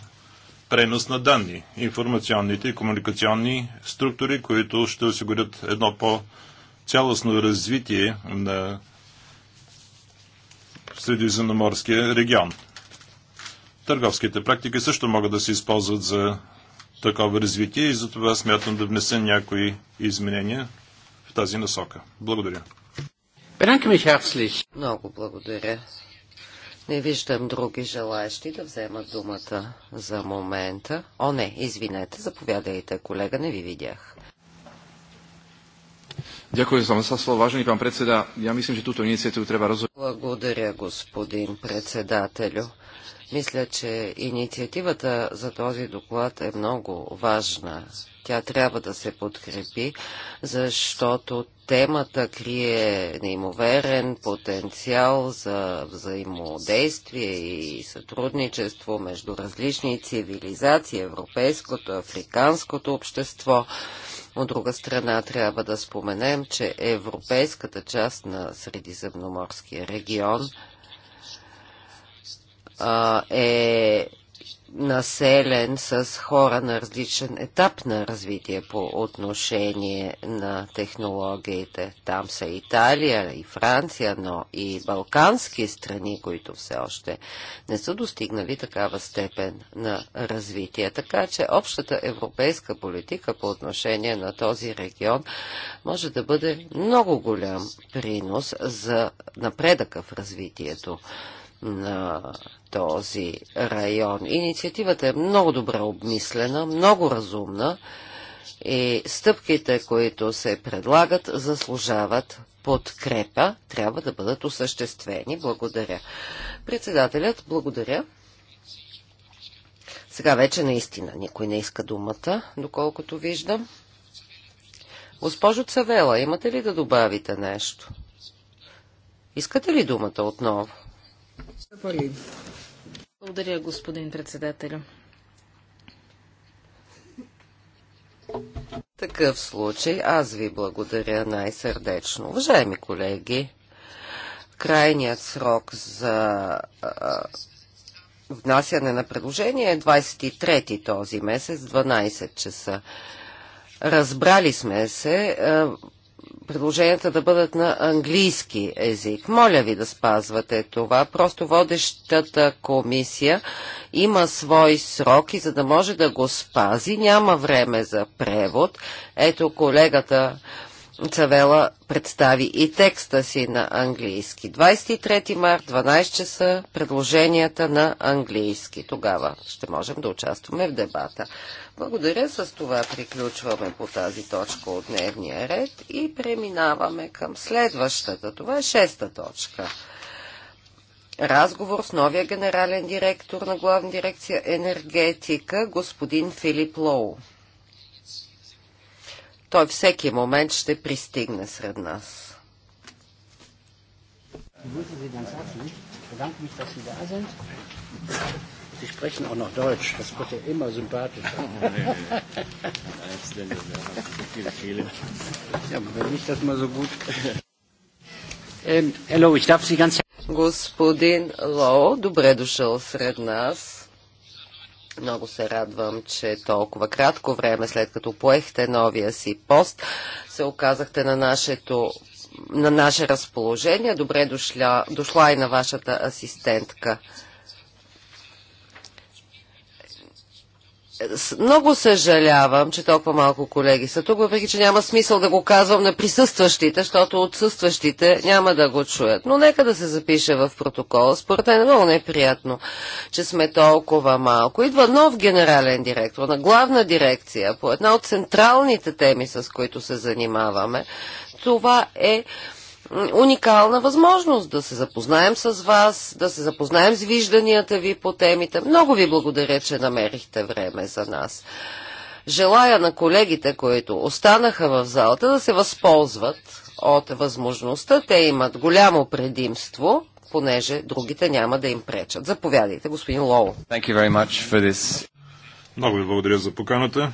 пренос на данни, информационните и комуникационни структури, които ще осигурят едно по-цялостно развитие на Средиземноморския регион. Търговските практики също могат да се използват за такова развитие и затова смятам да внеса някои изменения в тази насока. Благодаря. Много благодаря. Не виждам други желаящи да вземат думата за момента. О, не, извинете, заповядайте, колега, не ви видях. Ďakujem vám za slovo, vážený пан председател. Я myslím, че тук инициативу treba разобрати. Благодаря, господин председателю. Мисля, че инициативата за този доклад е много важна. Тя трябва да се подкрепи, защото темата крие неимоверен потенциал за взаимодействие и сътрудничество между различни цивилизации, европейското, африканското общество. От друга страна трябва да споменем, че европейската част на Средиземноморския регион – а, е населен с хора на различен етап на развитие по отношение на технологиите. Там са Италия и Франция, но и балкански страни, които все още не са достигнали такава степен на развитие. Така че общата европейска политика по отношение на този регион може да бъде много голям принос за напредъка в развитието на този район. Инициативата е много добре обмислена, много разумна и стъпките, които се предлагат, заслужават подкрепа, трябва да бъдат осъществени. Благодаря. Председателят, благодаря. Сега вече наистина никой не иска думата, доколкото виждам. Госпожо Цавела, имате ли да добавите нещо? Искате ли думата отново? Благодаря, господин председател. такъв случай аз ви благодаря най-сърдечно. Уважаеми колеги, крайният срок за а, внасяне на предложение е 23 този месец, 12 часа. Разбрали сме се. А, предложенията да бъдат на английски език. Моля ви да спазвате това. Просто водещата комисия има свой срок и за да може да го спази, няма време за превод. Ето колегата Цавела представи и текста си на английски. 23 март, 12 часа, предложенията на английски. Тогава ще можем да участваме в дебата. Благодаря, с това приключваме по тази точка от дневния ред и преминаваме към следващата. Това е шеста точка. Разговор с новия генерален директор на главна дирекция енергетика, господин Филип Лоу. Той всеки момент ще пристигне сред нас. Sie sprechen auch noch Deutsch, das wird ja immer sympathischer. ja, wenn ich das mal so gut. Ähm, hello, ich darf Sie ganz Господин Ло, добре дошъл сред нас. Много се радвам, че толкова кратко време след като поехте новия си пост, се оказахте на нашето на наше разположение. Добре дошла, дошла и на вашата асистентка. Много съжалявам, че толкова малко колеги са тук, въпреки че няма смисъл да го казвам на присъстващите, защото отсъстващите няма да го чуят. Но нека да се запише в протокол. Според мен е много неприятно, че сме толкова малко. Идва нов генерален директор на главна дирекция по една от централните теми, с които се занимаваме. Това е уникална възможност да се запознаем с вас, да се запознаем с вижданията ви по темите. Много ви благодаря, че намерихте време за нас. Желая на колегите, които останаха в залата, да се възползват от възможността. Те имат голямо предимство, понеже другите няма да им пречат. Заповядайте, господин Лоу. Много ви благодаря за поканата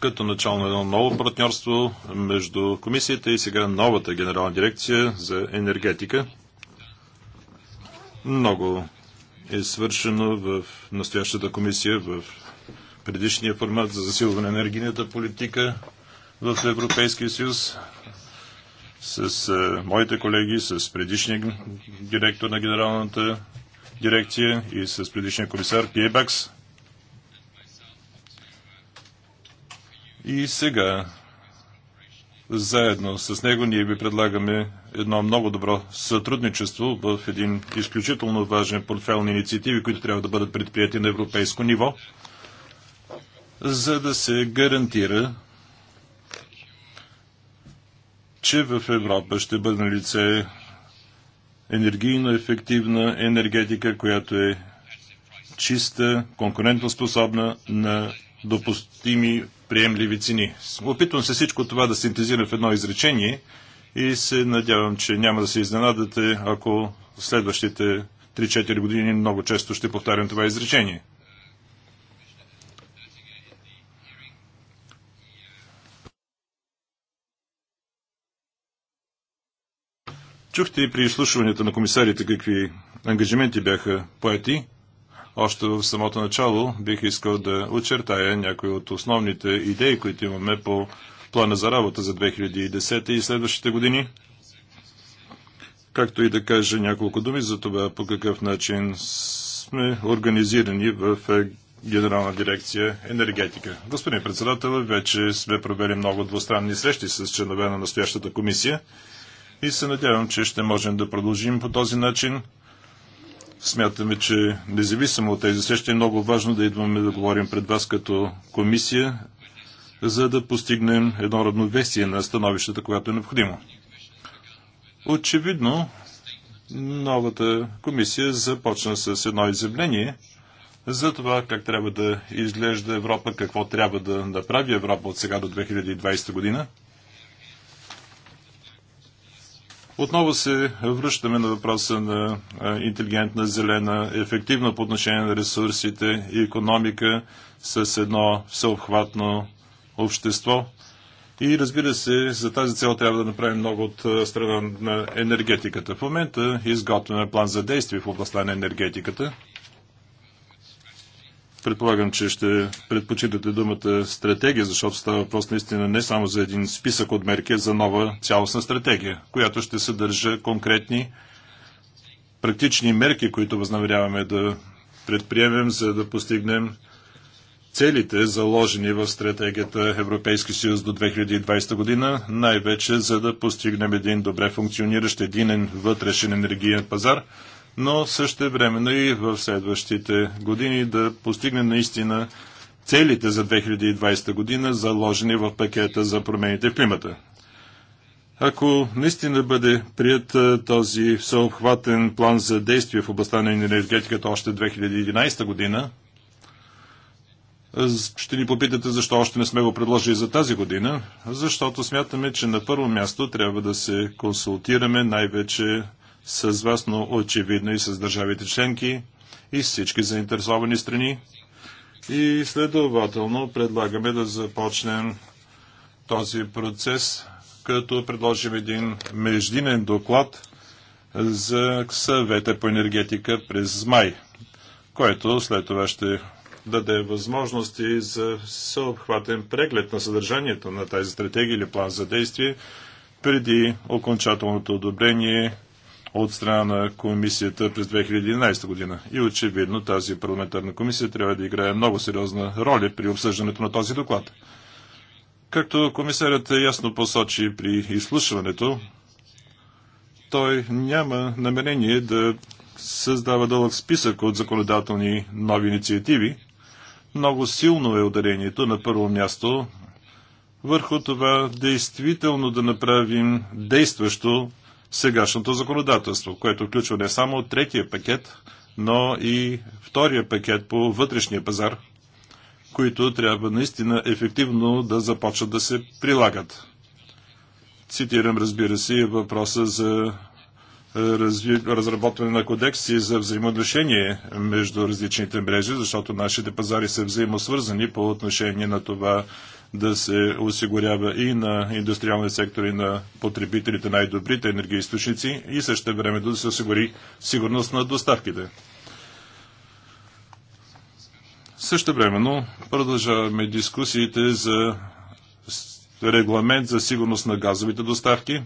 като начало на едно ново партньорство между комисията и сега новата генерална дирекция за енергетика. Много е свършено в настоящата комисия в предишния формат за засилване на енергийната политика в Европейския съюз с моите колеги, с предишния директор на генералната дирекция и с предишния комисар Пиебакс. И сега, заедно с него, ние ви предлагаме едно много добро сътрудничество в един изключително важен портфел на инициативи, които трябва да бъдат предприяти на европейско ниво, за да се гарантира, че в Европа ще бъде на лице енергийно ефективна енергетика, която е чиста, конкурентоспособна на допустими приемливи цени. Опитвам се всичко това да синтезира в едно изречение и се надявам, че няма да се изненадате, ако следващите 3-4 години много често ще повтарям това изречение. Чухте и при изслушването на комисарите какви ангажименти бяха поети още в самото начало бих искал да очертая някои от основните идеи, които имаме по плана за работа за 2010 и следващите години, както и да кажа няколко думи за това по какъв начин сме организирани в е, Генерална дирекция енергетика. Господин председател, вече сме провели много двустранни срещи с членове на настоящата комисия и се надявам, че ще можем да продължим по този начин Смятаме, че независимо от тези срещи е много важно да идваме да говорим пред вас като комисия, за да постигнем едно равновесие на становищата, когато е необходимо. Очевидно, новата комисия започна с едно изявление за това как трябва да изглежда Европа, какво трябва да направи Европа от сега до 2020 година – Отново се връщаме на въпроса на интелигентна, зелена, ефективна по отношение на ресурсите и економика с едно всеобхватно общество. И разбира се, за тази цел трябва да направим много от страна на енергетиката. В момента изготвяме план за действие в областта на енергетиката. Предполагам, че ще предпочитате думата стратегия, защото става въпрос наистина не само за един списък от мерки, а за нова цялостна стратегия, която ще съдържа конкретни практични мерки, които възнамеряваме да предприемем, за да постигнем целите, заложени в стратегията Европейски съюз до 2020 година, най-вече за да постигнем един добре функциониращ единен вътрешен енергиен пазар – но също времено и в следващите години да постигне наистина целите за 2020 година, заложени в пакета за промените в климата. Ако наистина бъде прият този всеобхватен план за действие в областта на енергетиката още 2011 година, ще ни попитате защо още не сме го предложили за тази година, защото смятаме, че на първо място трябва да се консултираме най-вече с вас, но очевидно и с държавите членки и с всички заинтересовани страни. И следователно предлагаме да започнем този процес, като предложим един междинен доклад за съвета по енергетика през май, който след това ще даде възможности за съобхватен преглед на съдържанието на тази стратегия или план за действие преди окончателното одобрение от страна на комисията през 2011 година. И очевидно тази парламентарна комисия трябва да играе много сериозна роля при обсъждането на този доклад. Както комисарят ясно посочи при изслушването, той няма намерение да създава дълъг списък от законодателни нови инициативи. Много силно е ударението на първо място върху това действително да направим действащо сегашното законодателство, което включва не само третия пакет, но и втория пакет по вътрешния пазар, които трябва наистина ефективно да започнат да се прилагат. Цитирам, разбира се, въпроса за е, разработване на кодекси за взаимоотношение между различните мрежи, защото нашите пазари са взаимосвързани по отношение на това да се осигурява и на индустриалния сектор, и на потребителите най-добрите енергоисточници и също времето да се осигури сигурност на доставките. Също но продължаваме дискусиите за регламент за сигурност на газовите доставки.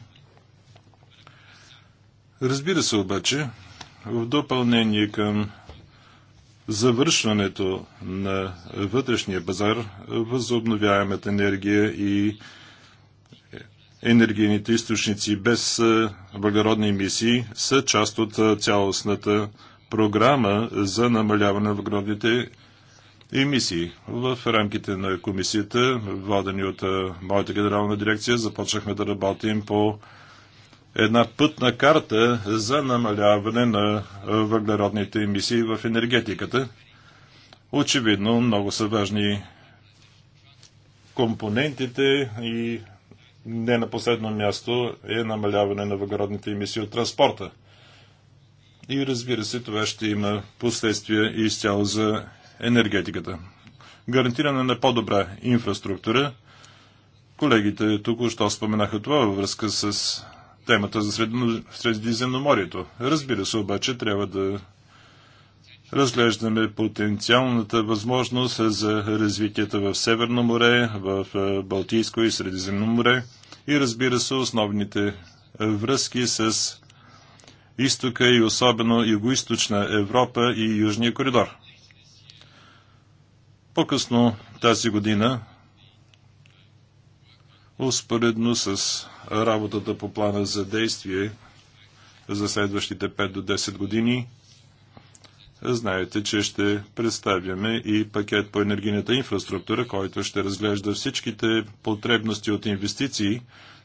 Разбира се обаче, в допълнение към завършването на вътрешния пазар, възобновяемата енергия и енергийните източници без въглеродни емисии са част от цялостната програма за намаляване на въглеродните емисии. В рамките на комисията, водени от моята генерална дирекция, започнахме да работим по една пътна карта за намаляване на въглеродните емисии в енергетиката. Очевидно, много са важни компонентите и не на последно място е намаляване на въглеродните емисии от транспорта. И разбира се, това ще има последствия и изцяло за енергетиката. Гарантиране на по-добра инфраструктура. Колегите тук още споменаха това във връзка с темата за Средиземноморието. Разбира се, обаче трябва да разглеждаме потенциалната възможност за развитието в Северно море, в Балтийско и Средиземно море и разбира се основните връзки с изтока и особено югоисточна Европа и Южния коридор. По-късно тази година успоредно с работата по плана за действие за следващите 5 до 10 години. Знаете, че ще представяме и пакет по енергийната инфраструктура, който ще разглежда всичките потребности от инвестиции,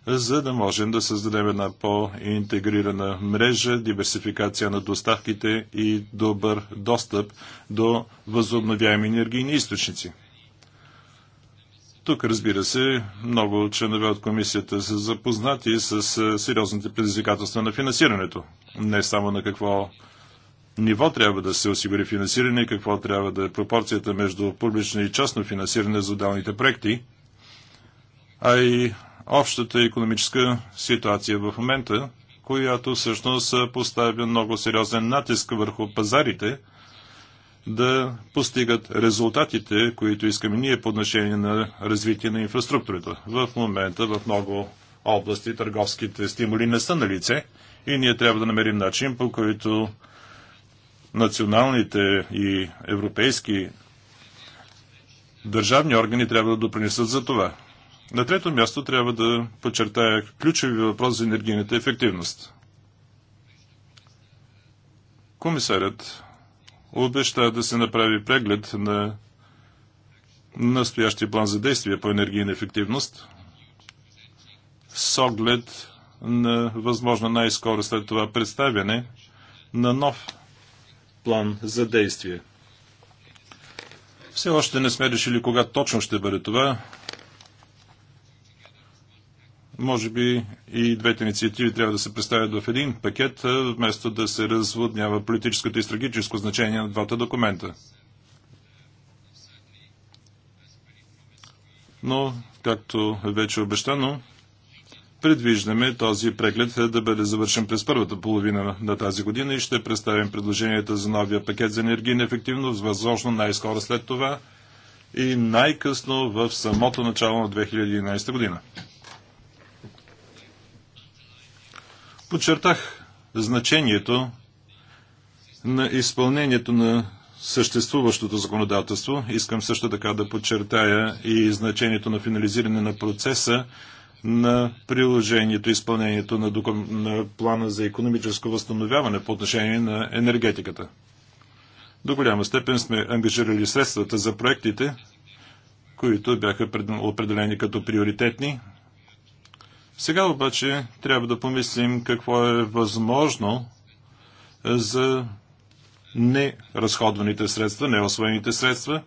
за да можем да създадем една по-интегрирана мрежа, диверсификация на доставките и добър достъп до възобновяеми енергийни източници. Тук, разбира се, много членове от комисията са запознати с е, сериозните предизвикателства на финансирането. Не само на какво ниво трябва да се осигури финансиране, какво трябва да е пропорцията между публично и частно финансиране за отделните проекти, а и общата економическа ситуация в момента, която всъщност е, поставя много сериозен натиск върху пазарите – да постигат резултатите, които искаме ние по отношение на развитие на инфраструктурата. В момента в много области търговските стимули не са на лице и ние трябва да намерим начин, по който националните и европейски държавни органи трябва да допринесат за това. На трето място трябва да подчертая ключови въпрос за енергийната ефективност. Комисарят обеща да се направи преглед на настоящия план за действие по енергийна ефективност с оглед на възможно най-скоро след това представяне на нов план за действие. Все още не сме решили кога точно ще бъде това. Може би и двете инициативи трябва да се представят в един пакет, вместо да се разводнява политическото и стратегическо значение на двата документа. Но, както е вече обещано, предвиждаме този преглед да бъде завършен през първата половина на тази година и ще представим предложенията за новия пакет за енергийна ефективност, възможно най-скоро след това и най-късно в самото начало на 2011 година. Подчертах значението на изпълнението на съществуващото законодателство. Искам също така да подчертая и значението на финализиране на процеса на приложението и изпълнението на, докум... на плана за економическо възстановяване по отношение на енергетиката. До голяма степен сме ангажирали средствата за проектите, които бяха определени като приоритетни сега обаче трябва да помислим какво е възможно е, за неразходваните средства, неосвоените средства.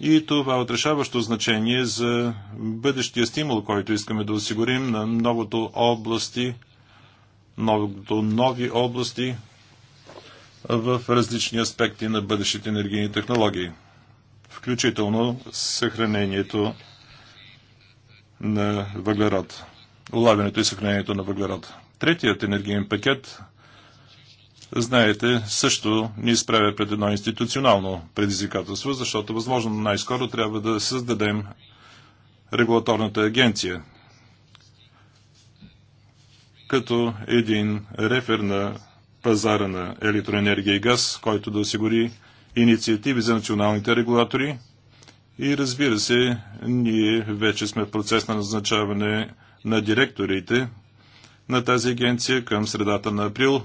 И това е отрешаващо значение за бъдещия стимул, който искаме да осигурим на новото области, многото нови области в различни аспекти на бъдещите енергийни технологии, включително съхранението на въглерод, улавянето и съхранението на въглерод. Третият енергиен пакет, знаете, също ни изправя пред едно институционално предизвикателство, защото възможно най-скоро трябва да създадем регулаторната агенция като един рефер на пазара на електроенергия и газ, който да осигури инициативи за националните регулатори, и разбира се, ние вече сме в процес на назначаване на директорите на тази агенция към средата на април.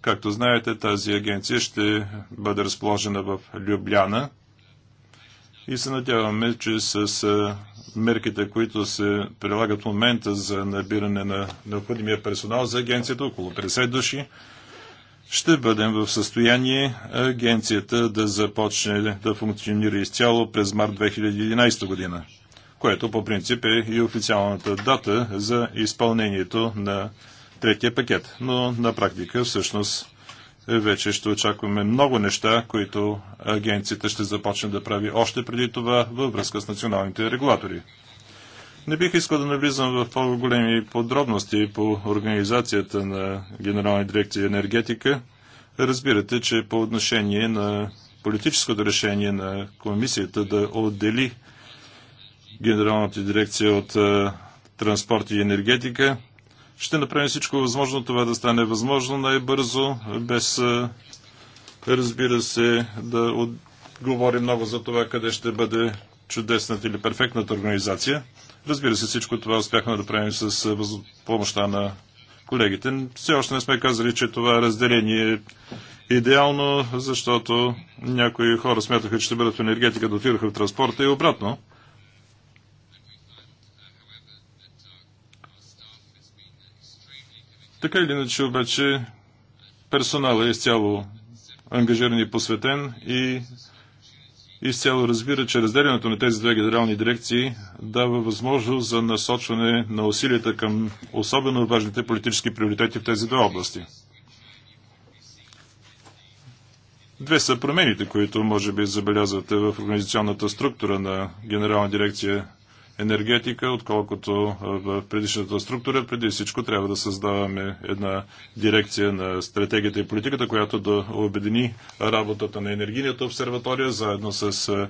Както знаете, тази агенция ще бъде разположена в Любляна и се надяваме, че с мерките, които се прилагат в момента за набиране на необходимия персонал за агенцията, около 50 души, ще бъдем в състояние агенцията да започне да функционира изцяло през март 2011 година, което по принцип е и официалната дата за изпълнението на третия пакет. Но на практика всъщност вече ще очакваме много неща, които агенцията ще започне да прави още преди това във връзка с националните регулатори. Не бих искал да навлизам в по-големи подробности по организацията на Генерална дирекция енергетика. Разбирате, че по отношение на политическото решение на комисията да отдели Генералната дирекция от транспорт и енергетика, ще направим всичко възможно това да стане възможно най-бързо, без разбира се да говорим много за това къде ще бъде чудесната или перфектната организация. Разбира се, всичко това успяхме да правим с помощта на колегите. Все още не сме казали, че това разделение е идеално, защото някои хора смятаха, че ще бъдат в енергетика, да в транспорта и обратно. Така или иначе обаче персонал е изцяло ангажиран и посветен и изцяло разбира, че разделянето на тези две генерални дирекции дава възможност за насочване на усилията към особено важните политически приоритети в тези две области. Две са промените, които може би забелязвате в организационната структура на Генерална дирекция енергетика, отколкото в предишната структура. Преди всичко трябва да създаваме една дирекция на стратегията и политиката, която да обедини работата на енергийната обсерватория, заедно с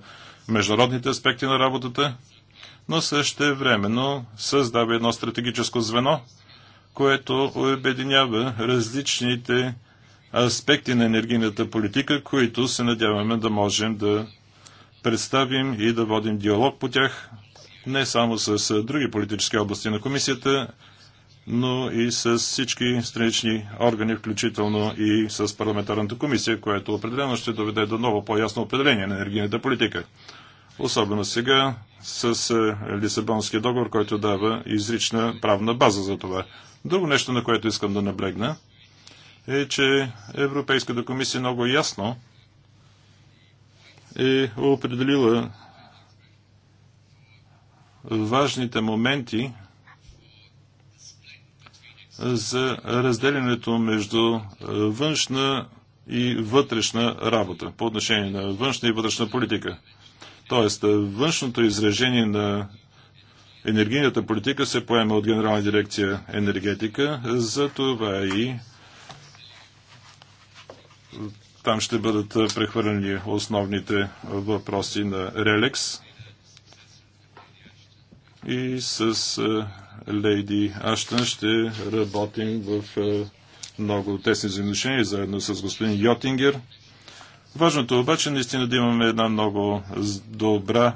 международните аспекти на работата, но също времено създава едно стратегическо звено, което обединява различните аспекти на енергийната политика, които се надяваме да можем да представим и да водим диалог по тях не само с други политически области на комисията, но и с всички странични органи, включително и с парламентарната комисия, което определено ще доведе до ново по-ясно определение на енергийната политика. Особено сега с Лисабонския договор, който дава изрична правна база за това. Друго нещо, на което искам да наблегна, е, че Европейската комисия много ясно е определила важните моменти за разделянето между е, външна и вътрешна работа по отношение на външна и вътрешна политика. Тоест, е, външното изражение на енергийната политика се поема от Генерална дирекция енергетика, за това и там ще бъдат е, прехвърлени основните въпроси на Релекс и с е, Лейди Аштън ще работим в е, много тесни взаимоотношения, заедно с господин Йотингер. Важното е обаче наистина да имаме една много добра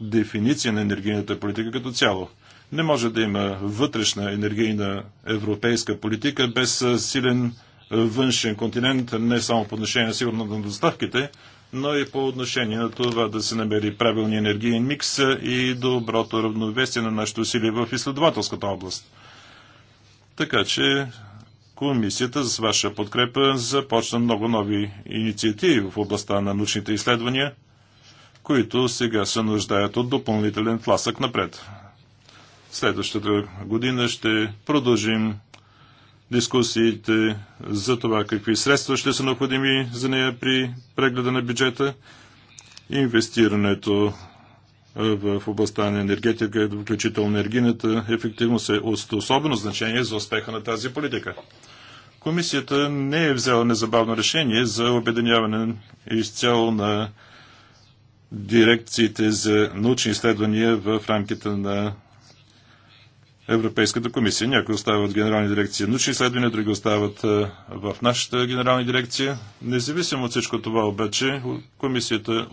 дефиниция на енергийната политика като цяло. Не може да има вътрешна енергийна европейска политика без силен външен континент, не само по отношение на сигурно на доставките, но и по отношение на това да се намери правилния енергиен микс и доброто равновесие на нашите усилия в изследователската област. Така че комисията с ваша подкрепа започна много нови инициативи в областта на научните изследвания, които сега се нуждаят от допълнителен тласък напред. Следващата година ще продължим дискусиите за това какви средства ще са необходими за нея при прегледа на бюджета, инвестирането в областта на енергетика, включително енергийната ефективност е от особено значение за успеха на тази политика. Комисията не е взела незабавно решение за обединяване изцяло на дирекциите за научни изследвания в рамките на Европейската комисия. Някои остават в дирекции дирекция научни изследвания, други остават е, в нашата генерална дирекция. Независимо от всичко това обаче, комисията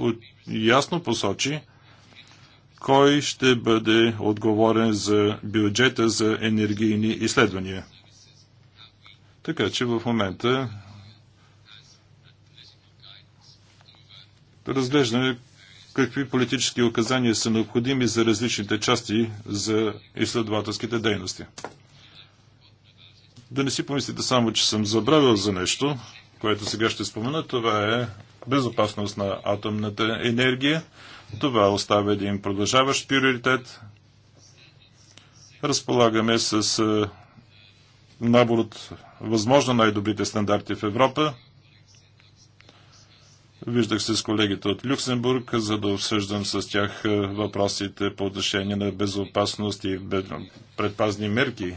ясно посочи, кой ще бъде отговорен за бюджета за енергийни изследвания. Така че в момента разглеждаме какви политически указания са необходими за различните части за изследователските дейности. Да не си помислите само, че съм забравил за нещо, което сега ще спомена. Това е безопасност на атомната енергия. Това остава един продължаващ приоритет. Разполагаме с е, набор от възможно най-добрите стандарти в Европа. Виждах се с колегите от Люксембург, за да обсъждам с тях е, въпросите по отношение на безопасност и предпазни мерки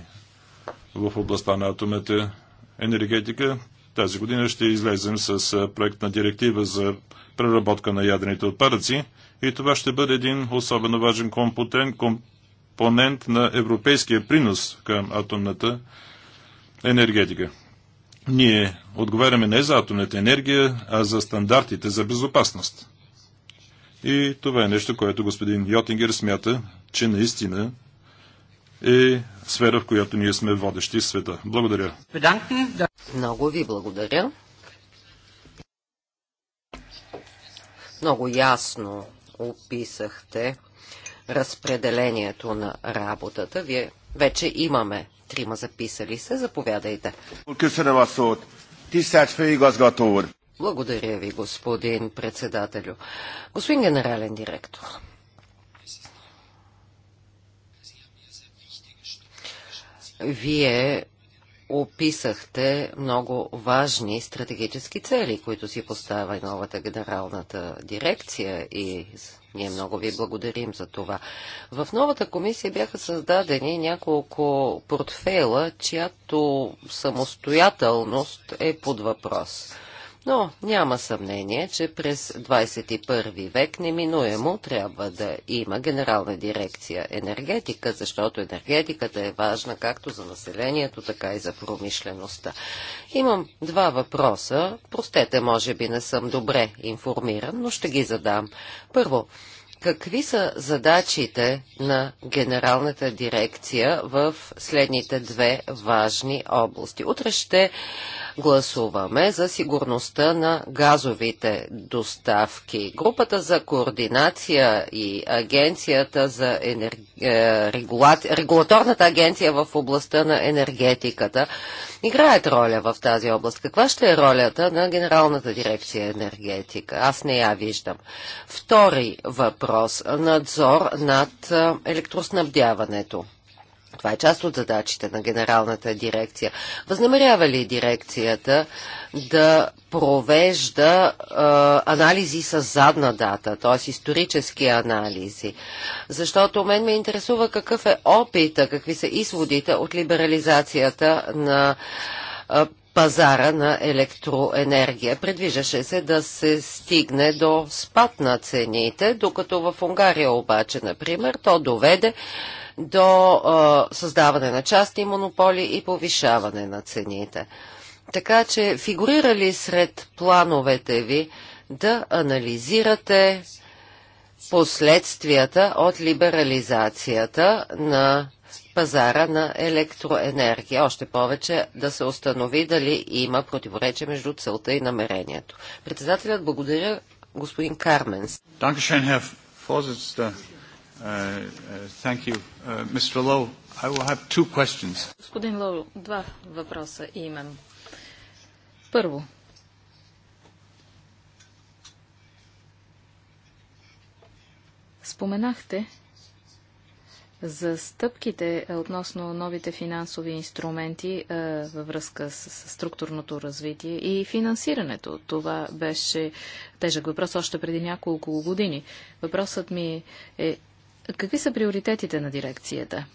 в областта на атомната енергетика. Тази година ще излезем с е, проект на директива за преработка на ядрените отпадъци и това ще бъде един особено важен компонент на европейския принос към атомната енергетика. Ние отговаряме не за атомната енергия, а за стандартите за безопасност. И това е нещо, което господин Йотингер смята, че наистина е сфера, в която ние сме водещи в света. Благодаря. Много ви благодаря. Много ясно описахте разпределението на работата. Вие вече имаме трима записали се. Заповядайте. Благодаря ви, господин председателю. Господин генерален директор, вие описахте много важни стратегически цели, които си поставя новата генералната дирекция и ние много ви благодарим за това. В новата комисия бяха създадени няколко портфела, чиято самостоятелност е под въпрос. Но няма съмнение, че през 21 век неминуемо трябва да има генерална дирекция енергетика, защото енергетиката е важна както за населението, така и за промишлеността. Имам два въпроса. Простете, може би не съм добре информиран, но ще ги задам. Първо, Какви са задачите на Генералната дирекция в следните две важни области? Утре ще гласуваме за сигурността на газовите доставки. Групата за координация и агенцията за енер... Е, регула... регулаторната агенция в областта на енергетиката играят роля в тази област. Каква ще е ролята на Генералната дирекция енергетика? Аз не я виждам. Втори въпрос въпрос – надзор над електроснабдяването. Това е част от задачите на генералната дирекция. Възнамерява ли дирекцията да провежда е, анализи с задна дата, т.е. исторически анализи? Защото мен ме интересува какъв е опита, какви са изводите от либерализацията на пазара на електроенергия. Предвиждаше се да се стигне до спад на цените, докато в Унгария обаче, например, то доведе до е, създаване на частни монополи и повишаване на цените. Така че фигурира ли сред плановете ви да анализирате последствията от либерализацията на пазара на електроенергия. Още повече да се установи дали има противоречие между целта и намерението. Председателят благодаря господин Карменс. Господин Лоу, два въпроса имам. Първо, споменахте, за стъпките е, относно новите финансови инструменти е, във връзка с, структурното развитие и финансирането, това беше тежък въпрос още преди няколко години. Въпросът ми е какви са приоритетите на дирекцията?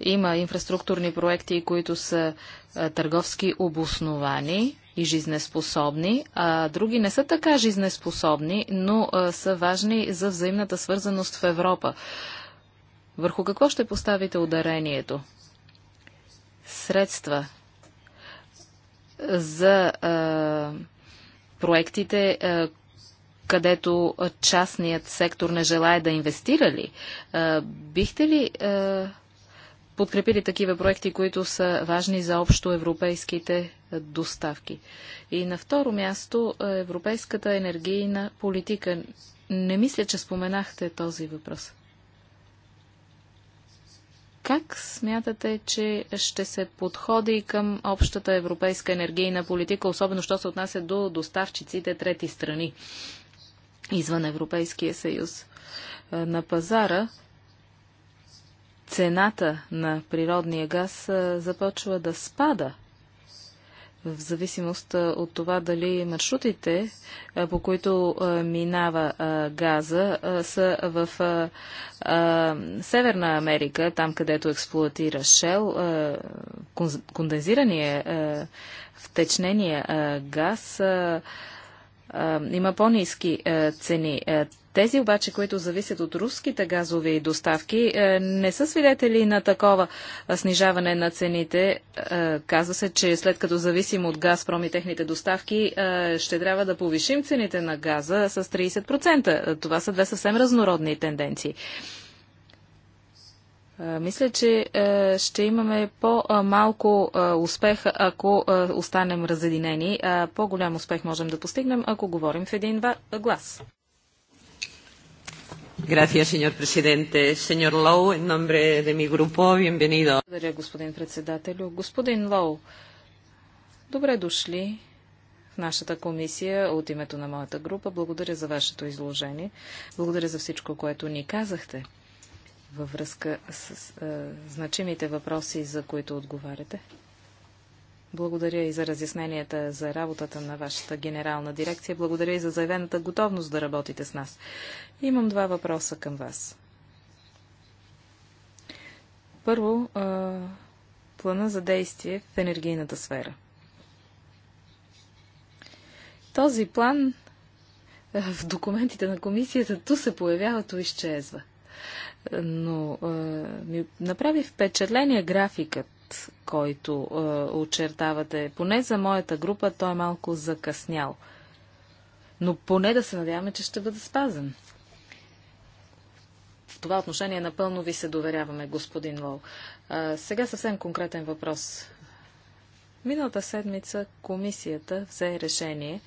Има инфраструктурни проекти, които са е, търговски обосновани и жизнеспособни, а други не са така жизнеспособни, но а, са важни за взаимната свързаност в Европа. Върху какво ще поставите ударението? Средства за а, проектите, а, където частният сектор не желая да инвестира ли? А, бихте ли а, подкрепили такива проекти, които са важни за общо европейските доставки. И на второ място е, европейската енергийна политика. Не мисля, че споменахте този въпрос. Как смятате, че ще се подходи към общата европейска енергийна политика, особено що се отнася до доставчиците трети страни извън Европейския съюз? Е, на пазара цената на природния газ е, започва да спада – в зависимост от това дали маршрутите, по които минава газа, са в Северна Америка, там където експлуатира Шел, кондензирания втечнения газ има по-низки е, цени. Е, тези обаче, които зависят от руските газови доставки, е, не са свидетели на такова снижаване на цените. Казва се, че след като зависим от Газпром и техните доставки, ще трябва да повишим цените на газа с 30%. Това са две съвсем разнородни тенденции. Мисля, че ще имаме по-малко успех, ако останем разединени. По-голям успех можем да постигнем, ако говорим в един глас. Gracias, señor presidente. Señor Low, en nombre de mi grupo, bienvenido. Благодаря, господин председателю. Господин Лоу, добре дошли в нашата комисия от името на моята група. Благодаря за вашето изложение. Благодаря за всичко, което ни казахте във връзка с а, значимите въпроси, за които отговаряте. Благодаря и за разясненията за работата на вашата генерална дирекция. Благодаря и за заявената готовност да работите с нас. Имам два въпроса към вас. Първо, а, плана за действие в енергийната сфера. Този план в документите на комисията ту се появява, ту изчезва но ми направи впечатление графикът, който очертавате. Поне за моята група той е малко закъснял. Но поне да се надяваме, че ще бъде спазен. В това отношение напълно ви се доверяваме, господин Лол. А, сега съвсем конкретен въпрос. Миналата седмица комисията взе решение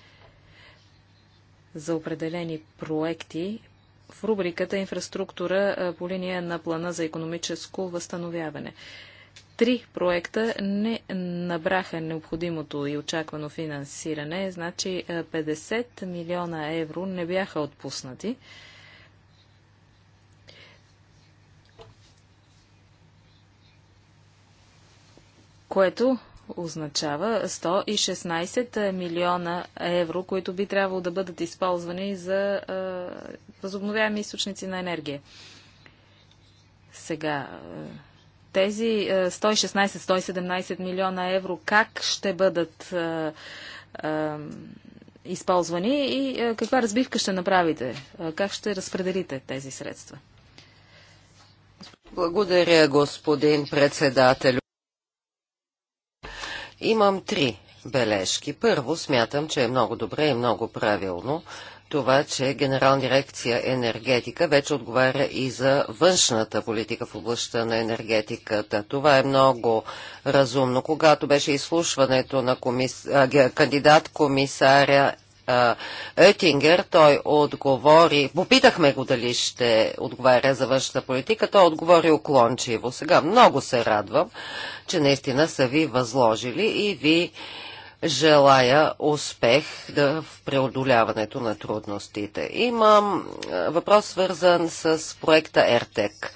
за определени проекти в рубриката инфраструктура по линия на плана за економическо възстановяване. Три проекта не набраха необходимото и очаквано финансиране, значи 50 милиона евро не бяха отпуснати. което означава 116 милиона евро, които би трябвало да бъдат използвани за възобновяеми източници на енергия. Сега, е, тези 116-117 е, милиона евро как ще бъдат е, използвани и каква разбивка ще направите? Как ще разпределите тези средства? Благодаря, господин председател. Имам три бележки. Първо, смятам, че е много добре и много правилно това, че Генерална дирекция енергетика вече отговаря и за външната политика в областта на енергетиката. Това е много разумно. Когато беше изслушването на комис... кандидат комисаря Етингер, той отговори, попитахме го дали ще отговаря за външната политика, той отговори уклончиво. Сега много се радвам, че наистина са ви възложили и ви желая успех да, в преодоляването на трудностите. Имам е, въпрос свързан с проекта ЕРТЕК.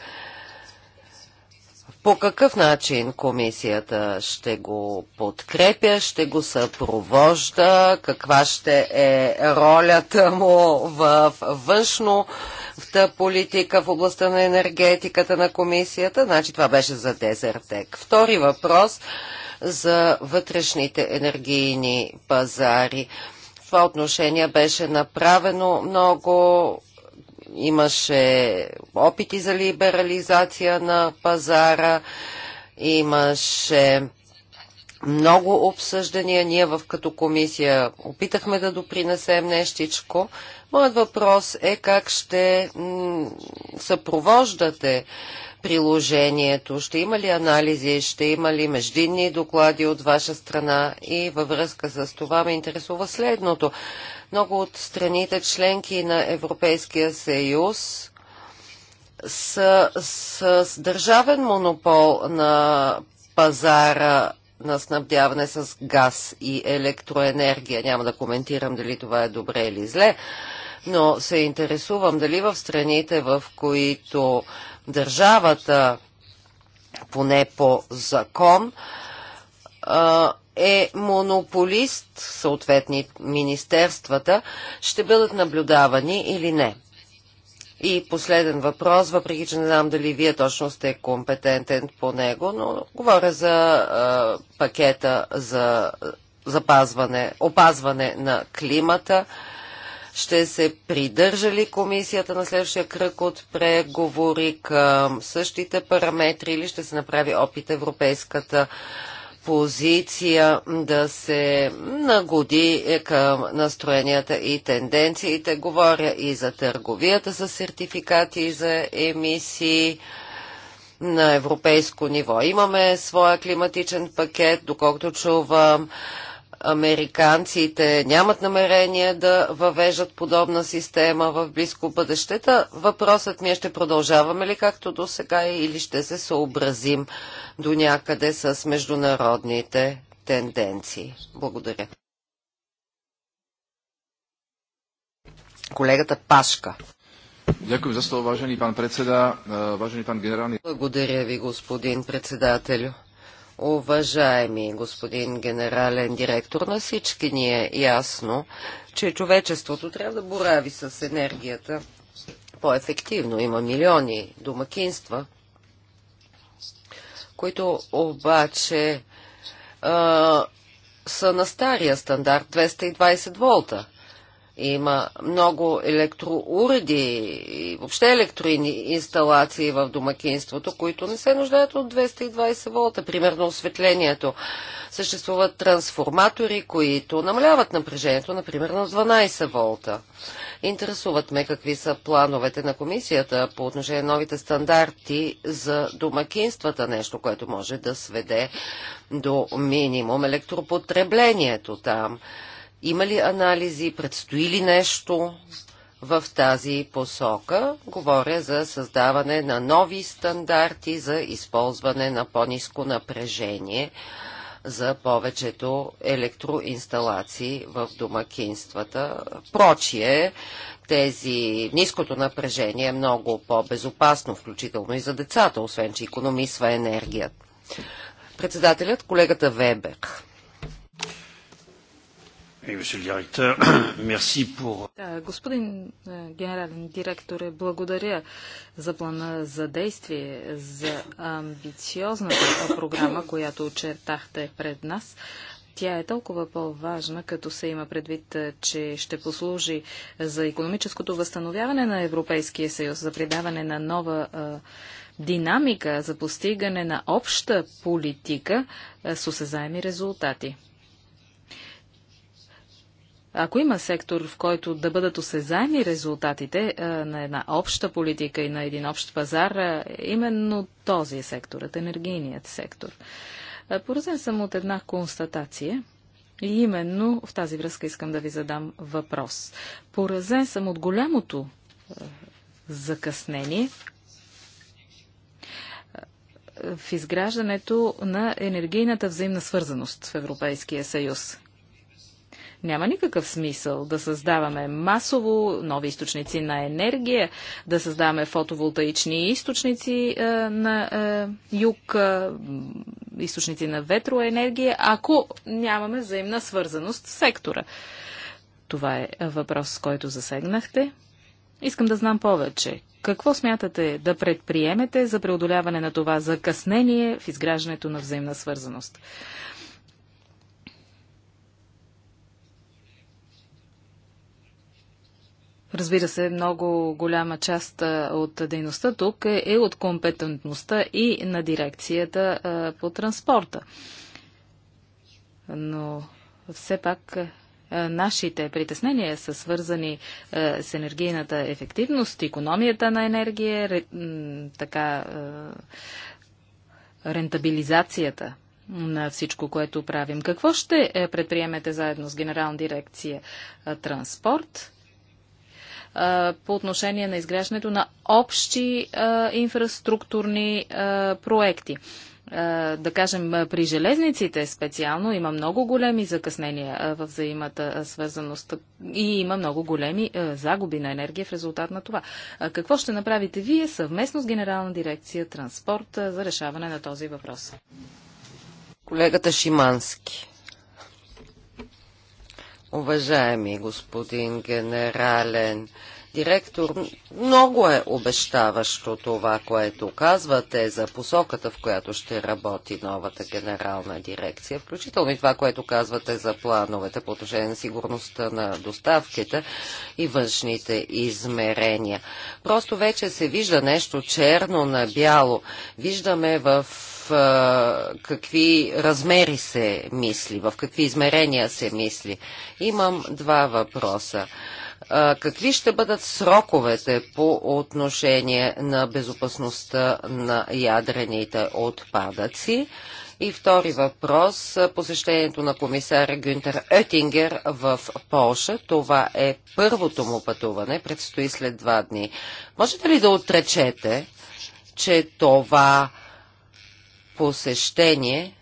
По какъв начин комисията ще го подкрепя, ще го съпровожда, каква ще е ролята му в външната политика в областта на енергетиката на комисията? Значи това беше за Дезертек. Втори въпрос за вътрешните енергийни пазари. В това отношение беше направено много имаше опити за либерализация на пазара, имаше много обсъждания. Ние в като комисия опитахме да допринесем нещичко. Моят въпрос е как ще съпровождате приложението? Ще има ли анализи? Ще има ли междинни доклади от ваша страна? И във връзка с това ме интересува следното. Много от страните членки на Европейския съюз с, с, с държавен монопол на пазара на снабдяване с газ и електроенергия. Няма да коментирам дали това е добре или зле, но се интересувам дали в страните, в които държавата, поне по закон, е монополист, съответни министерствата, ще бъдат наблюдавани или не. И последен въпрос, въпреки че не знам дали вие точно сте компетентен по него, но говоря за а, пакета за запазване, опазване на климата. А, ще се придържа ли комисията на следващия кръг от преговори към същите параметри или ще се направи опит Европейската позиция да се нагоди към настроенията и тенденциите. Говоря и за търговията с сертификати, за емисии на европейско ниво. Имаме своя климатичен пакет, доколкото чувам Американците нямат намерение да въвеждат подобна система в близко бъдещета. Въпросът ми е ще продължаваме ли както до сега или ще се съобразим до някъде с международните тенденции. Благодаря. Колегата Пашка. Благодаря ви, господин председателю. Уважаеми господин генерален директор, на всички ни е ясно, че човечеството трябва да борави с енергията по-ефективно. Има милиони домакинства, които обаче а, са на стария стандарт 220 волта. Има много електроуреди и въобще електроини инсталации в домакинството, които не се нуждаят от 220 волта, примерно осветлението. Съществуват трансформатори, които намаляват напрежението, например, на 12 волта. Интересуват ме какви са плановете на комисията по отношение на новите стандарти за домакинствата, нещо, което може да сведе до минимум електропотреблението там. Има ли анализи? Предстои ли нещо в тази посока? Говоря за създаване на нови стандарти за използване на по-низко напрежение за повечето електроинсталации в домакинствата. Прочие, тези ниското напрежение е много по-безопасно, включително и за децата, освен че економисва енергия. Председателят, колегата Вебер. господин е, генерален директор, е, благодаря за плана за действие, за амбициозната програма, която очертахте пред нас. Тя е толкова по-важна, като се има предвид, е, че ще послужи за економическото възстановяване на Европейския съюз, за придаване на нова динамика, за постигане на обща политика с осезаеми резултати. Ако има сектор, в който да бъдат осезаеми резултатите е, на една обща политика и на един общ пазар, е, именно този е секторът, енергийният сектор. Е, поразен съм от една констатация. И именно в тази връзка искам да ви задам въпрос. Поразен съм от голямото закъснение в изграждането на енергийната взаимна свързаност в Европейския съюз. Няма никакъв смисъл да създаваме масово нови източници на енергия, да създаваме фотоволтаични източници е, на е, юг, е, източници на ветроенергия, ако нямаме взаимна свързаност в сектора. Това е въпрос, с който засегнахте. Искам да знам повече. Какво смятате да предприемете за преодоляване на това закъснение в изграждането на взаимна свързаност? Разбира се, много голяма част от дейността тук е, е от компетентността и на дирекцията по транспорта. Но все пак нашите притеснения са свързани с енергийната ефективност, економията на енергия, така рентабилизацията на всичко, което правим. Какво ще е, предприемете заедно с Генерална дирекция транспорт? по отношение на изграждането на общи инфраструктурни проекти да кажем, при железниците специално има много големи закъснения в взаимата свързаност и има много големи загуби на енергия в резултат на това. Какво ще направите вие съвместно с Генерална дирекция транспорт за решаване на този въпрос? Колегата Шимански. Уважаеми господин генерален директор, много е обещаващо това, което казвате за посоката, в която ще работи новата генерална дирекция, включително и това, което казвате за плановете по отношение на сигурността на доставките и външните измерения. Просто вече се вижда нещо черно на бяло. Виждаме в какви размери се мисли, в какви измерения се мисли. Имам два въпроса. Какви ще бъдат сроковете по отношение на безопасността на ядрените отпадъци? И втори въпрос – посещението на комисаря Гюнтер Етингер в Польша. Това е първото му пътуване, предстои след два дни. Можете ли да отречете, че това посещение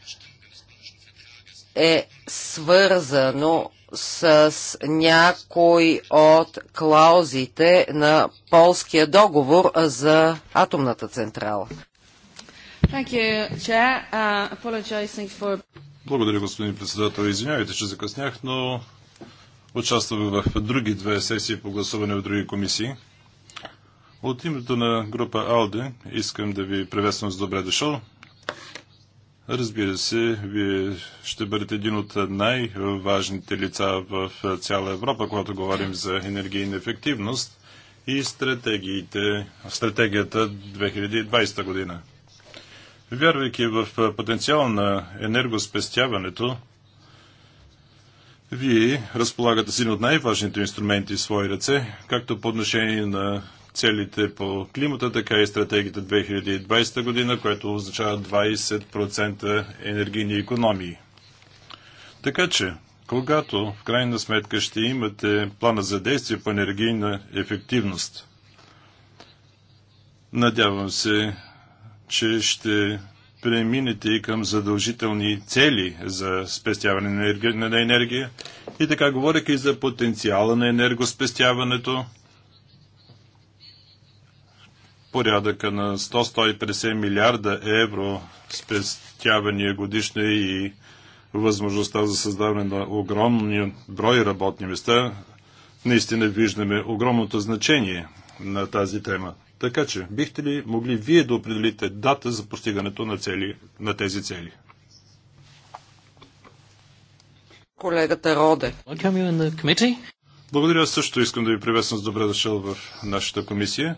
е свързано с някой от клаузите на полския договор за атомната централа. Uh, Благодаря, господин председател. Извинявайте, че закъснях, но участваме в други две сесии по гласуване в други комисии. От името на група АЛДЕ искам да ви приветствам с добре дошъл. Разбира се, вие ще бъдете един от най-важните лица в цяла Европа, когато говорим за енергийна ефективност и стратегиите, стратегията 2020 година. Вярвайки в потенциал на енергоспестяването, вие разполагате с един от най-важните инструменти в свои ръце, както по отношение на целите по климата, така и стратегията 2020 година, което означава 20% енергийни економии. Така че, когато в крайна сметка ще имате плана за действие по енергийна ефективност, надявам се, че ще преминете и към задължителни цели за спестяване на енергия, И така, говоряки за потенциала на енергоспестяването, порядъка на 100-150 милиарда евро спестявания годишно и възможността за създаване на огромни брой работни места, наистина виждаме огромното значение на тази тема. Така че, бихте ли могли вие да определите дата за постигането на, цели, на тези цели? Колегата Роде. Благодаря също. Искам да ви приветствам с добре дошъл в нашата комисия.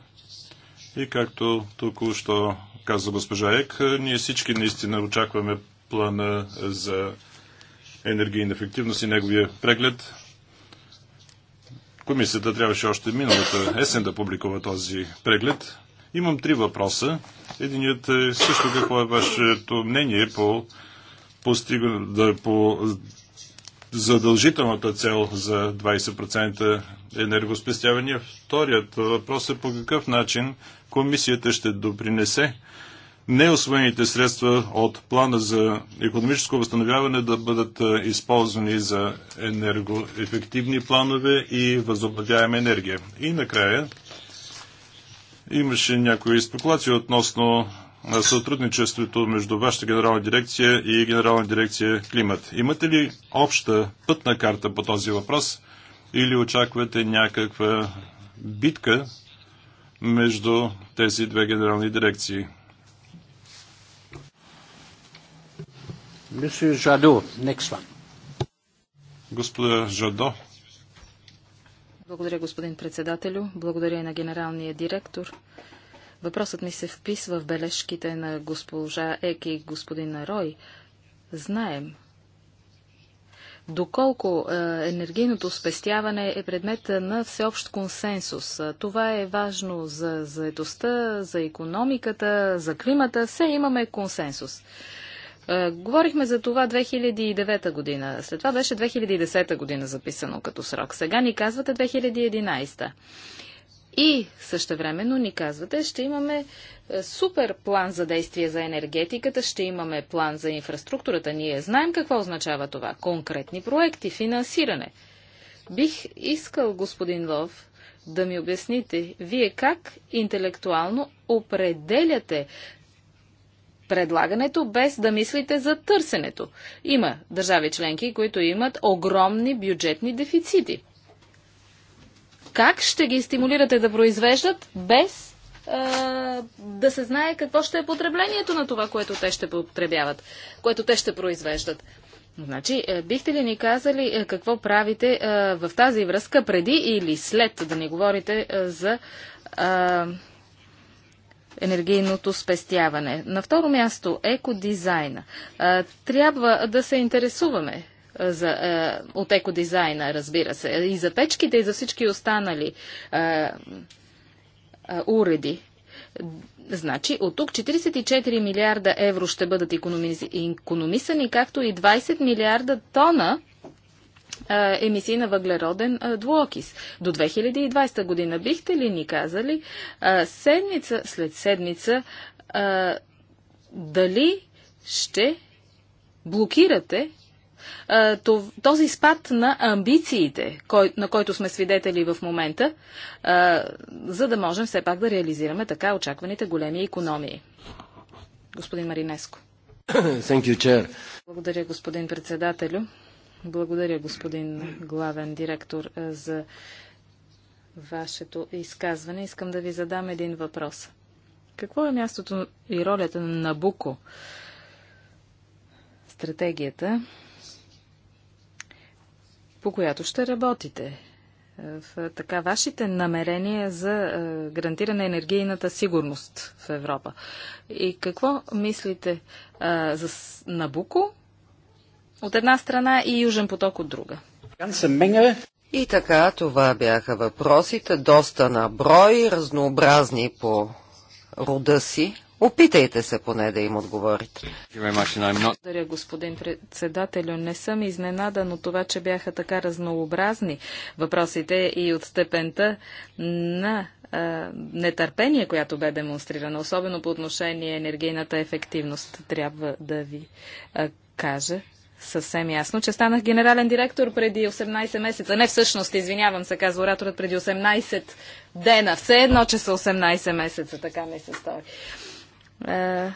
И както току-що каза госпожа Ек, ние всички наистина очакваме плана за енергийна ефективност и неговия преглед. Комисията трябваше още миналата есен да публикува този преглед. Имам три въпроса. Единият е също какво е вашето мнение по, постига, да, по задължителната цел за 20% енергоспестяване. Вторият въпрос е по какъв начин комисията ще допринесе неосвоените средства от плана за економическо възстановяване да бъдат използвани за енергоефективни планове и възобновяема енергия. И накрая имаше някои спекулации относно сътрудничеството между вашата генерална дирекция и генерална дирекция Климат. Имате ли обща пътна карта по този въпрос или очаквате някаква битка между тези две генерални дирекции. Жадо, Господа Жадо. Благодаря, господин председателю. Благодаря и на генералния директор. Въпросът ми се вписва в бележките на госпожа Еки и господин Рой. Знаем, доколко е, енергийното спестяване е предмет на всеобщ консенсус. Е, това е важно за заедостта, за економиката, за климата. Все имаме консенсус. Е, говорихме за това 2009 година. След това беше 2010 година записано като срок. Сега ни казвате 2011. И същевременно ни казвате, ще имаме е, супер план за действие за енергетиката, ще имаме план за инфраструктурата. Ние знаем какво означава това. Конкретни проекти, финансиране. Бих искал, господин Лов, да ми обясните, вие как интелектуално определяте предлагането, без да мислите за търсенето. Има държави членки, които имат огромни бюджетни дефицити. Как ще ги стимулирате да произвеждат без а, да се знае какво ще е потреблението на това, което те ще потребяват, което те ще произвеждат? Значи, е, бихте ли ни казали е, какво правите а, е, в тази връзка преди или след да ни говорите а, за а, енергийното спестяване? На второ място, екодизайна. Трябва да се интересуваме е, за, е, от екодизайна, разбира се, и за печките, и за всички останали е, е, уреди. Значи, от тук 44 милиарда евро ще бъдат економисани, както и 20 милиарда тона е, емисии на въглероден е, двуокис. До 2020 година бихте ли ни казали седмица след седмица дали ще блокирате този спад на амбициите, на който сме свидетели в момента, за да можем все пак да реализираме така очакваните големи економии. Господин Маринеско. You, Благодаря, господин председателю. Благодаря, господин главен директор, за вашето изказване. Искам да ви задам един въпрос. Какво е мястото и ролята на Набуко? Стратегията по която ще работите. Е, в е, така вашите намерения за е, гарантиране енергийната сигурност в Европа. И какво мислите за Набуко от една страна и Южен поток от друга? И така, това бяха въпросите, доста на брой, разнообразни по рода си. Опитайте се поне да им отговорите. Благодаря, господин председател. Не съм изненадан от това, че бяха така разнообразни въпросите и от степента на а, нетърпение, която бе демонстрирана, особено по отношение енергийната ефективност. Трябва да ви а, кажа, съвсем ясно, че станах генерален директор преди 18 месеца. Не всъщност, извинявам се, казва ораторът, преди 18 дена. Все едно, че са 18 месеца, така ми се стори. Е,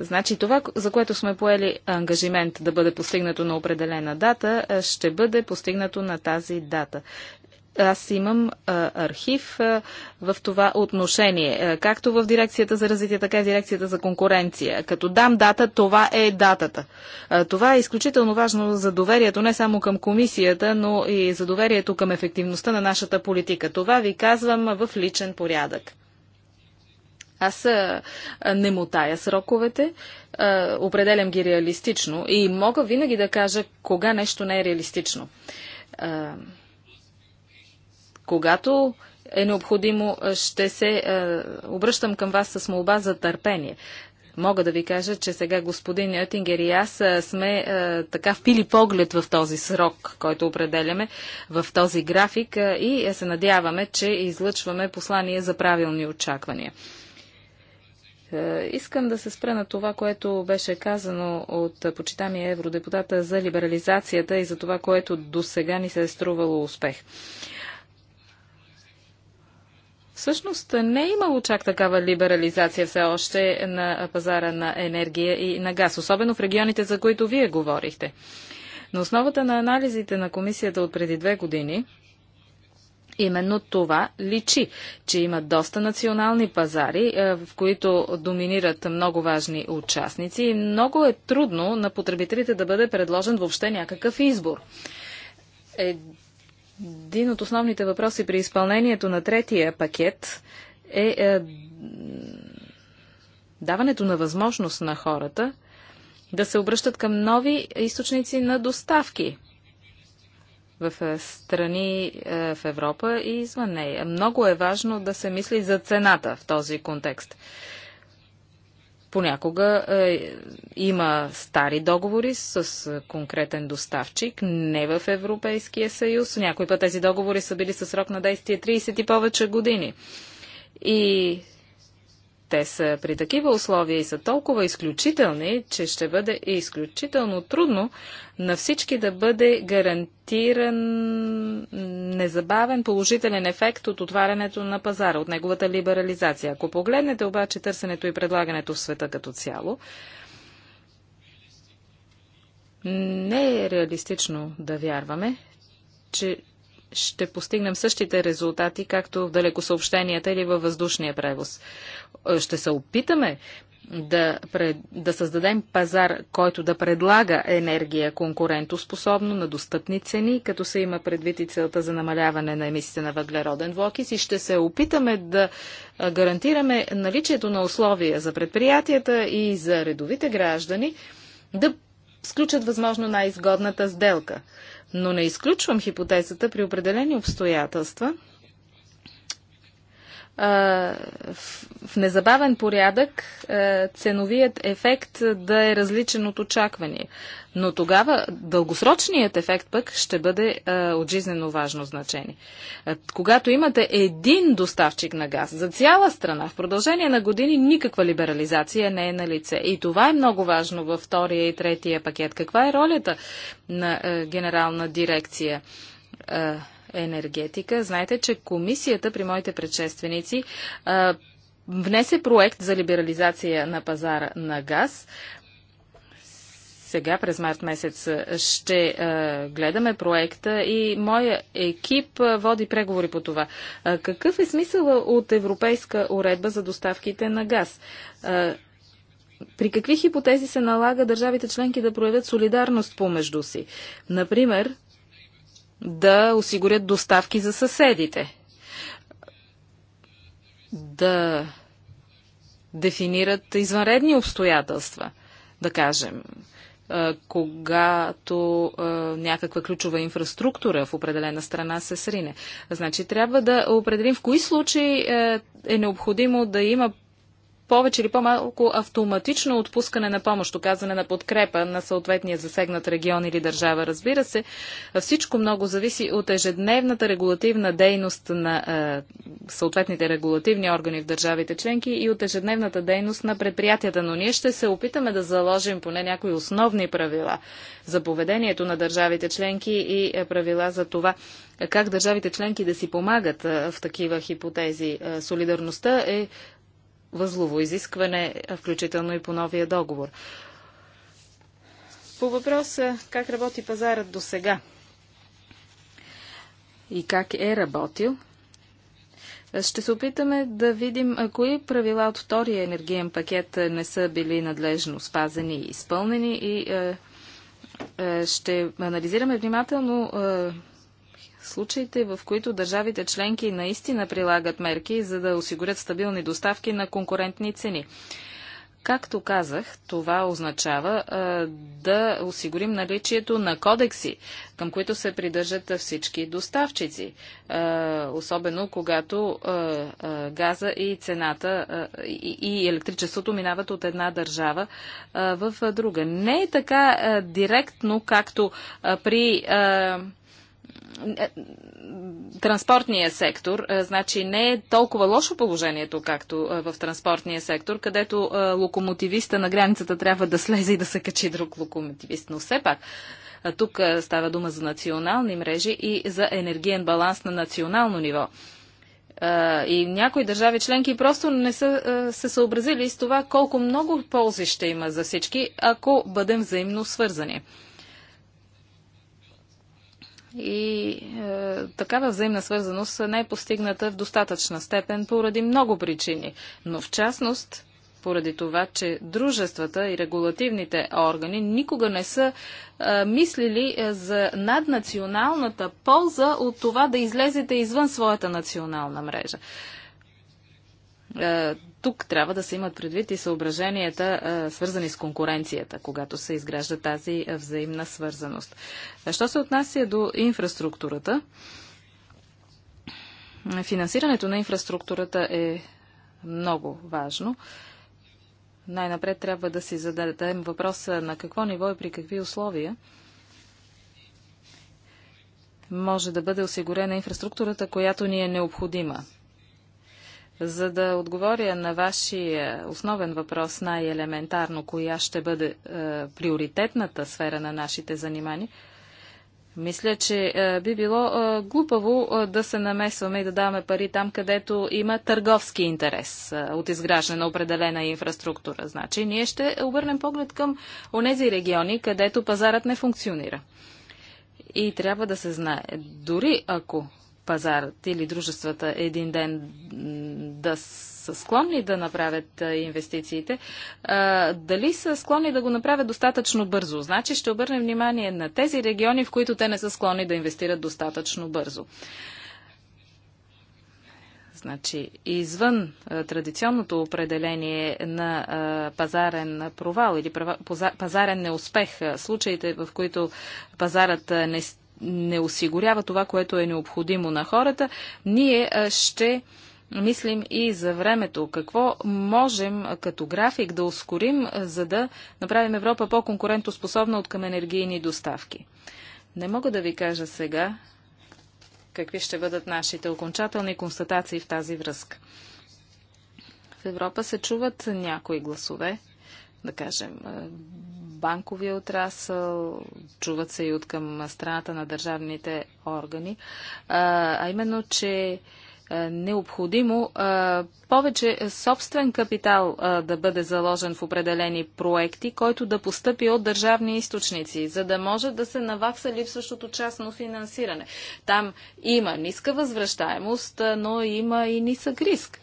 значи това, за което сме поели ангажимент да бъде постигнато на определена дата, е, ще бъде постигнато на тази дата. Аз имам а, е, архив а, в това отношение, а, както в Дирекцията за развитие, така и в Дирекцията за конкуренция. Като дам дата, това е датата. А, това е изключително важно за доверието не само към комисията, но и за доверието към ефективността на нашата политика. Това ви казвам в личен порядък. Аз не мутая сроковете, определям ги реалистично и мога винаги да кажа кога нещо не е реалистично. Когато е необходимо, ще се обръщам към вас с молба за търпение. Мога да ви кажа, че сега господин Йотингер и аз сме е, така впили поглед в този срок, който определяме в този график и се надяваме, че излъчваме послание за правилни очаквания. Е, искам да се спра на това, което беше казано от почитания евродепутата за либерализацията и за това, което до сега ни се е струвало успех. Всъщност не е имало чак такава либерализация все още на пазара на енергия и на газ, особено в регионите, за които вие говорихте. На основата на анализите на комисията от преди две години, Именно това личи, че има доста национални пазари, е, в които доминират много важни участници и много е трудно на потребителите да бъде предложен въобще някакъв избор. Един от основните въпроси при изпълнението на третия пакет е, е даването на възможност на хората да се обръщат към нови източници на доставки в е, страни е, в Европа и извън нея. Много е важно да се мисли за цената в този контекст. Понякога е, има стари договори с е, конкретен доставчик, не в Европейския съюз. Някой път тези договори са били със срок на действие 30 и повече години. И те са при такива условия и са толкова изключителни, че ще бъде изключително трудно на всички да бъде гарантиран незабавен положителен ефект от отварянето на пазара, от неговата либерализация. Ако погледнете обаче търсенето и предлагането в света като цяло, не е реалистично да вярваме, че ще постигнем същите резултати, както в далекосъобщенията или във въздушния превоз. Е, ще се опитаме да, пред, да създадем пазар, който да предлага енергия конкурентоспособно на достъпни цени, като се има предвид и целта за намаляване на емисиите на въглероден двуокис и ще се опитаме да гарантираме наличието на условия за предприятията и за редовите граждани да сключат възможно най-изгодната сделка но не изключвам хипотезата при определени обстоятелства – в незабавен порядък ценовият ефект да е различен от очаквания. Но тогава дългосрочният ефект пък ще бъде от жизнено важно значение. Когато имате един доставчик на газ за цяла страна, в продължение на години никаква либерализация не е на лице. И това е много важно във втория и третия пакет. Каква е ролята на генерална дирекция? енергетика, знаете, че комисията при моите предшественици а, внесе проект за либерализация на пазара на газ. Сега през март месец ще а, гледаме проекта и моя екип а, води преговори по това. А, какъв е смисъл от европейска уредба за доставките на газ? А, при какви хипотези се налага държавите членки да проявят солидарност помежду си? Например, да осигурят доставки за съседите, да дефинират извънредни обстоятелства, да кажем, когато някаква ключова инфраструктура в определена страна се срине. Значи трябва да определим в кои случаи е, е необходимо да има повече или по-малко автоматично отпускане на помощ, оказане на подкрепа на съответния засегнат регион или държава. Разбира се, всичко много зависи от ежедневната регулативна дейност на е, съответните регулативни органи в държавите членки и от ежедневната дейност на предприятията. Но ние ще се опитаме да заложим поне някои основни правила за поведението на държавите членки и е, правила за това е, как държавите членки да си помагат е, в такива хипотези. Солидарността е възлово изискване, включително и по новия договор. По въпроса как работи пазарът до сега и как е работил, ще се опитаме да видим кои правила от втория енергиен пакет не са били надлежно спазени и изпълнени и ще анализираме внимателно Случаите, в които държавите членки наистина прилагат мерки, за да осигурят стабилни доставки на конкурентни цени. Както казах, това означава а, да осигурим наличието на кодекси, към които се придържат всички доставчици, а, особено когато а, а, газа и цената а, и, и електричеството минават от една държава а, в друга. Не е така а, директно, както а, при. А, транспортния сектор. Значи не е толкова лошо положението, както в транспортния сектор, където локомотивиста на границата трябва да слезе и да се качи друг локомотивист. Но все пак, тук става дума за национални мрежи и за енергиен баланс на национално ниво. И някои държави членки просто не са се съобразили с това колко много ползи ще има за всички, ако бъдем взаимно свързани и е, такава взаимна свързаност не е постигната в достатъчна степен поради много причини, но в частност поради това, че дружествата и регулативните органи никога не са е, мислили е, за наднационалната полза от това да излезете извън своята национална мрежа. Е, тук трябва да се имат предвид и съображенията, свързани с конкуренцията, когато се изгражда тази взаимна свързаност. А, що се отнася до инфраструктурата, финансирането на инфраструктурата е много важно. Най-напред трябва да си зададем въпроса на какво ниво и при какви условия може да бъде осигурена инфраструктурата, която ни е необходима за да отговоря на вашия основен въпрос най-елементарно, коя ще бъде е, приоритетната сфера на нашите занимания, мисля, че е, би било е, глупаво е, да се намесваме и да даваме пари там, където има търговски интерес е, от изграждане на определена инфраструктура. Значи, ние ще обърнем поглед към онези региони, където пазарът не функционира. И трябва да се знае, дори ако пазар или дружествата един ден да са склонни да направят инвестициите, дали са склонни да го направят достатъчно бързо? Значи ще обърнем внимание на тези региони, в които те не са склонни да инвестират достатъчно бързо. Значи, извън а, традиционното определение на а, пазарен провал или права, пазарен неуспех, а, случаите, в които пазарът не не осигурява това, което е необходимо на хората, ние ще мислим и за времето. Какво можем като график да ускорим, за да направим Европа по-конкурентоспособна от към енергийни доставки? Не мога да ви кажа сега какви ще бъдат нашите окончателни констатации в тази връзка. В Европа се чуват някои гласове, да кажем, банковия отрасъл, чуват се и от към страната на държавните органи, а именно, че необходимо повече собствен капитал да бъде заложен в определени проекти, който да постъпи от държавни източници, за да може да се навакса липсващото частно финансиране. Там има ниска възвръщаемост, но има и нисък риск.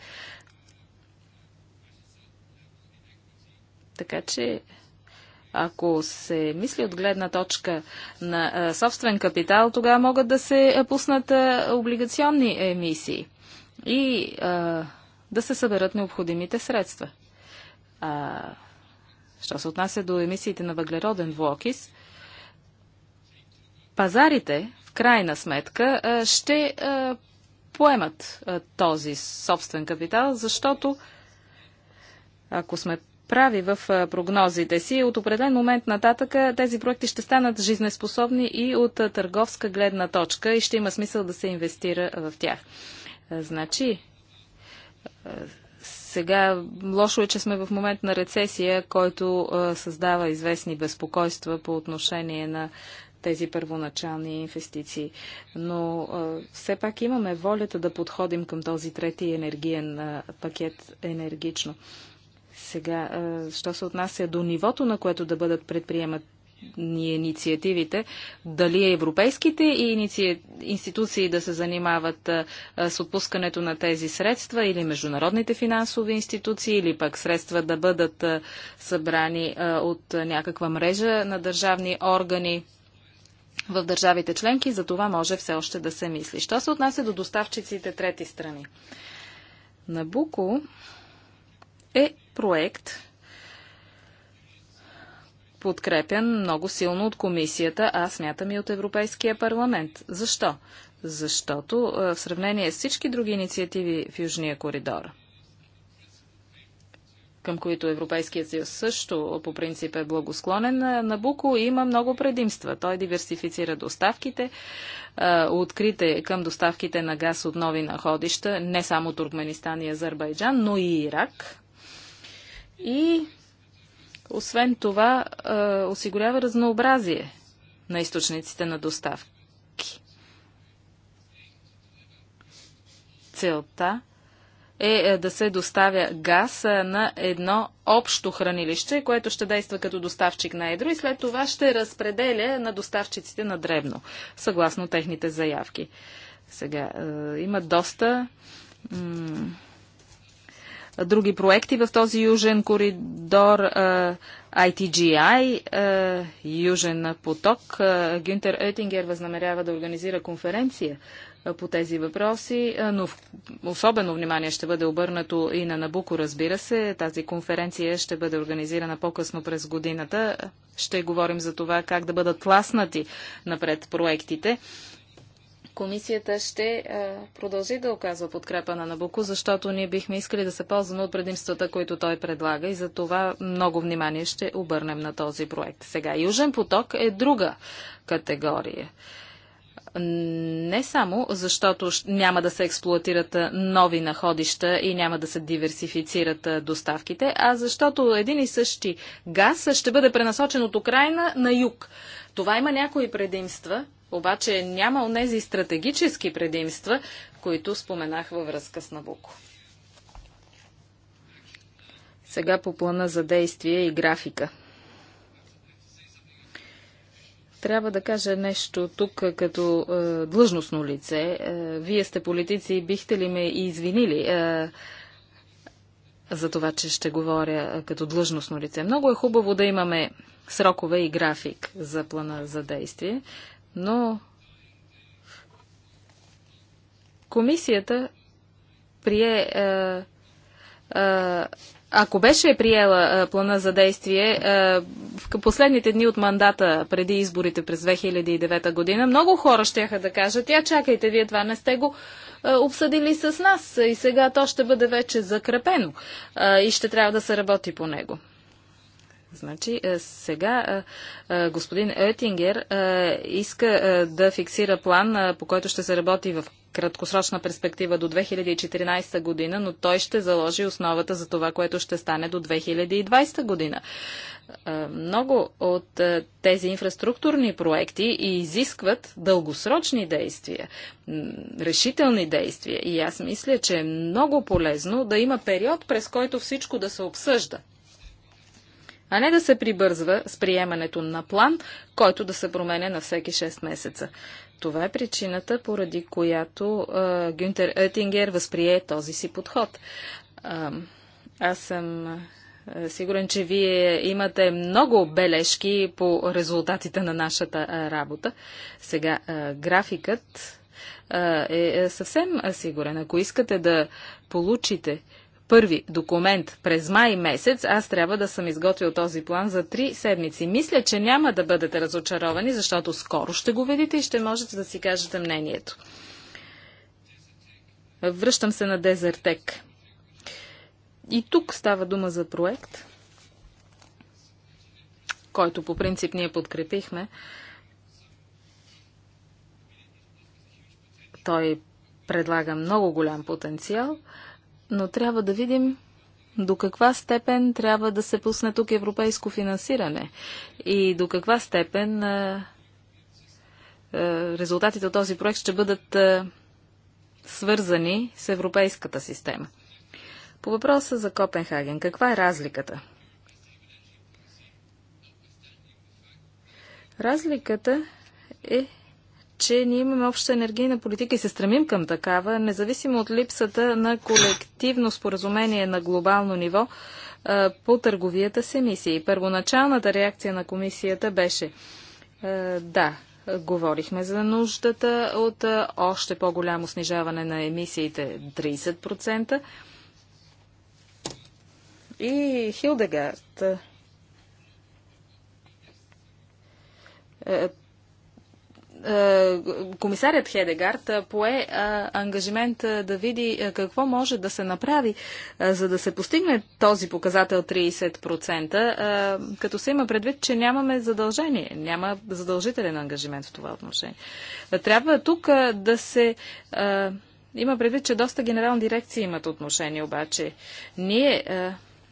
Така че ако се мисли от гледна точка на собствен капитал, тогава могат да се пуснат облигационни емисии и да се съберат необходимите средства. що се отнася до емисиите на въглероден двуокис, пазарите в крайна сметка ще поемат този собствен капитал, защото ако сме прави в прогнозите си. От определен момент нататък тези проекти ще станат жизнеспособни и от търговска гледна точка и ще има смисъл да се инвестира в тях. Значи, сега лошо е, че сме в момент на рецесия, който създава известни безпокойства по отношение на тези първоначални инвестиции. Но все пак имаме волята да подходим към този трети енергиен пакет енергично. Сега, що се отнася до нивото, на което да бъдат предприемат инициативите, дали е европейските иници... институции да се занимават а, с отпускането на тези средства или международните финансови институции или пък средства да бъдат а, събрани а, от някаква мрежа на държавни органи в държавите членки, за това може все още да се мисли. Що се отнася до доставчиците трети страни? Набуко е проект, подкрепен много силно от комисията, а смятам и от Европейския парламент. Защо? Защото е, в сравнение с всички други инициативи в Южния коридор, към които Европейският съюз също по принцип е благосклонен, е, Набуко има много предимства. Той диверсифицира доставките, е, открите към доставките на газ от нови находища, не само Туркменистан и Азербайджан, но и Ирак, и освен това а, осигурява разнообразие на източниците на доставки. Целта е, е да се доставя газ на едно общо хранилище, което ще действа като доставчик на едро и след това ще разпределя на доставчиците на дребно, съгласно техните заявки. Сега, има доста други проекти в този южен коридор. ITGI, Южен поток. Гюнтер Етингер възнамерява да организира конференция по тези въпроси, но особено внимание ще бъде обърнато и на Набуко, разбира се. Тази конференция ще бъде организирана по-късно през годината. Ще говорим за това как да бъдат ласнати напред проектите Комисията ще продължи да оказва подкрепа на Набуко, защото ние бихме искали да се ползваме от предимствата, които той предлага и за това много внимание ще обърнем на този проект. Сега, Южен поток е друга категория не само защото няма да се експлуатират нови находища и няма да се диверсифицират доставките, а защото един и същи газ ще бъде пренасочен от Украина на юг. Това има някои предимства, обаче няма онези стратегически предимства, които споменах във връзка с Набуко. Сега по плана за действие и графика. Трябва да кажа нещо тук като е, длъжностно лице. Е, вие сте политици и бихте ли ме извинили е, за това, че ще говоря е, като длъжностно лице? Много е хубаво да имаме срокове и график за плана за действие но комисията прие. Е, е, ако беше приела е, плана за действие в последните дни от мандата преди изборите през 2009 година, много хора щяха да кажат, я чакайте, вие това не сте го обсъдили с нас и сега то ще бъде вече закрепено и ще трябва да се работи по него. Значи е, сега е, е, господин Оетингер иска да фиксира план, по който ще се работи в краткосрочна перспектива до 2014 година, но той ще заложи основата за това, което ще стане до 2020 година. Много от тези инфраструктурни проекти изискват дългосрочни действия, решителни действия. И аз мисля, че е много полезно да има период, през който всичко да се обсъжда а не да се прибързва с приемането на план, който да се променя на всеки 6 месеца. Това е причината, поради която а, Гюнтер Етингер възприе този си подход. А, аз съм Сигурен, че вие имате много бележки по резултатите на нашата работа. Сега графикът е, е съвсем сигурен. Ако искате да получите първи документ през май месец, аз трябва да съм изготвил този план за три седмици. Мисля, че няма да бъдете разочаровани, защото скоро ще го видите и ще можете да си кажете мнението. Връщам се на Дезертек. И тук става дума за проект, който по принцип ние подкрепихме. Той предлага много голям потенциал – но трябва да видим до каква степен трябва да се пусне тук европейско финансиране и до каква степен а, а, резултатите от този проект ще бъдат а, свързани с европейската система. По въпроса за Копенхаген, каква е разликата? Разликата е, че ние имаме обща енергийна политика и се стремим към такава, независимо от липсата на колективно споразумение на глобално ниво по търговията с емисии. Първоначалната реакция на комисията беше да, говорихме за нуждата от още по-голямо снижаване на емисиите 30%. И Хилдегард комисарят Хедегард пое ангажимент да види какво може да се направи, за да се постигне този показател 30%, като се има предвид, че нямаме задължение, няма задължителен ангажимент в това отношение. Трябва тук да се има предвид, че доста генерални дирекции имат отношение, обаче ние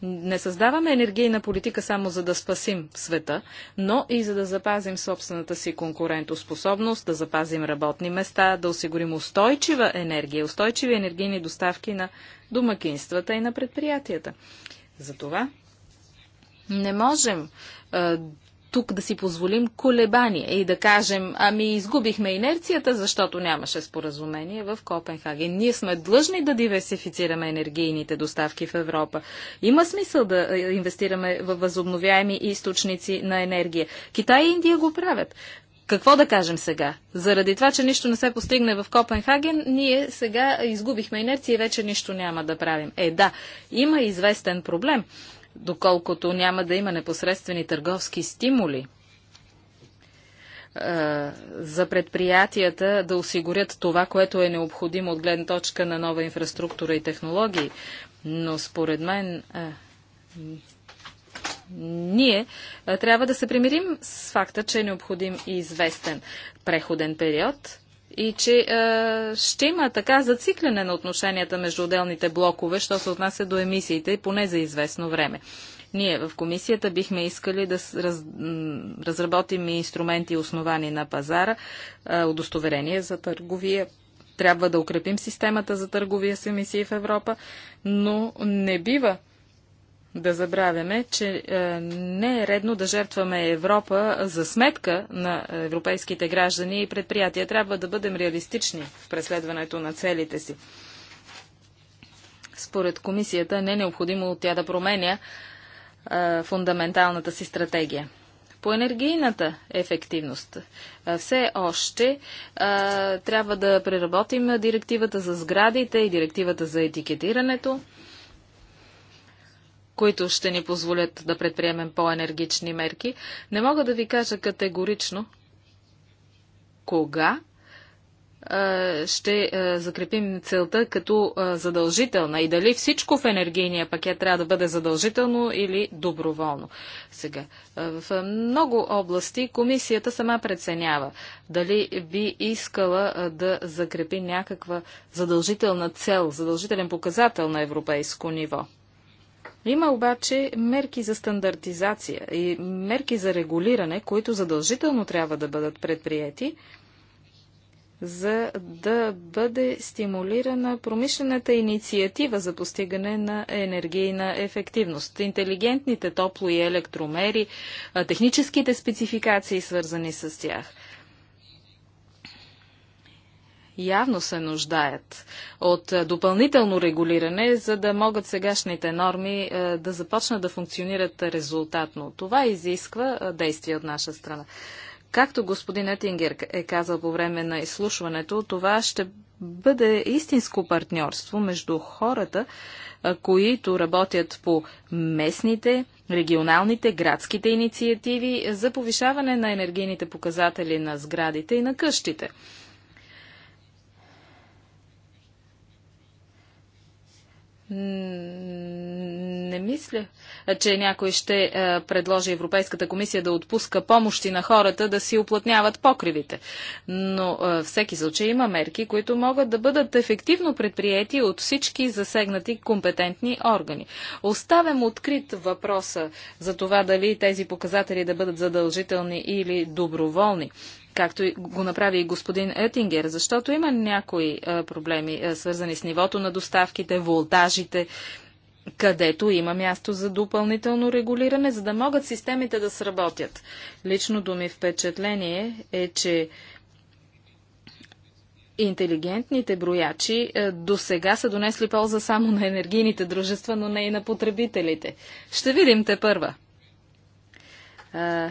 не създаваме енергийна политика само за да спасим света, но и за да запазим собствената си конкурентоспособност, да запазим работни места, да осигурим устойчива енергия, устойчиви енергийни доставки на домакинствата и на предприятията. Затова не можем тук да си позволим колебание и да кажем, ами изгубихме инерцията, защото нямаше споразумение в Копенхаген. Ние сме длъжни да диверсифицираме енергийните доставки в Европа. Има смисъл да е, инвестираме в възобновяеми източници на енергия. Китай и Индия го правят. Какво да кажем сега? Заради това, че нищо не се постигне в Копенхаген, ние сега изгубихме инерция и вече нищо няма да правим. Е, да, има известен проблем доколкото няма да има непосредствени търговски стимули е, за предприятията да осигурят това, което е необходимо от гледна точка на нова инфраструктура и технологии. Но според мен е, ние е, трябва да се примирим с факта, че е необходим и известен преходен период и че е, ще има така зацикляне на отношенията между отделните блокове, що се отнася до емисиите, поне за известно време. Ние в комисията бихме искали да раз, разработим инструменти, основани на пазара, е, удостоверение за търговия. Трябва да укрепим системата за търговия с емисии в Европа, но не бива да забравяме, че е, не е редно да жертваме Европа за сметка на европейските граждани и предприятия. Трябва да бъдем реалистични в преследването на целите си. Според комисията не е необходимо тя да променя е, фундаменталната си стратегия. По енергийната ефективност е, все още а, трябва да преработим директивата за сградите и директивата за етикетирането които ще ни позволят да предприемем по-енергични мерки, не мога да ви кажа категорично кога ще закрепим целта като задължителна и дали всичко в енергийния пакет трябва да бъде задължително или доброволно. Сега, в много области комисията сама преценява дали би искала да закрепи някаква задължителна цел, задължителен показател на европейско ниво. Има обаче мерки за стандартизация и мерки за регулиране, които задължително трябва да бъдат предприяти, за да бъде стимулирана промишлената инициатива за постигане на енергийна ефективност. Интелигентните топло и електромери, техническите спецификации, свързани с тях – явно се нуждаят от допълнително регулиране, за да могат сегашните норми да започнат да функционират резултатно. Това изисква действия от наша страна. Както господин Етингер е казал по време на изслушването, това ще бъде истинско партньорство между хората, които работят по местните, регионалните, градските инициативи за повишаване на енергийните показатели на сградите и на къщите. Не мисля, че някой ще е, предложи Европейската комисия да отпуска помощи на хората да си уплътняват покривите. Но е, всеки случай има мерки, които могат да бъдат ефективно предприяти от всички засегнати компетентни органи. Оставям открит въпроса за това дали тези показатели да бъдат задължителни или доброволни както го направи и господин Етингер, защото има някои е, проблеми, свързани с нивото на доставките, волтажите където има място за допълнително регулиране, за да могат системите да сработят. Личното ми впечатление е, че интелигентните броячи е, до сега са донесли полза само на енергийните дружества, но не и на потребителите. Ще видим те първа. Е,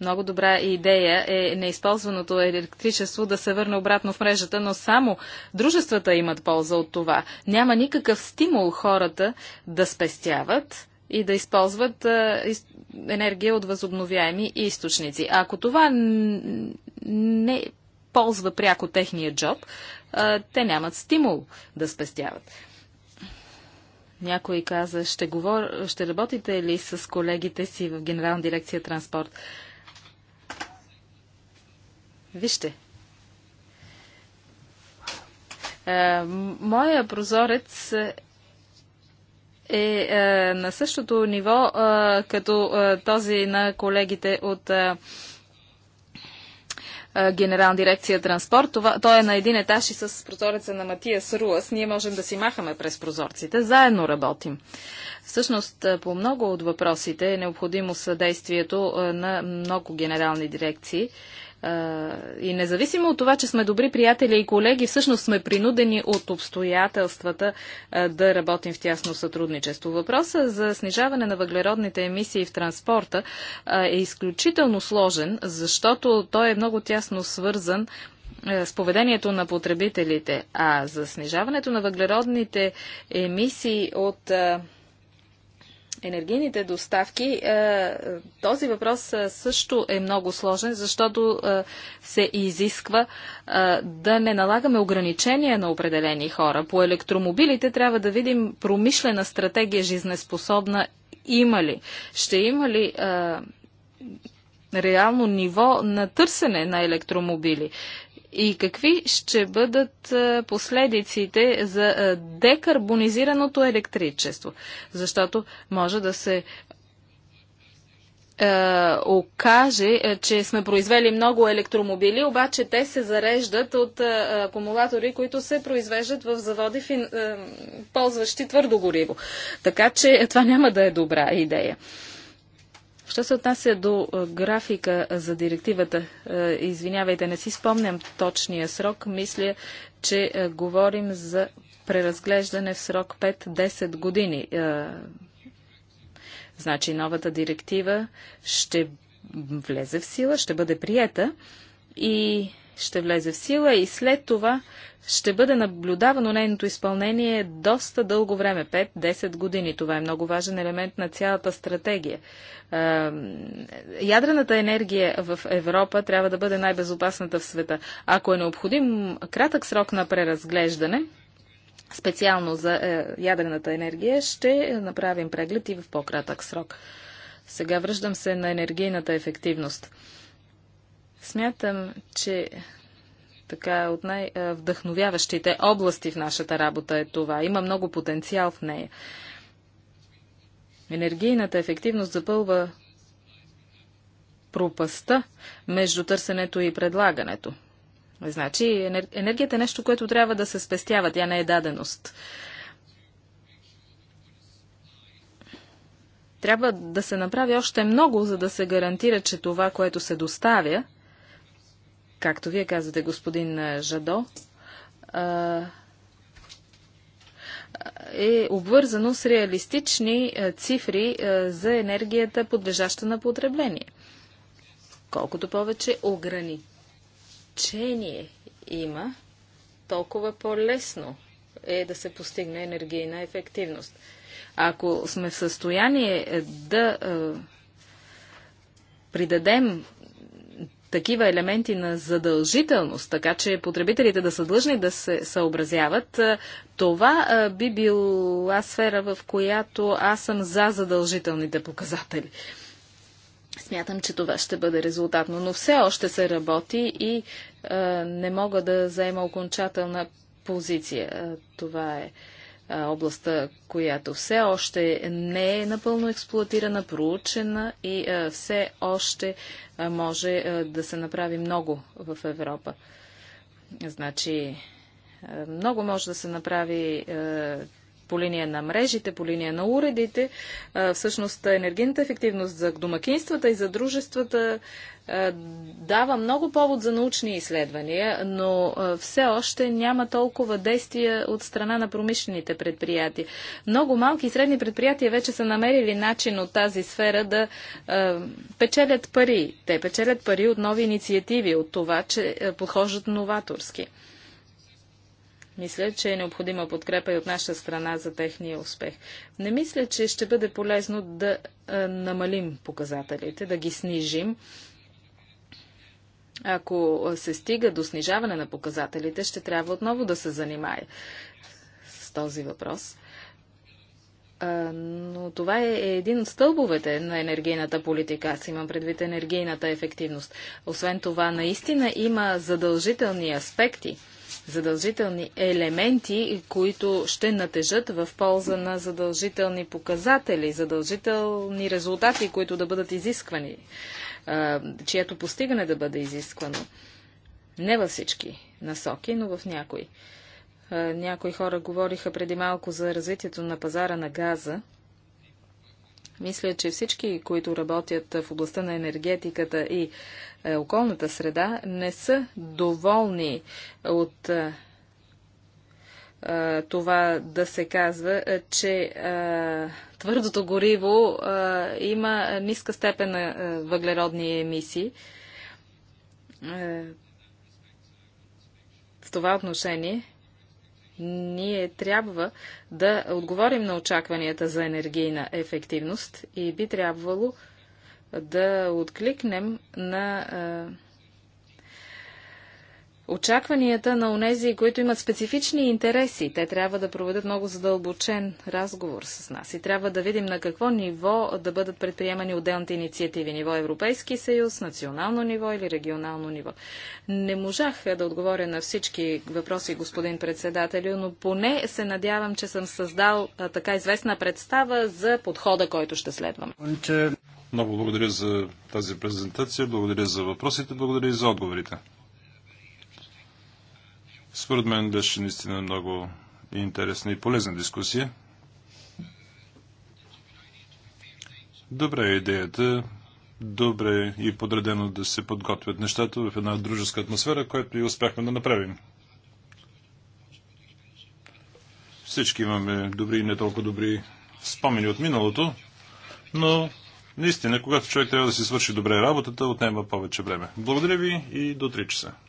много добра идея е неизползваното електричество да се върне обратно в мрежата, но само дружествата имат полза от това. Няма никакъв стимул хората да спестяват и да използват енергия от възобновяеми източници. А ако това не ползва пряко техния джоб, те нямат стимул да спестяват. Някой каза, ще, говор... ще работите ли с колегите си в Генерална дирекция транспорт? Вижте. Е, моя прозорец е, е, на същото ниво е, като този на колегите от Генерална дирекция транспорт. Това, той е на един етаж и с прозореца на Матия Сруас. Ние можем да си махаме през прозорците. Заедно работим. Всъщност, по много от въпросите е необходимо съдействието на много генерални дирекции. И независимо от това, че сме добри приятели и колеги, всъщност сме принудени от обстоятелствата да работим в тясно сътрудничество. Въпросът за снижаване на въглеродните емисии в транспорта е изключително сложен, защото той е много тясно свързан с поведението на потребителите, а за снижаването на въглеродните емисии от енергийните доставки, е, този въпрос е, също е много сложен, защото е, се изисква да не налагаме ограничения на определени хора. По електромобилите трябва да видим промишлена стратегия жизнеспособна има ли. Ще има ли реално ниво на търсене на електромобили и какви ще бъдат последиците за декарбонизираното електричество? Защото може да се окаже, че сме произвели много електромобили, обаче те се зареждат от акумулатори, които се произвеждат в заводи, ползващи твърдо гориво. Така че това няма да е добра идея. Що се отнася до е, графика е, за директивата, е, извинявайте, не си спомням точния срок, мисля, че говорим за преразглеждане в срок 5-10 години. Значи новата директива ще влезе в сила, ще бъде приета и ще влезе в сила и след това ще бъде наблюдавано нейното изпълнение доста дълго време 5-10 години. Това е много важен елемент на цялата стратегия. Ядрената енергия в Европа трябва да бъде най-безопасната в света. Ако е необходим кратък срок на преразглеждане, специално за е, ядрената енергия, ще направим преглед и в по-кратък срок. Сега връщам се на енергийната ефективност. Смятам, че така от най-вдъхновяващите области в нашата работа е това. Има много потенциал в нея. Енергийната ефективност запълва пропаста между търсенето и предлагането. Значи, енергията е нещо, което трябва да се спестява. Тя не е даденост. Трябва да се направи още много, за да се гарантира, че това, което се доставя, както вие казвате, господин Жадо, е обвързано с реалистични цифри за енергията, подлежаща на потребление. Колкото повече ограничение има, толкова по-лесно е да се постигне енергийна ефективност. Ако сме в състояние е, да е, придадем такива елементи на задължителност, така че потребителите да са длъжни да се съобразяват, това би била сфера, в която аз съм за задължителните показатели. Смятам, че това ще бъде резултатно, но все още се работи и е, не мога да заема окончателна позиция. Това е областта, която все още не е напълно експлуатирана, проучена и все още може да се направи много в Европа. Значи, много може да се направи по линия на мрежите, по линия на уредите. Всъщност енергийната ефективност за домакинствата и за дружествата дава много повод за научни изследвания, но все още няма толкова действия от страна на промишлените предприятия. Много малки и средни предприятия вече са намерили начин от тази сфера да печелят пари. Те печелят пари от нови инициативи, от това, че подхождат новаторски. Мисля, че е необходима подкрепа и от наша страна за техния успех. Не мисля, че ще бъде полезно да е, намалим показателите, да ги снижим. Ако се стига до снижаване на показателите, ще трябва отново да се занимае с този въпрос. Но това е един от стълбовете на енергийната политика. Аз имам предвид енергийната ефективност. Освен това, наистина има задължителни аспекти – задължителни елементи, които ще натежат в полза на задължителни показатели, задължителни резултати, които да бъдат изисквани, чието постигане да бъде изисквано. Не във всички насоки, но в някои. Някои хора говориха преди малко за развитието на пазара на газа. Мисля, че всички, които работят в областта на енергетиката и е, околната среда, не са доволни от е, е, това да се казва, че твърдото гориво има ниска степен на въглеродни емисии. В това отношение ние трябва да отговорим на очакванията за енергийна ефективност и би трябвало да откликнем на очакванията на онези, които имат специфични интереси. Те трябва да проведат много задълбочен разговор с нас и трябва да видим на какво ниво да бъдат предприемани отделните инициативи. Ниво Европейски съюз, национално ниво или регионално ниво. Не можах да отговоря на всички въпроси, господин председателю, но поне се надявам, че съм създал така известна представа за подхода, който ще следвам. Много благодаря за тази презентация, благодаря за въпросите, благодаря и за отговорите. Според мен беше наистина много интересна и полезна дискусия. Добре е идеята, добре и подредено да се подготвят нещата в една дружеска атмосфера, която и успяхме да направим. Всички имаме добри и не толкова добри спомени от миналото, но наистина, когато човек трябва да си свърши добре работата, отнема повече време. Благодаря ви и до 3 часа.